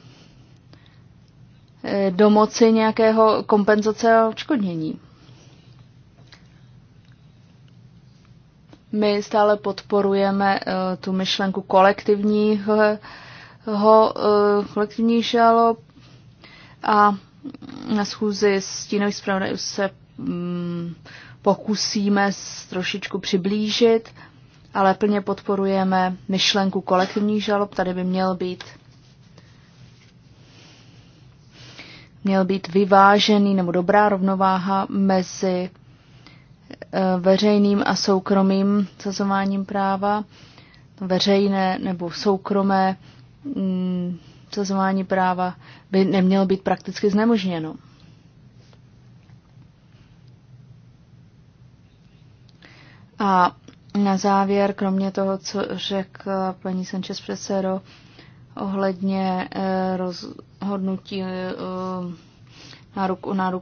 Speaker 4: Eh, domoci nějakého kompenzace a odškodnění. My stále podporujeme eh, tu myšlenku kolektivního eh, kolektivní žalob a na schůzi s stínových zpravodajů se mm, pokusíme trošičku přiblížit, ale plně podporujeme myšlenku kolektivních žalob. Tady by měl být měl být vyvážený nebo dobrá rovnováha mezi eh, veřejným a soukromým sazováním práva, veřejné nebo soukromé mm, sazování práva by nemělo být prakticky znemožněno. A na závěr, kromě toho, co řekl paní Sanchez Presero, ohledně eh, rozhodnutí eh, na ruku, na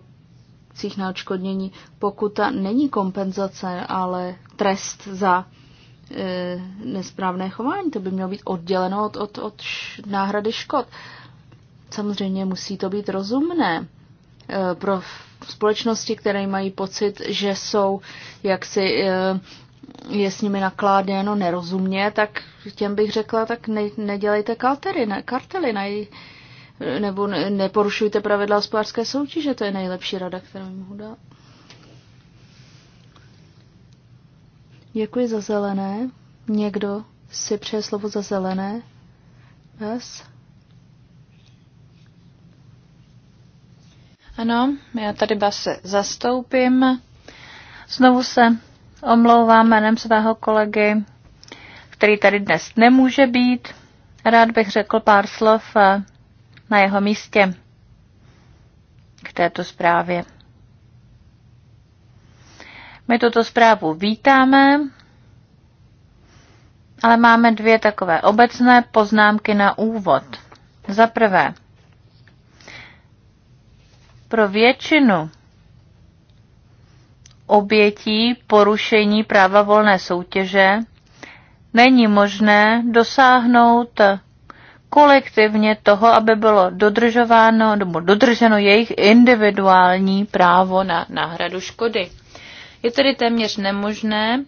Speaker 4: odškodnění. Pokuta není kompenzace, ale trest za eh, nesprávné chování. To by mělo být odděleno od, od, od náhrady škod. Samozřejmě musí to být rozumné eh, pro společnosti, které mají pocit, že jsou jaksi je s nimi nakládáno nerozumně, tak těm bych řekla, tak ne, nedělejte kartely, ne, kartely ne, nebo ne, neporušujte pravidla hospodářské soutěže, to je nejlepší rada, kterou mohu dát. Děkuji za zelené. Někdo si přeje slovo za zelené? Yes.
Speaker 2: Ano, já tady Base zastoupím. Znovu se omlouvám jménem svého kolegy, který tady dnes nemůže být. Rád bych řekl pár slov eh, na jeho místě k této zprávě. My tuto zprávu vítáme, ale máme dvě takové obecné poznámky na úvod. Za prvé, pro většinu obětí porušení práva volné soutěže není možné dosáhnout kolektivně toho, aby bylo dodržováno nebo dodrženo jejich individuální právo na náhradu škody. Je tedy téměř nemožné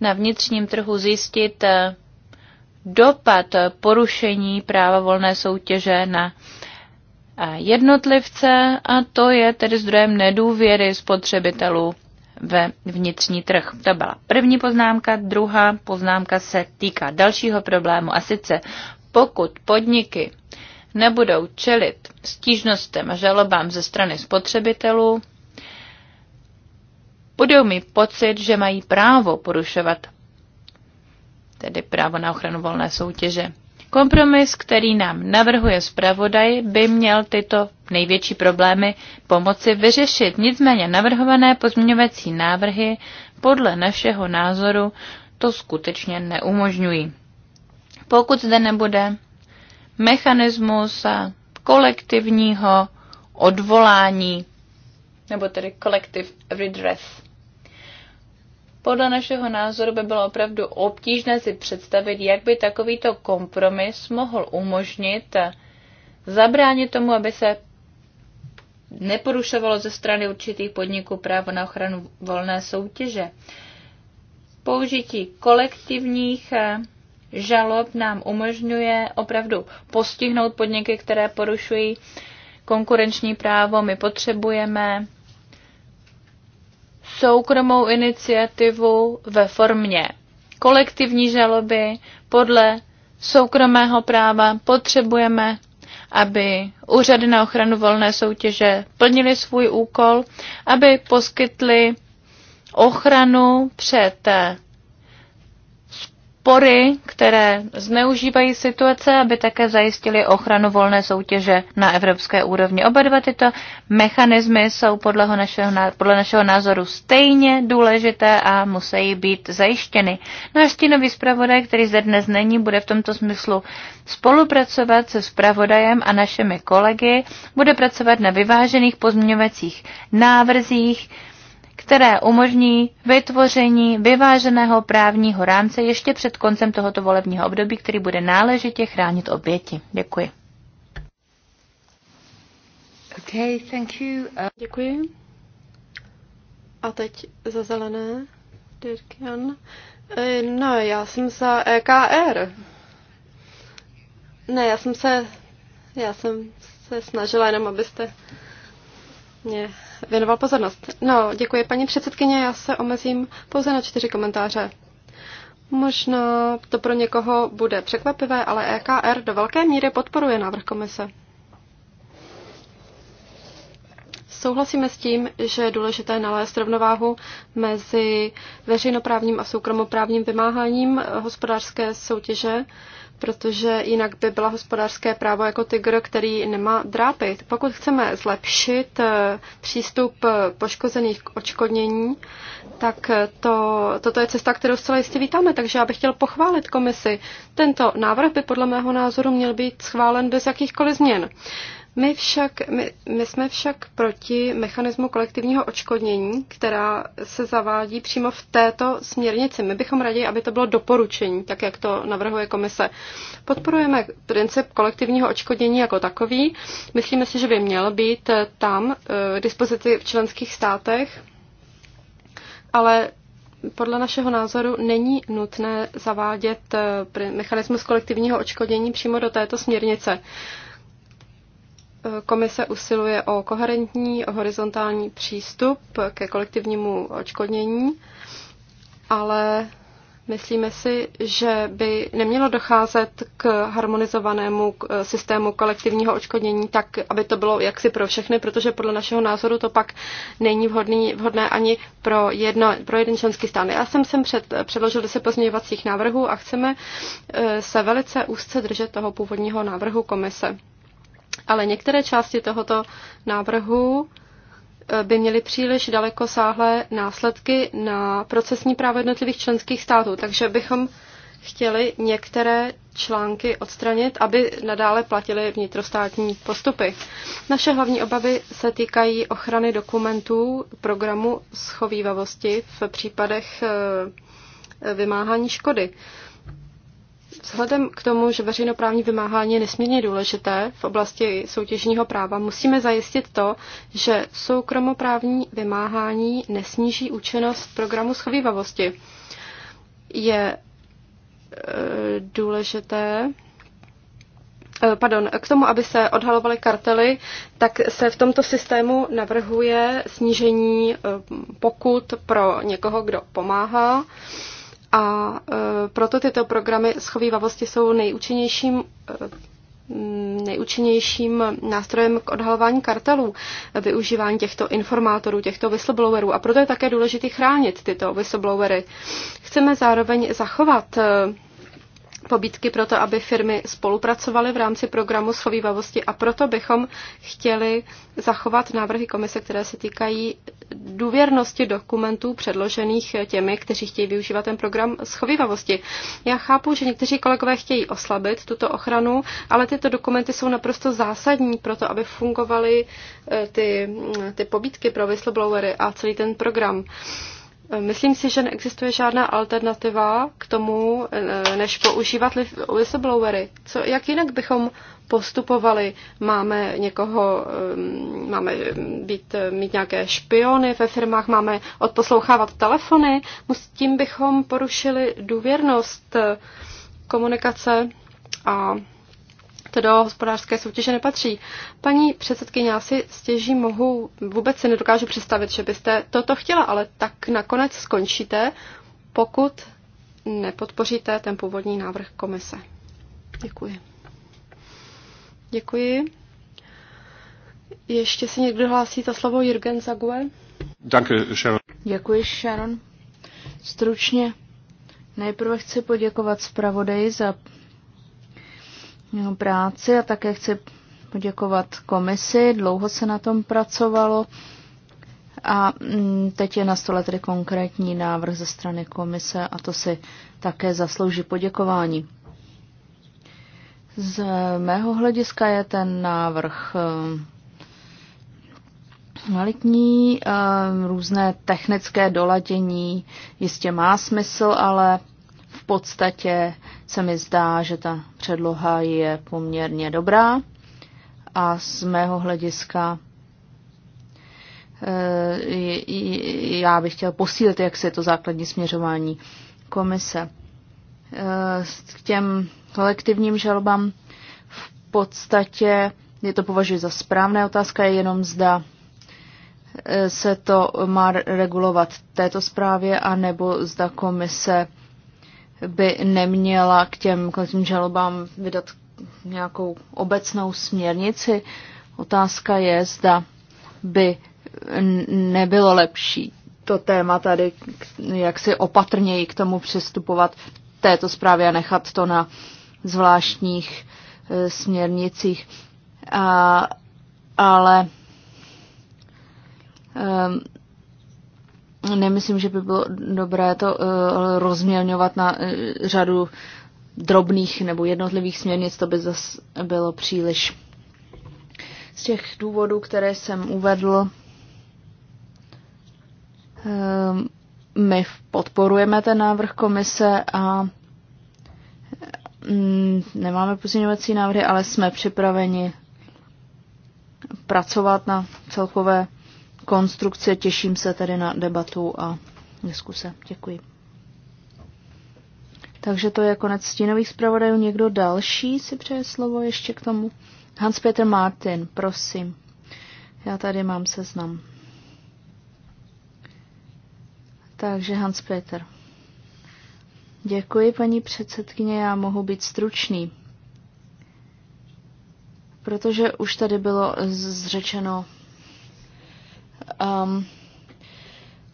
Speaker 2: na vnitřním trhu zjistit eh, dopad porušení práva volné soutěže na jednotlivce a to je tedy zdrojem nedůvěry spotřebitelů ve vnitřní trh. To byla první poznámka. Druhá poznámka se týká dalšího problému a sice pokud podniky nebudou čelit stížnostem a žalobám ze strany spotřebitelů, budou mít pocit, že mají právo porušovat tedy právo na ochranu volné soutěže. Kompromis, který nám navrhuje zpravodaj, by měl tyto největší problémy pomoci vyřešit. Nicméně navrhované pozměňovací návrhy podle našeho názoru to skutečně neumožňují. Pokud zde nebude mechanismus kolektivního odvolání, nebo tedy kolektiv redress, podle našeho názoru by bylo opravdu obtížné si představit, jak by takovýto kompromis mohl umožnit zabránit tomu, aby se neporušovalo ze strany určitých podniků právo na ochranu volné soutěže. Použití kolektivních eh, žalob nám umožňuje opravdu postihnout podniky, které porušují konkurenční právo. My potřebujeme soukromou iniciativu ve formě kolektivní žaloby podle soukromého práva. Potřebujeme, aby úřady na ochranu volné soutěže plnili svůj úkol, aby poskytli ochranu před spory, které zneužívají situace, aby také zajistili ochranu volné soutěže na evropské úrovni. Oba dva tyto mechanismy jsou podle našeho, podle našeho názoru stejně důležité a musí být zajištěny. Náš stínový zpravodaj, který zde dnes není, bude v tomto smyslu spolupracovat se zpravodajem a našimi kolegy, bude pracovat na vyvážených pozměňovacích návrzích, které umožní vytvoření vyváženého právního rámce ještě před koncem tohoto volebního období, který bude náležitě chránit oběti. Děkuji.
Speaker 3: Okay, thank you. Uh... Děkuji. A teď za zelené, Dirkian. Eh, no, já jsem za EKR. Ne, já jsem se, já jsem se snažila jenom, abyste mě věnoval pozornost. No, děkuji paní předsedkyně, já se omezím pouze na čtyři komentáře. Možná to pro někoho bude překvapivé, ale EKR do velké míry podporuje návrh komise. Souhlasíme s tím, že je důležité nalézt rovnováhu mezi veřejnoprávním a soukromoprávním vymáháním hospodářské soutěže, protože jinak by byla hospodářské právo jako tygr, který nemá drápy. Pokud chceme zlepšit eh, přístup eh, poškozených k očkodnění, tak eh, to, toto je cesta, kterou zcela jistě vítáme, takže já bych chtěl pochválit komisi. Tento návrh by podle mého názoru měl být schválen bez jakýchkoliv změn. My, však, my, my jsme však proti mechanismu kolektivního očkodnění, která se zavádí přímo v této směrnici. My bychom raději, aby to bylo doporučení, tak jak to navrhuje komise. Podporujeme princip kolektivního očkodnění jako takový. Myslíme si, že by měl být eh, tam eh, k dispozici v členských státech, ale podle našeho názoru není nutné zavádět eh, mechanismus kolektivního očkodnění přímo do této směrnice. Komise usiluje o koherentní horizontální přístup ke kolektivnímu očkodnění, ale myslíme si, že by nemělo docházet k harmonizovanému e, systému kolektivního očkodnění tak, aby to bylo jaksi pro všechny, protože podle našeho názoru to pak není vhodný, vhodné ani pro, jedno, pro jeden členský stát. Já jsem sem před, předložil 10 pozměňovacích návrhů a chceme e, se velice úzce držet toho původního návrhu komise. Ale některé části tohoto návrhu eh, by měly příliš daleko sáhlé následky na procesní právo jednotlivých členských států, takže bychom chtěli některé články odstranit, aby nadále platily vnitrostátní postupy. Naše hlavní obavy se týkají ochrany dokumentů programu schovývavosti v případech eh, vymáhání škody. Vzhledem k tomu, že veřejnoprávní vymáhání je nesmírně důležité v oblasti soutěžního práva, musíme zajistit to, že soukromoprávní vymáhání nesníží účinnost programu schovývavosti. Je e, důležité, e, pardon, k tomu, aby se odhalovaly kartely, tak se v tomto systému navrhuje snížení e, pokut pro někoho, kdo pomáhá a proto tyto programy schovývavosti jsou nejúčinnějším eh, nejúčinnějším nástrojem k odhalování kartelů, využívání těchto informátorů, těchto whistleblowerů. A proto je také důležité chránit tyto whistleblowery. Chceme zároveň zachovat eh, pobídky pro to, aby firmy spolupracovaly v rámci programu schovývavosti a proto bychom chtěli zachovat návrhy komise, které se týkají důvěrnosti dokumentů předložených těmi, kteří chtějí využívat ten program schovývavosti. Já chápu, že někteří kolegové chtějí oslabit tuto ochranu, ale tyto dokumenty jsou naprosto zásadní pro to, aby fungovaly eh, ty, ty pobídky pro whistleblowery a celý ten program. Myslím si, že neexistuje žádná alternativa k tomu, eh, než používat whistleblowery. Co, jak jinak bychom postupovali? Máme někoho, eh, máme být, eh, mít nějaké špiony ve firmách, máme odposlouchávat telefony, tím bychom porušili důvěrnost komunikace a to do hospodářské soutěže nepatří. Paní předsedkyně, já si stěží mohu, vůbec si nedokážu představit, že byste toto chtěla, ale tak nakonec skončíte, pokud nepodpoříte ten původní návrh komise. Děkuji. Děkuji. Ještě si někdo hlásí za slovo Jürgen Zague?
Speaker 1: Danke, Sharon.
Speaker 3: Děkuji, Sharon. Stručně.
Speaker 4: Nejprve chci poděkovat zpravodaji za jeho práci a také chci poděkovat komisi. Dlouho se na tom pracovalo a mm, teď je na stole tedy konkrétní návrh ze strany komise a to si také zaslouží poděkování. Z mého hlediska je ten návrh eh, kvalitní, eh, různé technické doladění jistě má smysl, ale podstatě se mi zdá, že ta předloha je poměrně dobrá a z mého hlediska eh, já bych chtěl posílit, jak se to základní směřování komise. Eh, k těm kolektivním žalobám v podstatě je to považuji za správné. Otázka je jenom zda eh, se to má regulovat této zprávě, anebo zda komise by neměla k těm kolektivním žalobám vydat nějakou obecnou směrnici. Otázka je, zda by nebylo lepší to téma tady, jak si opatrněji k tomu přistupovat v této zprávě a nechat to na zvláštních e, směrnicích. A, ale e, nemyslím, že by bylo dobré to eh, rozmělňovat na eh, řadu drobných nebo jednotlivých směrnic, to by zase bylo příliš. Z těch důvodů, které jsem uvedl, ehm, my podporujeme ten návrh komise a mm, nemáme pozměňovací návrhy, ale jsme připraveni pracovat na celkové konstrukce. Těším se tedy na debatu a diskuse. Děkuji. Takže to je konec stínových zpravodajů. Někdo další si přeje slovo ještě k tomu? Hans-Peter Martin, prosím. Já tady mám seznam. Takže Hans-Peter. Děkuji, paní předsedkyně, já mohu být stručný. Protože už tady bylo zřečeno Um,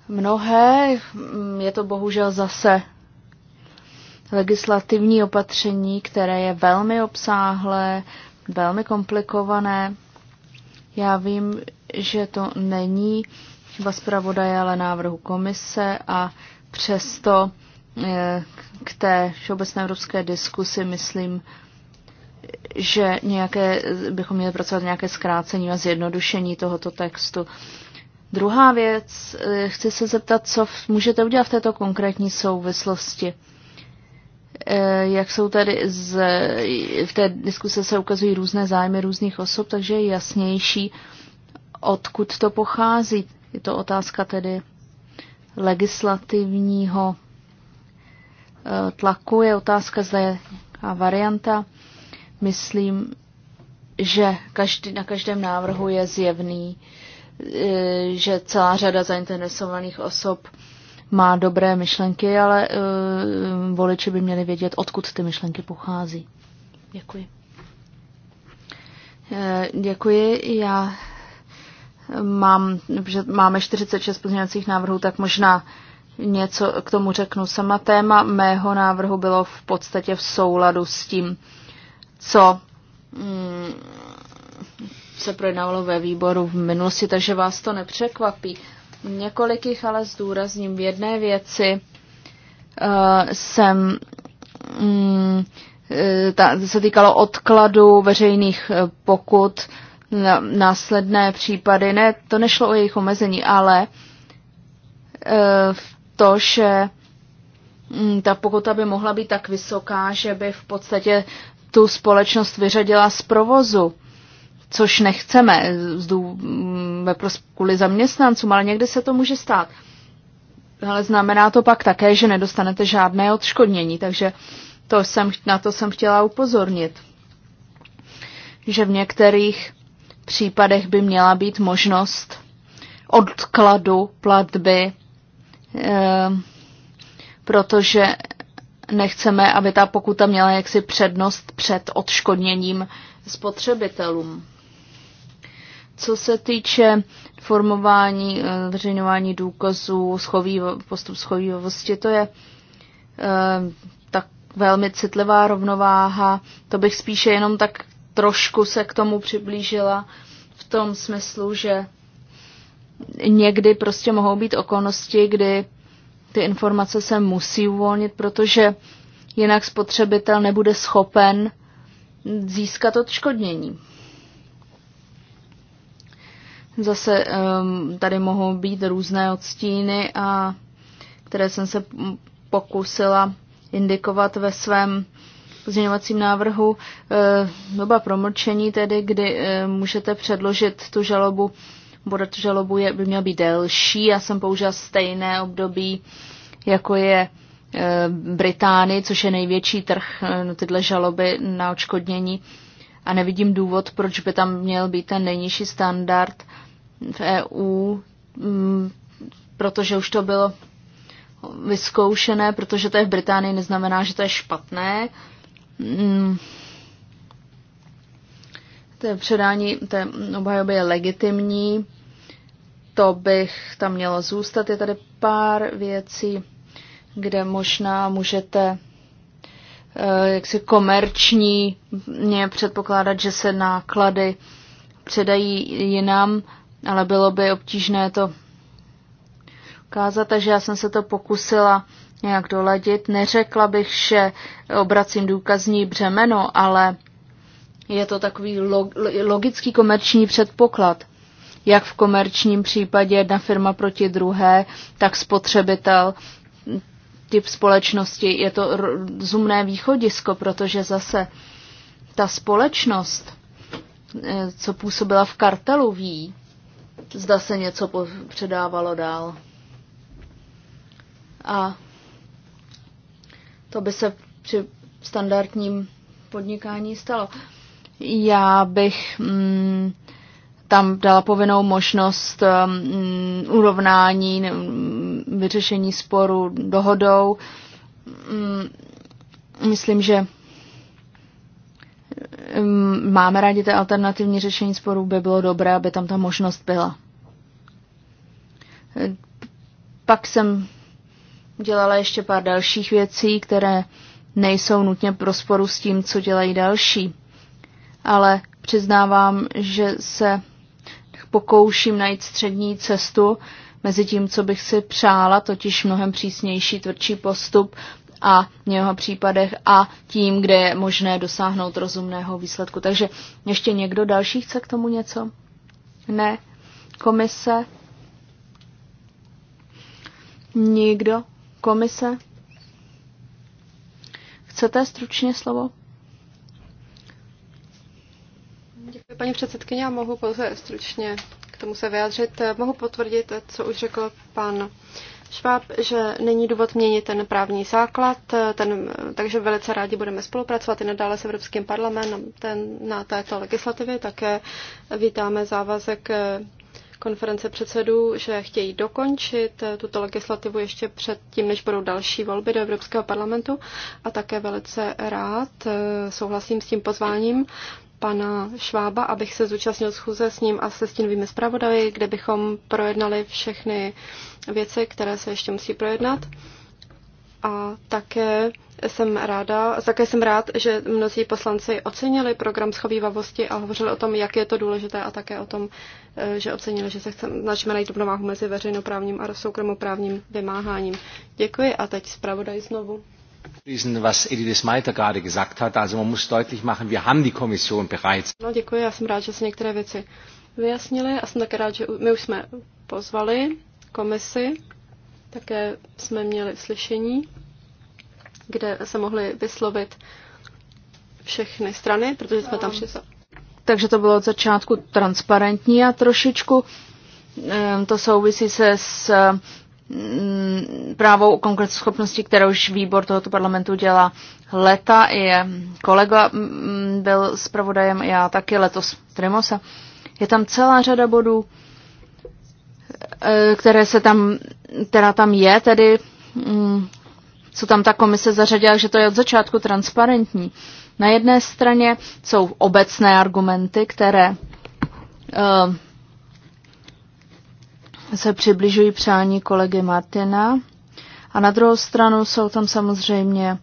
Speaker 4: mnohé, mm, je to bohužel zase legislativní opatření, které je velmi obsáhlé, velmi komplikované. Já vím, že to není chyba zpravodaje, ale návrhu komise a přesto eh, k té všeobecné evropské diskusi myslím, že nějaké, bychom měli pracovat nějaké zkrácení a zjednodušení tohoto textu. Druhá věc, eh, chci se zeptat, co můžete udělat v této konkrétní souvislosti. Eh, jak jsou tady z, v té diskuse se ukazují různé zájmy různých osob, takže je jasnější, odkud to pochází. Je to otázka tedy legislativního eh, tlaku, je otázka, zda je varianta. Myslím, že každý, na každém návrhu je zjevný, Eh, že celá řada zainteresovaných osob má dobré myšlenky, ale eh, voliči by měli vědět, odkud ty myšlenky pochází. Děkuji. Eh, děkuji. Já mám, že máme 46 pozměňovacích návrhů, tak možná něco k tomu řeknu. Sama téma mého návrhu bylo v podstatě v souladu s tím, co mm, se projednávalo ve výboru v minulosti, takže vás to nepřekvapí. Několik jich ale zdůrazním. V jedné věci uh, jsem. Mm, eh, ta, se týkalo odkladu veřejných eh, pokut, na, následné případy. Ne, to nešlo o jejich omezení, ale v to, že mm, ta pokuta by mohla být tak vysoká, že by v podstatě tu společnost vyřadila z provozu což nechceme mm, ve kvůli zaměstnancům, ale někdy se to může stát. Ale znamená to pak také, že nedostanete žádné odškodnění, takže to jsem, na to jsem chtěla upozornit, že v některých případech by měla být možnost odkladu platby, eh, protože nechceme, aby ta pokuta měla jaksi přednost před odškodněním spotřebitelům. Co se týče formování, eh, zveřejňování důkazů, schoví, postup schovývavosti, to je eh, tak velmi citlivá rovnováha. To bych spíše jenom tak trošku se k tomu přiblížila v tom smyslu, že někdy prostě mohou být okolnosti, kdy ty informace se musí uvolnit, protože jinak spotřebitel nebude schopen získat odškodnění. Zase ehm, tady mohou být různé odstíny, a které jsem se pokusila indikovat ve svém pozměňovacím návrhu. Eh, doba promlčení, tedy kdy eh, můžete předložit tu žalobu, bude tu žalobu je, by měla být delší. Já jsem použila stejné období, jako je eh, Británie, což je největší trh e, tyhle žaloby na očkodnění a nevidím důvod, proč by tam měl být ten nejnižší standard. E, v EU, mm, protože už to bylo vyzkoušené, protože to je v Británii, neznamená, že to je špatné. Mm. To je předání je mm, obhajoby je legitimní, to bych tam mělo zůstat. Je tady pár věcí, kde možná můžete eh, jaksi komerčně předpokládat, že se náklady předají jinam ale bylo by obtížné to ukázat, takže já jsem se to pokusila nějak doladit. Neřekla bych, že obracím důkazní břemeno, ale je to takový logický komerční předpoklad. Jak v komerčním případě jedna firma proti druhé, tak spotřebitel, typ společnosti. Je to rozumné východisko, protože zase ta společnost, eh, co působila v kartelu, ví, zda se něco předávalo dál. A to by se při standardním podnikání stalo. Já bych mm, tam dala povinnou možnost mm, urovnání, um, vyřešení sporu dohodou. Mm, myslím, že máme rádi ty alternativní řešení sporů, by bylo dobré, aby tam ta možnost byla. E, pak jsem dělala ještě pár dalších věcí, které nejsou nutně pro sporu s tím, co dělají další. Ale přiznávám, že se pokouším najít střední cestu mezi tím, co bych si přála, totiž mnohem přísnější, tvrdší postup a jeho případech a tím, kde je možné dosáhnout rozumného výsledku. Takže ještě někdo další chce k tomu něco? Ne? Komise? Nikdo? Komise?
Speaker 3: Chcete stručně slovo? Děkuji, paní předsedkyně, já mohu pouze stručně k tomu se vyjádřit. Mohu potvrdit, co už řekl pan Schwab, že není důvod měnit ten právní základ, ten, takže velice rádi budeme spolupracovat i nadále s Evropským parlamentem na této legislativě. Také vítáme závazek konference předsedů, že chtějí dokončit tuto legislativu ještě před tím, než budou další volby do Evropského parlamentu a také velice rád souhlasím s tím pozváním, pana Švába, abych se zúčastnil schůze s ním a se stínovými zpravodaji, kde bychom projednali všechny věci, které se ještě musí projednat. A také jsem ráda, také jsem rád, že mnozí poslanci ocenili program schovývavosti a hovořili o tom, jak je to důležité a také o tom, eh, že ocenili, že se chceme, snažíme najít rovnováhu mezi veřejnoprávním a soukromoprávním vymáháním. Děkuji a teď zpravodaj znovu
Speaker 1: was Edith Meiter gerade gesagt hat. Also man muss deutlich machen, wir haben die Kommission bereits.
Speaker 3: No, děkuji, já jsem rád, že se některé věci vyjasnili a jsem také rád, že my už jsme pozvali komisi, také jsme měli slyšení, kde se mohly vyslovit všechny strany, protože jsme tam přišli.
Speaker 4: Takže to bylo od začátku transparentní a trošičku to souvisí se s Mm, právo konkrétní konkurenceschopnosti, kterou už výbor tohoto parlamentu dělá leta. Je kolega mm, byl pravodajem, já taky letos Tremosa. Je tam celá řada bodů, eh, které se tam, která tam je, tedy mm, co tam ta komise zařadila, že to je od začátku transparentní. Na jedné straně jsou obecné argumenty, které eh, se přibližují přání kolegy Martina. A na druhou stranu jsou tam samozřejmě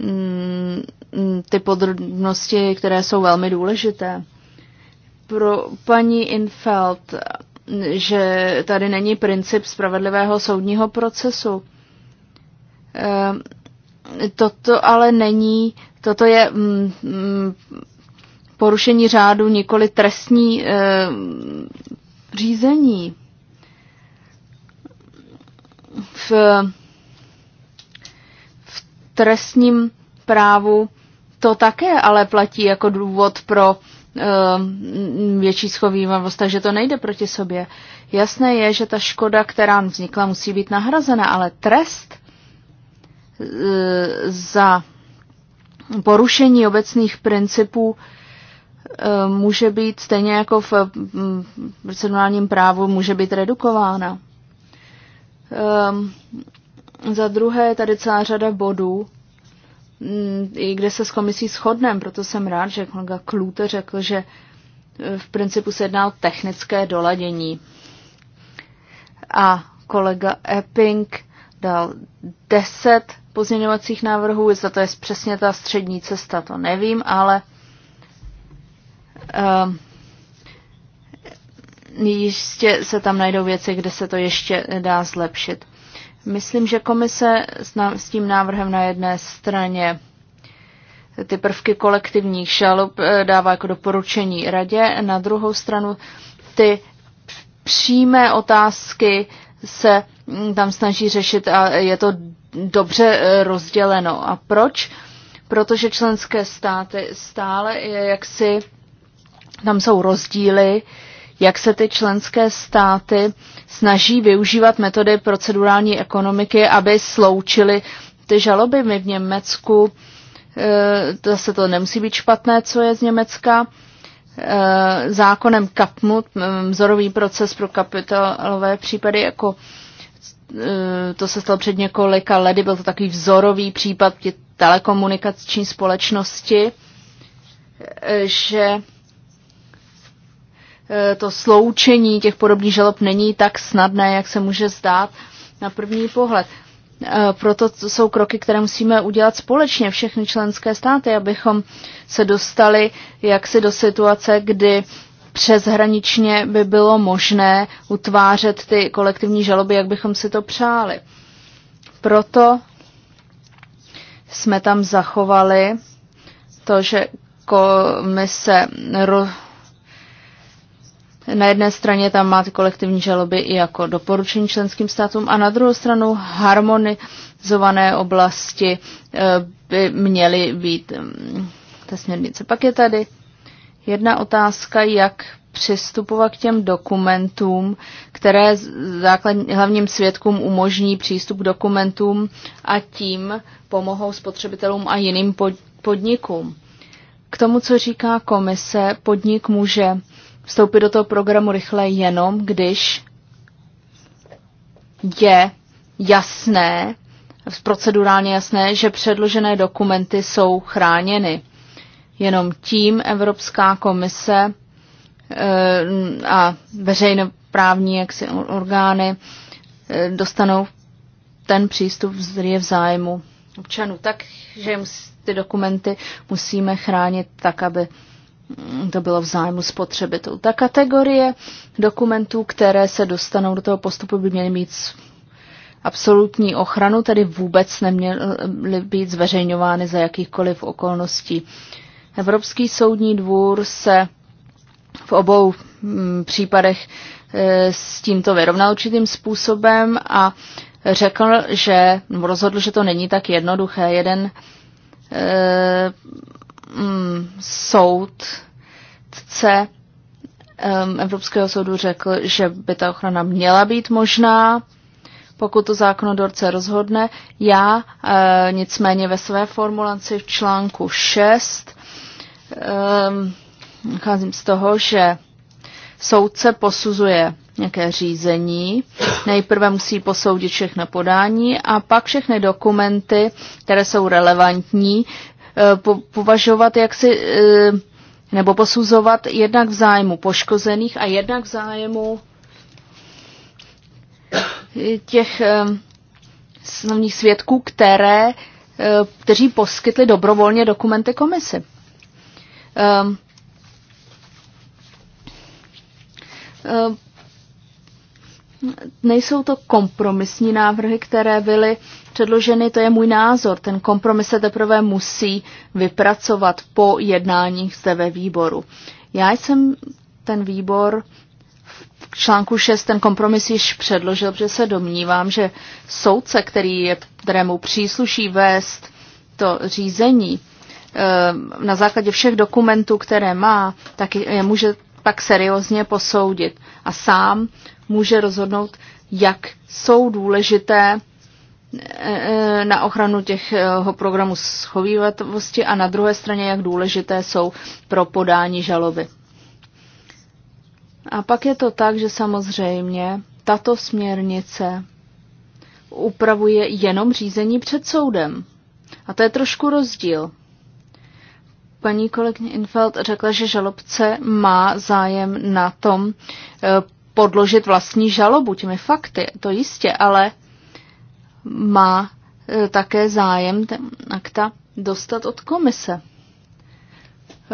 Speaker 4: mm, mm, ty podrobnosti, které jsou velmi důležité. Pro paní Infeld, že tady není princip spravedlivého soudního procesu. Ehm, toto ale není, toto je mm, porušení řádu nikoli trestní ehm, řízení v, v trestním právu to také ale platí jako důvod pro eh, větší schovývavost, takže to nejde proti sobě. Jasné je, že ta škoda, která vznikla, musí být nahrazena, ale trest eh, za porušení obecných principů eh, může být stejně jako v procedurálním právu, může být redukována. Um, za druhé je tady celá řada bodů, mm, i kde se s komisí shodneme, proto jsem rád, že kolega Klute řekl, že e, v principu se jedná o technické doladění. A kolega Epping dal 10 pozměňovacích návrhů, jestli to je přesně ta střední cesta, to nevím, ale um, jistě se tam najdou věci, kde se to ještě dá zlepšit. Myslím, že komise s tím návrhem na jedné straně ty prvky kolektivních žalob eh, dává jako doporučení radě, na druhou stranu ty přímé otázky se mm, tam snaží řešit a je to dobře eh, rozděleno. A proč? Protože členské státy stále jaksi tam jsou rozdíly jak se ty členské státy snaží využívat metody procedurální ekonomiky, aby sloučily ty žaloby. My v Německu, eh, zase to nemusí být špatné, co je z Německa, eh, zákonem Kapmut, eh, vzorový proces pro kapitalové případy, jako to se stalo před několika lety, byl to takový vzorový případ telekomunikační společnosti, že E, to sloučení těch podobných žalob není tak snadné, jak se může zdát na první pohled. E, proto jsou kroky, které musíme udělat společně všechny členské státy, abychom se dostali jaksi do situace, kdy přeshraničně by bylo možné utvářet ty kolektivní žaloby, jak bychom si to přáli. Proto jsme tam zachovali to, že komise na jedné straně tam máte kolektivní žaloby i jako doporučení členským státům a na druhou stranu harmonizované oblasti eh, by měly být mm, ta směrnice. Pak je tady jedna otázka, jak přistupovat k těm dokumentům, které základ, hlavním svědkům umožní přístup k dokumentům a tím pomohou spotřebitelům a jiným pod, podnikům. K tomu, co říká komise, podnik může vstoupit do toho programu rychle jenom, když je jasné, procedurálně jasné, že předložené dokumenty jsou chráněny. Jenom tím Evropská komise eh, a veřejnoprávní jaksi orgány eh, dostanou ten přístup je v zájmu občanů. Takže ty dokumenty musíme chránit tak, aby to bylo v zájmu spotřebitelů. Ta kategorie dokumentů, které se dostanou do toho postupu, by měly mít absolutní ochranu, tedy vůbec neměly být zveřejňovány za jakýchkoliv okolností. Evropský soudní dvůr se v obou mm, případech e, s tímto vyrovnal určitým způsobem a řekl, že rozhodl, že to není tak jednoduché. Jeden e, mm, soudce um, Evropského soudu řekl, že by ta ochrana měla být možná, pokud to zákonodorce rozhodne. Já uh, nicméně ve své formulaci v článku 6 e, cházím z toho, že soudce posuzuje nějaké řízení. Nejprve musí posoudit všechna podání a pak všechny dokumenty, které jsou relevantní Eh, považovat jaksi eh, nebo posuzovat jednak v zájmu poškozených a jednak v zájmu eh, těch slavných svědků, které, kteří poskytli dobrovolně dokumenty komisy. um, nejsou to kompromisní návrhy, které byly předloženy, to je můj názor. Ten kompromis se teprve musí vypracovat po jednáních zde ve výboru. Já jsem ten výbor v článku 6 ten kompromis již předložil, protože se domnívám, že soudce, který je, kterému přísluší vést to řízení, eh, na základě všech dokumentů, které má, tak je může pak seriózně posoudit. A sám může rozhodnout, jak jsou důležité eh, eh, na ochranu těchho programů schovývatosti a na druhé straně, jak důležité jsou pro podání žaloby. A pak je to tak, že samozřejmě tato směrnice upravuje jenom řízení před soudem. A to je trošku rozdíl. Paní kolegyně Infeld řekla, že žalobce má zájem na tom eh, podložit vlastní žalobu těmi fakty, to jistě, ale má e, také zájem ten akta dostat od komise.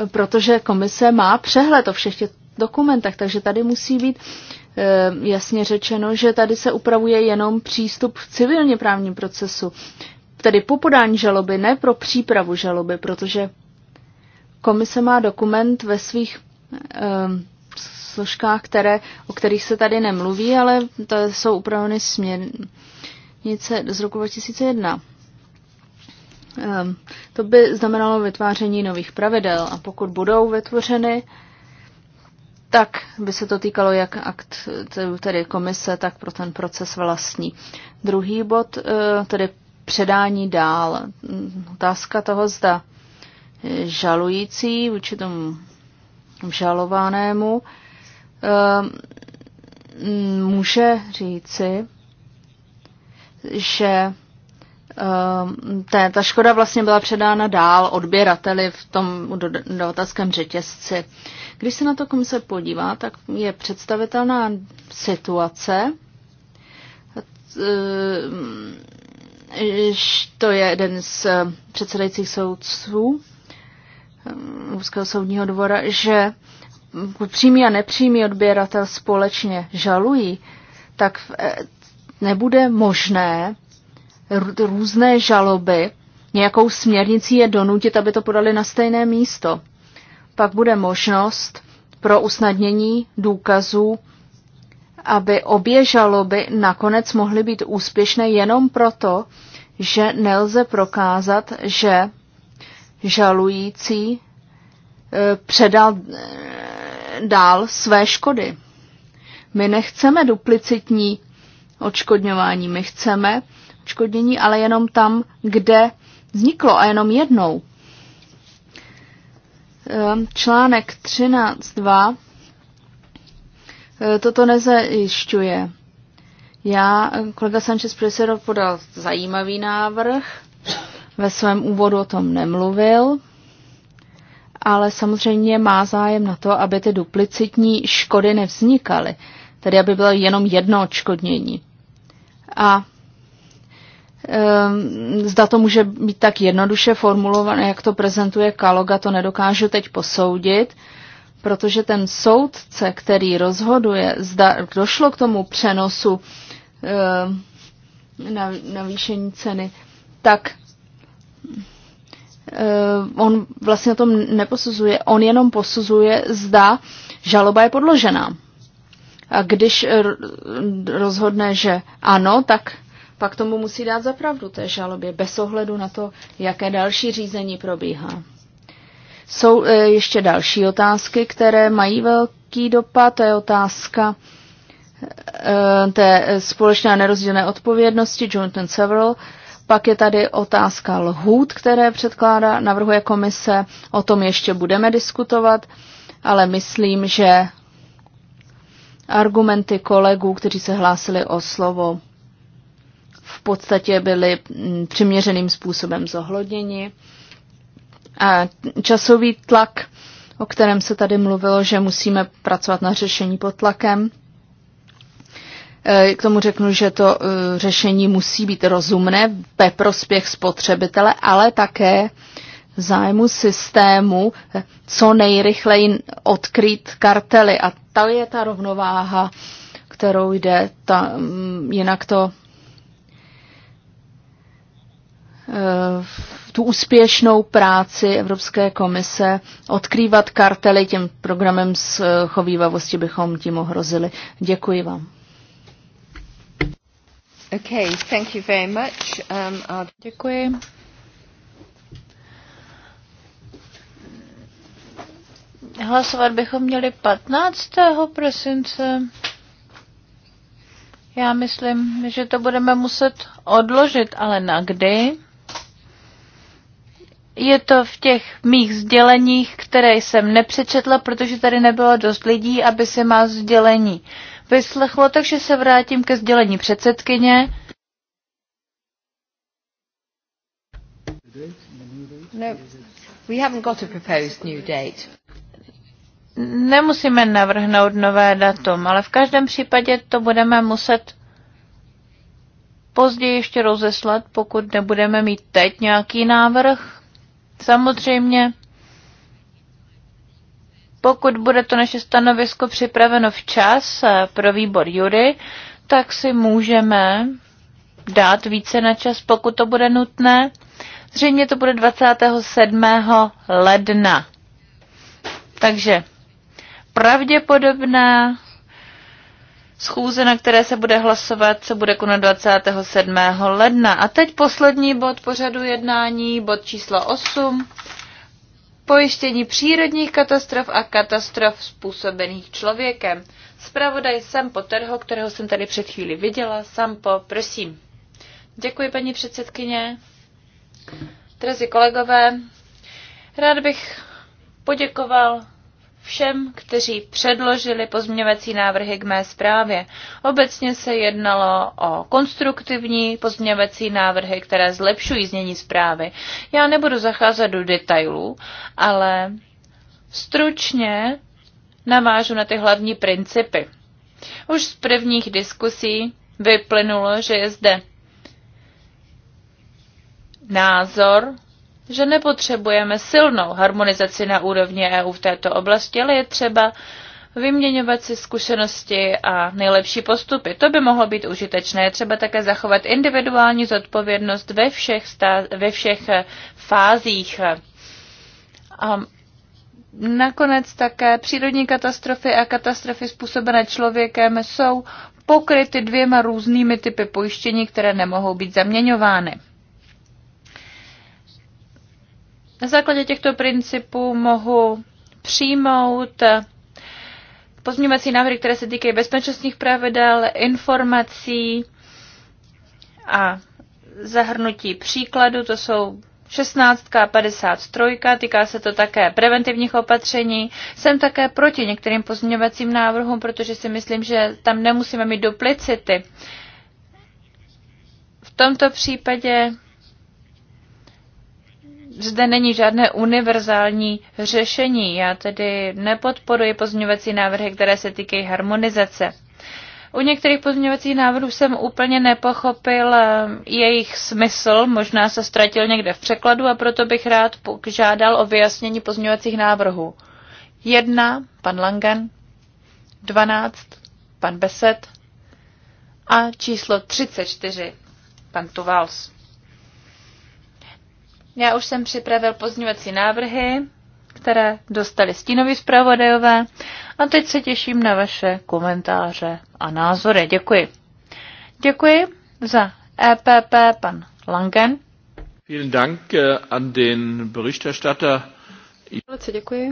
Speaker 4: E, protože komise má přehled o všech těch dokumentech, takže tady musí být e, jasně řečeno, že tady se upravuje jenom přístup v civilně právním procesu, tedy po podání žaloby, ne pro přípravu žaloby, protože komise má dokument ve svých složkách, které, o kterých se tady nemluví, ale to jsou upraveny směrnice z roku 2001. Ehm, to by znamenalo vytváření nových pravidel a pokud budou vytvořeny, tak by se to týkalo jak akt, tedy komise, tak pro ten proces vlastní. Druhý bod, eh, tedy předání dál. Otázka toho, zda žalující vůči tomu žalovanému Ehm, může říci, že ehm, ta, ta škoda vlastně byla předána dál odběrateli v tom dodatelském řetězci. Když se na to komise podívá, tak je představitelná situace, ehm, to je jeden z eh, předsedajících soudců Ruského soudního dvora, že přímý a nepřímý odběratel společně žalují, tak eh, nebude možné různé žaloby nějakou směrnicí je donutit, aby to podali na stejné místo. Pak bude možnost pro usnadnění důkazů, aby obě žaloby nakonec mohly být úspěšné jenom proto, že nelze prokázat, že žalující eh, předal eh, dál své škody. My nechceme duplicitní odškodňování, my chceme odškodnění, ale jenom tam, kde vzniklo a jenom jednou. Ehm, článek 13.2 eh, toto nezajišťuje. Já, eh, kolega Sanchez Presero podal zajímavý návrh, ve svém úvodu o tom nemluvil, ale samozřejmě má zájem na to, aby ty duplicitní škody nevznikaly, tedy aby bylo jenom jedno odškodnění. A ehm, Zda to může být tak jednoduše formulované, jak to prezentuje Kaloga, to nedokážu teď posoudit, protože ten soudce, který rozhoduje, zda došlo k tomu přenosu ehm, na navýšení ceny, tak Eh, on vlastně o tom neposuzuje, on jenom posuzuje, zda žaloba je podložená. A když eh, rozhodne, že ano, tak pak tomu musí dát zapravdu té žalobě, bez ohledu na to, jaké další řízení probíhá. Jsou eh, ještě další otázky, které mají velký dopad. To je otázka té společné nerozdílné odpovědnosti, joint and several. Pak je tady otázka lhůt, které předkládá, navrhuje komise. O tom ještě budeme diskutovat, ale myslím, že argumenty kolegů, kteří se hlásili o slovo, v podstatě byly mm, přiměřeným způsobem zohledněni. A časový tlak, o kterém se tady mluvilo, že musíme pracovat na řešení pod tlakem, Eh, k tomu řeknu, že to eh, řešení musí být rozumné ve prospěch spotřebitele, ale také zájmu systému eh, co nejrychleji odkrýt kartely. A ta je ta rovnováha, kterou jde. Ta, mm, jinak to tu úspěšnou práci Evropské komise odkrývat kartely tím programem schovývavosti bychom tím ohrozili. Děkuji vám.
Speaker 2: Okay, thank you very much. Um, Děkuji. Hlasovat bychom měli 15. prosince. Já myslím, že to budeme muset odložit, ale na kdy? Je to v těch mých sděleních, které jsem nepřečetla, protože tady nebylo dost lidí, aby se má sdělení uh, vyslechlo, takže se vrátím ke sdělení předsedkyně. No, we haven't got a proposed new date. Nemusíme navrhnout nové datum, ale v každém případě to budeme muset později ještě rozeslat, pokud nebudeme mít teď nějaký návrh. Samozřejmě pokud bude to naše stanovisko připraveno včas eh, pro výbor Jury, tak si můžeme dát více na čas, pokud to bude nutné. Zřejmě to bude 27. ledna. Takže pravděpodobná schůze, na které se bude hlasovat, se bude konat 27. ledna. A teď poslední bod pořadu jednání, bod číslo 8 pojištění přírodních katastrof a katastrof způsobených člověkem. Spravodaj Sampo Terho, kterého jsem tady před chvíli viděla. Sampo, prosím. Děkuji, paní předsedkyně. Drazí kolegové, rád bych poděkoval všem, kteří předložili pozměňovací návrhy k mé zprávě. Obecně se jednalo o konstruktivní pozměňovací návrhy, které zlepšují znění zprávy. Já nebudu zacházet do detailů, ale stručně navážu na ty hlavní principy. Už z prvních diskusí vyplynulo, že je zde názor že nepotřebujeme silnou harmonizaci na úrovni EU v této oblasti, ale je třeba vyměňovat si zkušenosti a nejlepší postupy. To by mohlo být užitečné. Třeba také zachovat individuální zodpovědnost ve všech, stá- ve všech eh, fázích. A nakonec také přírodní katastrofy a katastrofy způsobené člověkem jsou pokryty dvěma různými typy pojištění, které nemohou být zaměňovány. Na základě těchto principů mohu přijmout pozměňovací návrhy, které se týkají bezpečnostních pravidel, informací a zahrnutí příkladu. To jsou 16 a 53, týká se to také preventivních opatření. Jsem také proti některým pozměňovacím návrhům, protože si myslím, že tam nemusíme mít duplicity. V tomto případě zde není žádné univerzální řešení. Já tedy nepodporuji pozměňovací návrhy, které se týkají harmonizace. U některých pozměňovacích návrhů jsem úplně nepochopil eh, jejich smysl, možná se ztratil někde v překladu a proto bych rád žádal o vyjasnění pozměňovacích návrhů. 1. Pan Langen, 12. Pan Beset a číslo 34. Pan Tuvals. Já už jsem připravil pozňovací návrhy, které dostali stínoví zpravodajové a teď se těším na vaše komentáře a názory. Děkuji. Děkuji za EPP pan
Speaker 3: Langen.
Speaker 1: Vielen Dank eh, an den Berichterstatter.
Speaker 3: Velice děkuji.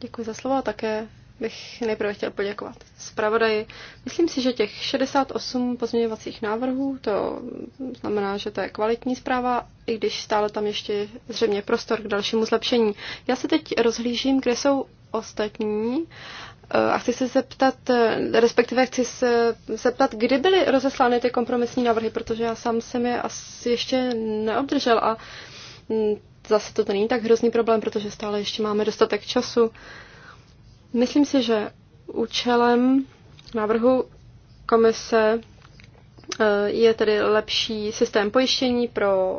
Speaker 3: Děkuji za slovo a také bych nejprve chtěl poděkovat zpravodaji. Myslím si, že těch 68 pozměňovacích návrhů, to znamená, že to je kvalitní zpráva, i když stále tam ještě zřejmě prostor k dalšímu zlepšení. Já se teď rozhlížím, kde jsou ostatní eh, a chci se zeptat, eh, respektive chci se zeptat, kdy byly rozeslány ty kompromisní návrhy, protože já sám jsem je asi ještě neobdržel a mm, zase to není tak hrozný problém, protože stále ještě máme dostatek času. Myslím si, že účelem návrhu komise eh, je tedy lepší systém pojištění pro eh,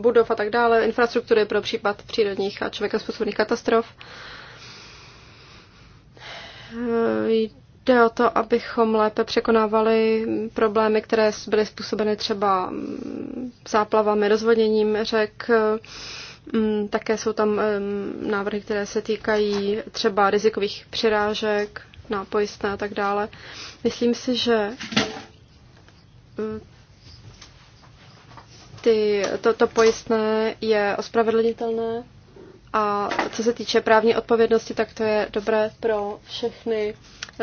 Speaker 3: budov a tak dále, infrastruktury pro případ přírodních a člověka způsobných katastrof. Eh, jde o to, abychom lépe překonávali problémy, které byly způsobeny třeba mm, záplavami, rozvodněním řek, Mm, také jsou tam návrhy, které se týkají třeba rizikových přirážek, nápojistné a tak dále. Myslím si, že eh, ty, to, to pojistné je ospravedlnitelné a co se týče právní odpovědnosti, tak to je dobré pro všechny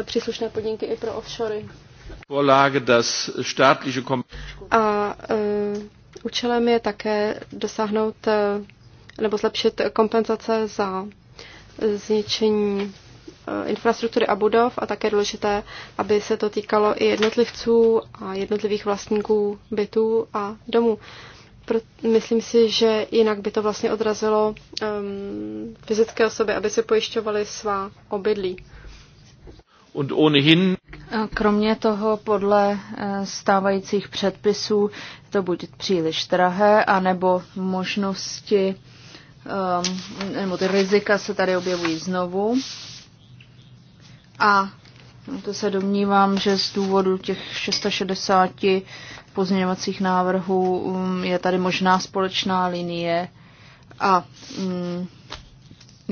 Speaker 3: příslušné podniky i pro offshory. A uh, účelem je také dosáhnout eh, nebo zlepšit kompenzace za zničení e, infrastruktury a budov a také důležité, aby se to týkalo i jednotlivců a jednotlivých vlastníků bytů a domů. Myslím si, že jinak by to vlastně odrazilo um, fyzické osoby, aby se pojišťovaly svá obydlí.
Speaker 4: Kromě toho, podle e, stávajících předpisů, to bude příliš drahé, anebo možnosti Um, nebo ty rizika se tady objevují znovu. A to se domnívám, že z důvodu těch 660 pozměňovacích návrhů um, je tady možná společná linie a um,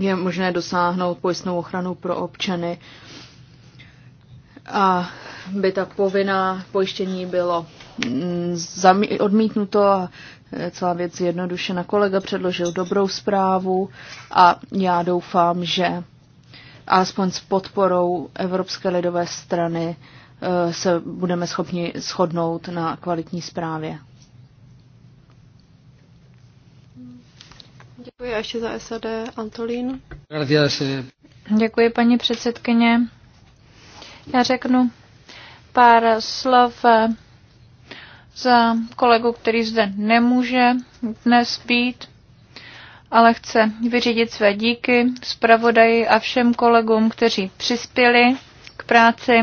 Speaker 4: je možné dosáhnout pojistnou ochranu pro občany. A by ta povinná pojištění bylo mm, odmítnuto a celá věc jednoduše na Kolega předložil dobrou zprávu a já doufám, že alespoň s podporou Evropské lidové strany eh, se budeme schopni shodnout na kvalitní zprávě.
Speaker 3: Děkuji a ještě za SAD Antolín.
Speaker 2: Děkuji paní předsedkyně. Já řeknu pár slov eh, za kolegu, který zde nemůže dnes být, ale chce vyřídit své díky zpravodaji a všem kolegům, kteří přispěli k práci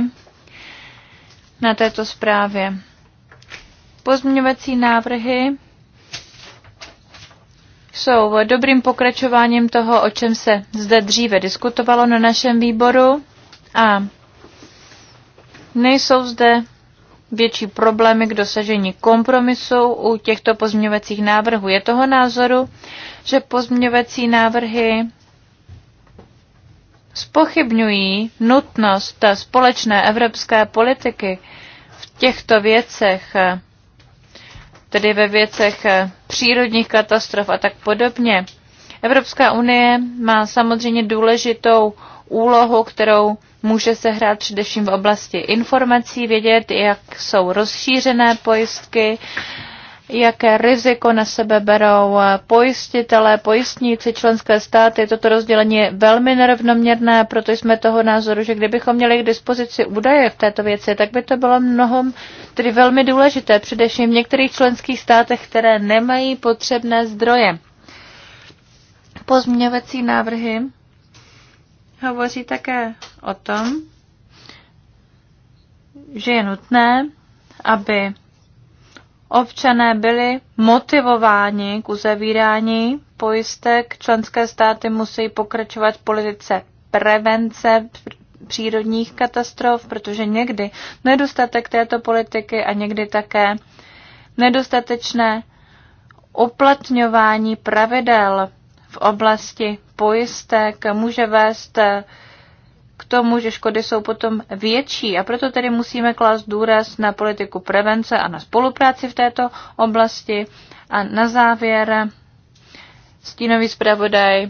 Speaker 2: na této zprávě. Pozměňovací návrhy jsou dobrým pokračováním toho, o čem se zde dříve diskutovalo na našem výboru a nejsou zde větší problémy k dosažení kompromisu u těchto pozměňovacích návrhů. Je toho názoru, že pozměňovací návrhy spochybňují nutnost společné evropské politiky v těchto věcech, tedy ve věcech přírodních katastrof a tak podobně. Evropská unie má samozřejmě důležitou úlohu, kterou může se hrát především v oblasti informací, vědět, jak jsou rozšířené pojistky, jaké riziko na sebe berou pojistitelé, pojistníci, členské státy. Toto rozdělení je velmi nerovnoměrné, proto jsme toho názoru, že kdybychom měli k dispozici údaje v této věci, tak by to bylo mnohem, tedy velmi důležité, především v některých členských státech, které nemají potřebné zdroje. Pozměňovací návrhy hovoří také o tom, že je nutné, aby občané byli motivováni k uzavírání pojistek. Členské státy musí pokračovat v politice prevence přírodních katastrof, protože někdy nedostatek této politiky a někdy také nedostatečné uplatňování pravidel v oblasti pojistek může vést eh, k tomu, že škody jsou potom větší a proto tedy musíme klást důraz na politiku prevence a na spolupráci v této oblasti. A na závěr stínový zpravodaj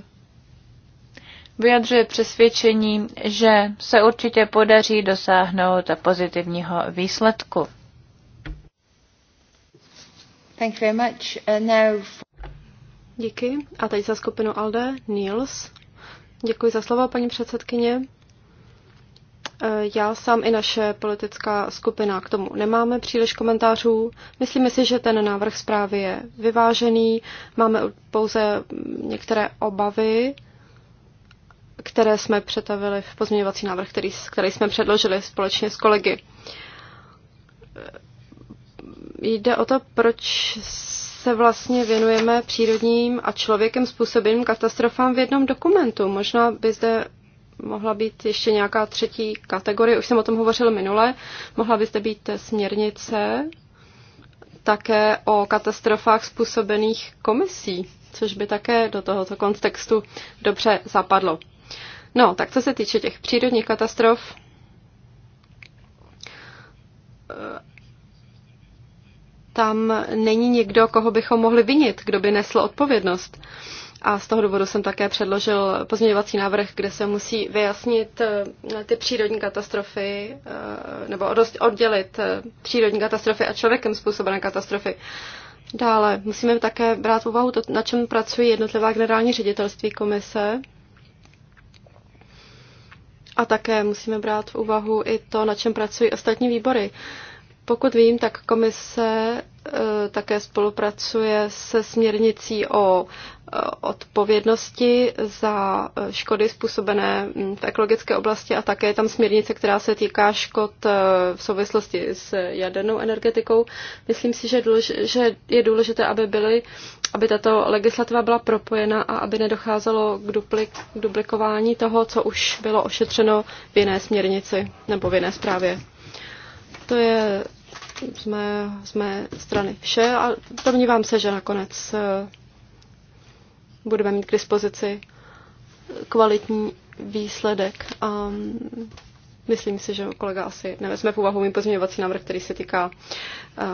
Speaker 2: vyjadřuje přesvědčení, že se určitě podaří dosáhnout pozitivního
Speaker 3: výsledku. Thank you very much. Uh, now Díky. A teď za skupinu ALDE Niels. Děkuji za slovo, paní předsedkyně. E, já sám i naše politická skupina k tomu nemáme příliš komentářů. Myslíme si, že ten návrh zprávy je vyvážený. Máme pouze některé obavy, které jsme přetavili v pozměňovací návrh, který, který jsme předložili společně s kolegy. E, jde o to, proč se vlastně věnujeme přírodním a člověkem způsobeným katastrofám v jednom dokumentu. Možná by zde mohla být ještě nějaká třetí kategorie, už jsem o tom hovořil minule, mohla by zde být směrnice také o katastrofách způsobených komisí, což by také do tohoto kontextu dobře zapadlo. No, tak co se týče těch přírodních katastrof, tam není někdo, koho bychom mohli vinit, kdo by nesl odpovědnost. A z toho důvodu jsem také předložil pozměňovací návrh, kde se musí vyjasnit eh, ty přírodní katastrofy eh, nebo oddělit eh, přírodní katastrofy a člověkem způsobené katastrofy. Dále musíme také brát v úvahu to, na čem pracují jednotlivá generální ředitelství komise. A také musíme brát v úvahu i to, na čem pracují ostatní výbory. Pokud vím, tak komise eh, také spolupracuje se směrnicí o eh, odpovědnosti za eh, škody způsobené hm, v ekologické oblasti a také je tam směrnice, která se týká škod v souvislosti s jadernou energetikou. Myslím si, že, je důležité, aby, byly, aby tato legislativa byla propojena a aby nedocházelo k, duplik, k duplikování toho, co už bylo ošetřeno v jiné směrnici nebo v jiné zprávě. To je z mé, z mé strany vše a domnívám se, že nakonec eh, budeme mít k dispozici kvalitní výsledek. A mm, myslím si, že kolega asi nevezme v úvahu můj pozměňovací návrh, který se týká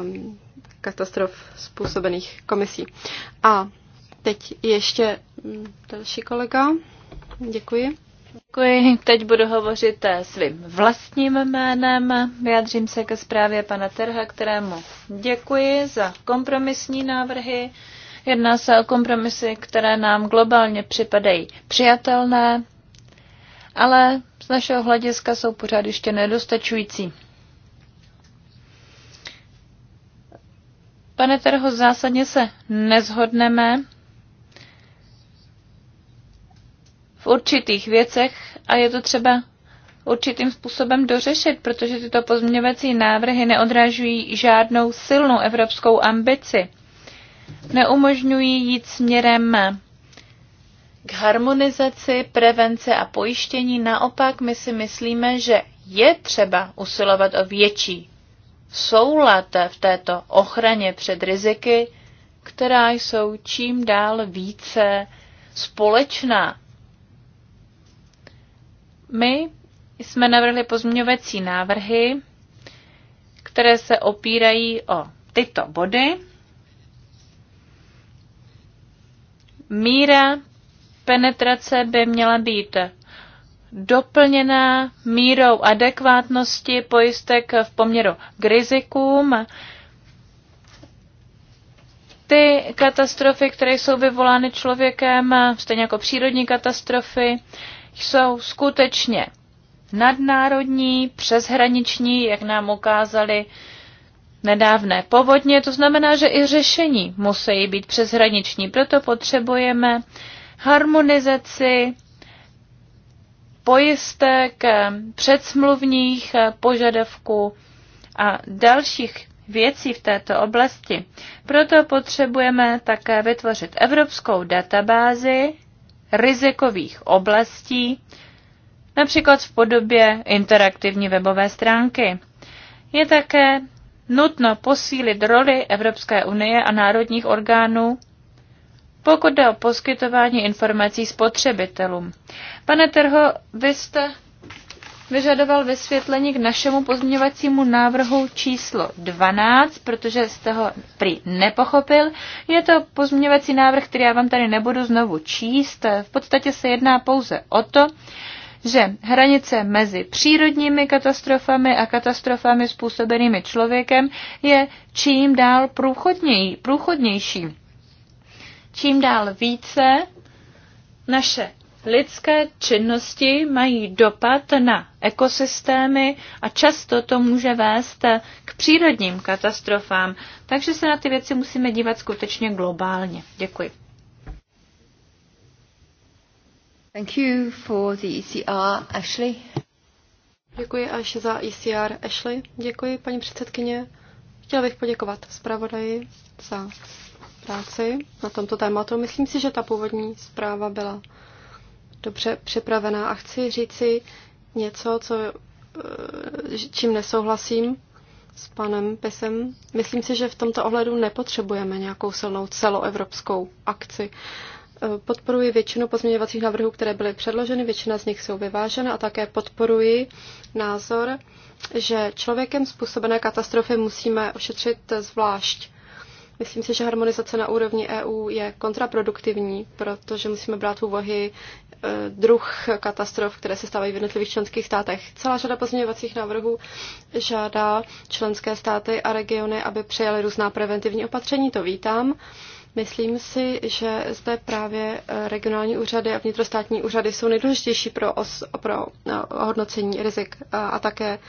Speaker 3: um, katastrof způsobených komisí. A teď ještě mm, další kolega. Děkuji.
Speaker 2: Děkuji. Teď budu hovořit eh, svým vlastním jménem. Vyjadřím se ke zprávě pana Terha, kterému děkuji za kompromisní návrhy. Jedná se o kompromisy, které nám globálně připadají přijatelné, ale z našeho hlediska jsou pořád ještě nedostačující. Pane Terho, zásadně se nezhodneme v určitých věcech a je to třeba určitým způsobem dořešit, protože tyto pozměňovací návrhy neodrážují žádnou silnou evropskou ambici. Neumožňují jít směrem k harmonizaci, prevence a pojištění. Naopak my si myslíme, že je třeba usilovat o větší soulad v této ochraně před riziky, která jsou čím dál více společná my jsme navrhli pozměňovací návrhy, které se opírají o tyto body. Míra penetrace by měla být doplněná mírou adekvátnosti pojistek v poměru k rizikům. Ty katastrofy, které jsou vyvolány člověkem, stejně jako přírodní katastrofy, jsou skutečně nadnárodní, přeshraniční, jak nám ukázali nedávné povodně. To znamená, že i řešení musí být přeshraniční. Proto potřebujeme harmonizaci pojistek, předsmluvních požadavků a dalších věcí v této oblasti. Proto potřebujeme také vytvořit evropskou databázi rizikových oblastí, například v podobě interaktivní webové stránky. Je také nutno posílit roli Evropské unie a národních orgánů, pokud jde o poskytování informací spotřebitelům. Pane Terho, vy jste vyžadoval vysvětlení k našemu pozměňovacímu návrhu číslo 12, protože jste ho prý nepochopil. Je to pozměňovací návrh, který já vám tady nebudu znovu číst. V podstatě se jedná pouze o to, že hranice mezi přírodními katastrofami a katastrofami způsobenými člověkem je čím dál průchodněj, průchodnější. Čím dál více naše lidské činnosti mají dopad na ekosystémy a často to může vést k přírodním katastrofám. Takže se na ty věci musíme dívat skutečně globálně.
Speaker 3: Děkuji. Thank you for the ECR, Ashley. Děkuji až za ECR Ashley. Děkuji, paní předsedkyně. Chtěla bych poděkovat zpravodaji za práci na tomto tématu. Myslím si, že ta původní zpráva byla dobře připravená a chci říci něco, co, eh, čím nesouhlasím s panem Pesem. Myslím si, že v tomto ohledu nepotřebujeme nějakou silnou celoevropskou akci. Eh, podporuji většinu pozměňovacích návrhů, které byly předloženy, většina z nich jsou vyvážena a také podporuji názor, že člověkem způsobené katastrofy musíme ošetřit zvlášť. Myslím si, že harmonizace na úrovni EU je kontraproduktivní, protože musíme brát v úvahy e, druh katastrof, které se stávají v jednotlivých členských státech. Celá řada pozměňovacích návrhů žádá členské státy a regiony, aby přijaly různá preventivní opatření. To vítám. Myslím si, že zde právě e, regionální úřady a vnitrostátní úřady jsou nejdůležitější pro, os, pro e, hodnocení rizik a, a také uh,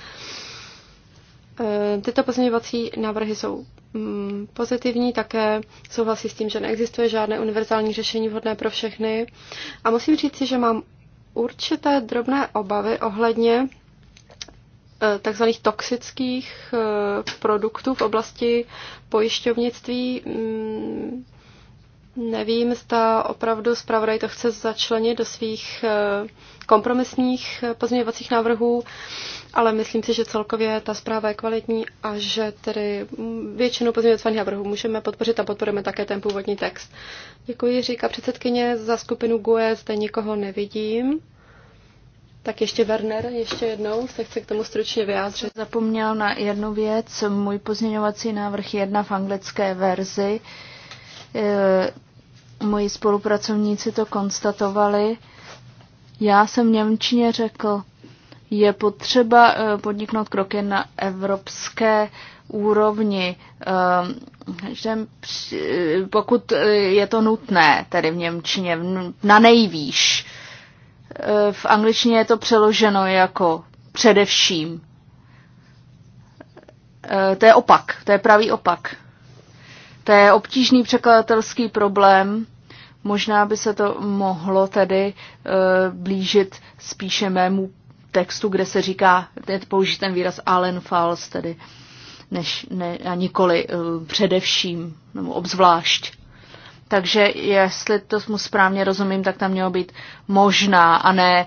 Speaker 3: Eh, tyto pozměňovací návrhy jsou mm, pozitivní, také souhlasí s tím, že neexistuje žádné univerzální řešení vhodné pro všechny. A musím říci, že mám určité drobné obavy ohledně eh, takzvaných toxických eh, produktů v oblasti pojišťovnictví. Mm, Nevím, zda opravdu zpravodaj to chce začlenit do svých eh, kompromisních eh, pozměňovacích návrhů, ale myslím si, že celkově ta zpráva je kvalitní a že tedy mm, většinu pozměňovacích návrhů můžeme podpořit a podporujeme také ten původní text. Děkuji, říká předsedkyně za skupinu GUE, zde nikoho nevidím. Tak ještě Werner, ještě jednou se chce k tomu stručně vyjádřit. Zapomněl na jednu
Speaker 4: věc, můj pozměňovací návrh jedna v anglické verzi E, moji spolupracovníci to konstatovali. Já jsem Němčině řekl, je potřeba e, podniknout kroky na evropské úrovni, e, že pokud je to nutné, tedy v Němčině, na nejvýš. V angličtině je to přeloženo jako především. To je opak, to je pravý opak. To je obtížný překladatelský problém. Možná by se to mohlo tedy uh, blížit spíše mému textu, kde se říká, teď použít ten výraz Allen Fals, tedy než, ne, a nikoli uh, především, nebo obzvlášť. Takže jestli to mu správně rozumím, tak tam mělo být možná a ne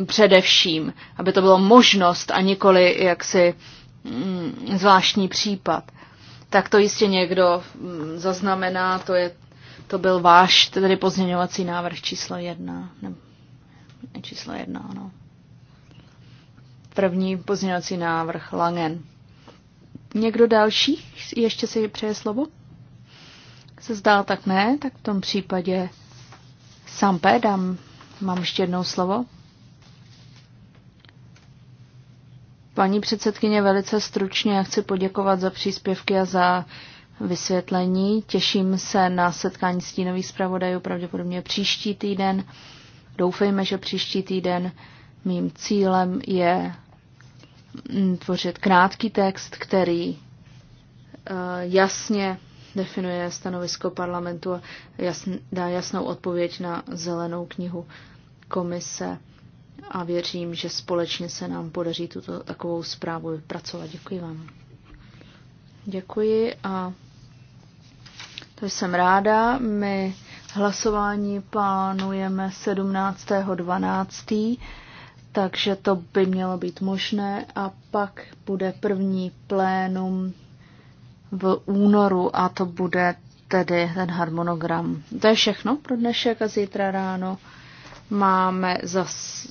Speaker 4: uh, především, aby to bylo možnost a nikoli jaksi mm, zvláštní případ tak to jistě někdo mm, zaznamená, to, je, to byl váš tedy pozměňovací návrh číslo jedna. Ne, číslo jedna, ano. První pozměňovací návrh Langen. Někdo další ještě si přeje slovo? Se zdá tak ne, tak v tom případě Sampe dám, mám ještě jednou slovo. Paní předsedkyně, velice stručně já chci poděkovat za příspěvky a za vysvětlení. Těším se na setkání stínových zpravodajů pravděpodobně příští týden. Doufejme, že příští týden mým cílem je mm, tvořit krátký text, který eh, jasně definuje stanovisko parlamentu a jasn, dá jasnou odpověď na zelenou knihu komise a věřím, že společně se nám podaří tuto takovou zprávu vypracovat. Děkuji vám. Děkuji a to jsem ráda. My hlasování plánujeme 17.12., takže to by mělo být možné a pak bude první plénum v únoru a to bude tedy ten harmonogram. To je všechno pro dnešek a zítra ráno. Máme, zas,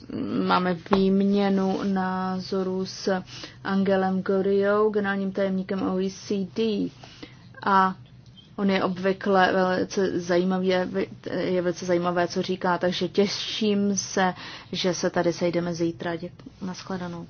Speaker 4: máme výměnu názorů s Angelem Goriou, generálním tajemníkem OECD. A on je obvykle velice zajímavý, je velice zajímavé, co říká, takže těším se, že se tady sejdeme zítra. Děkuji. Naschledanou.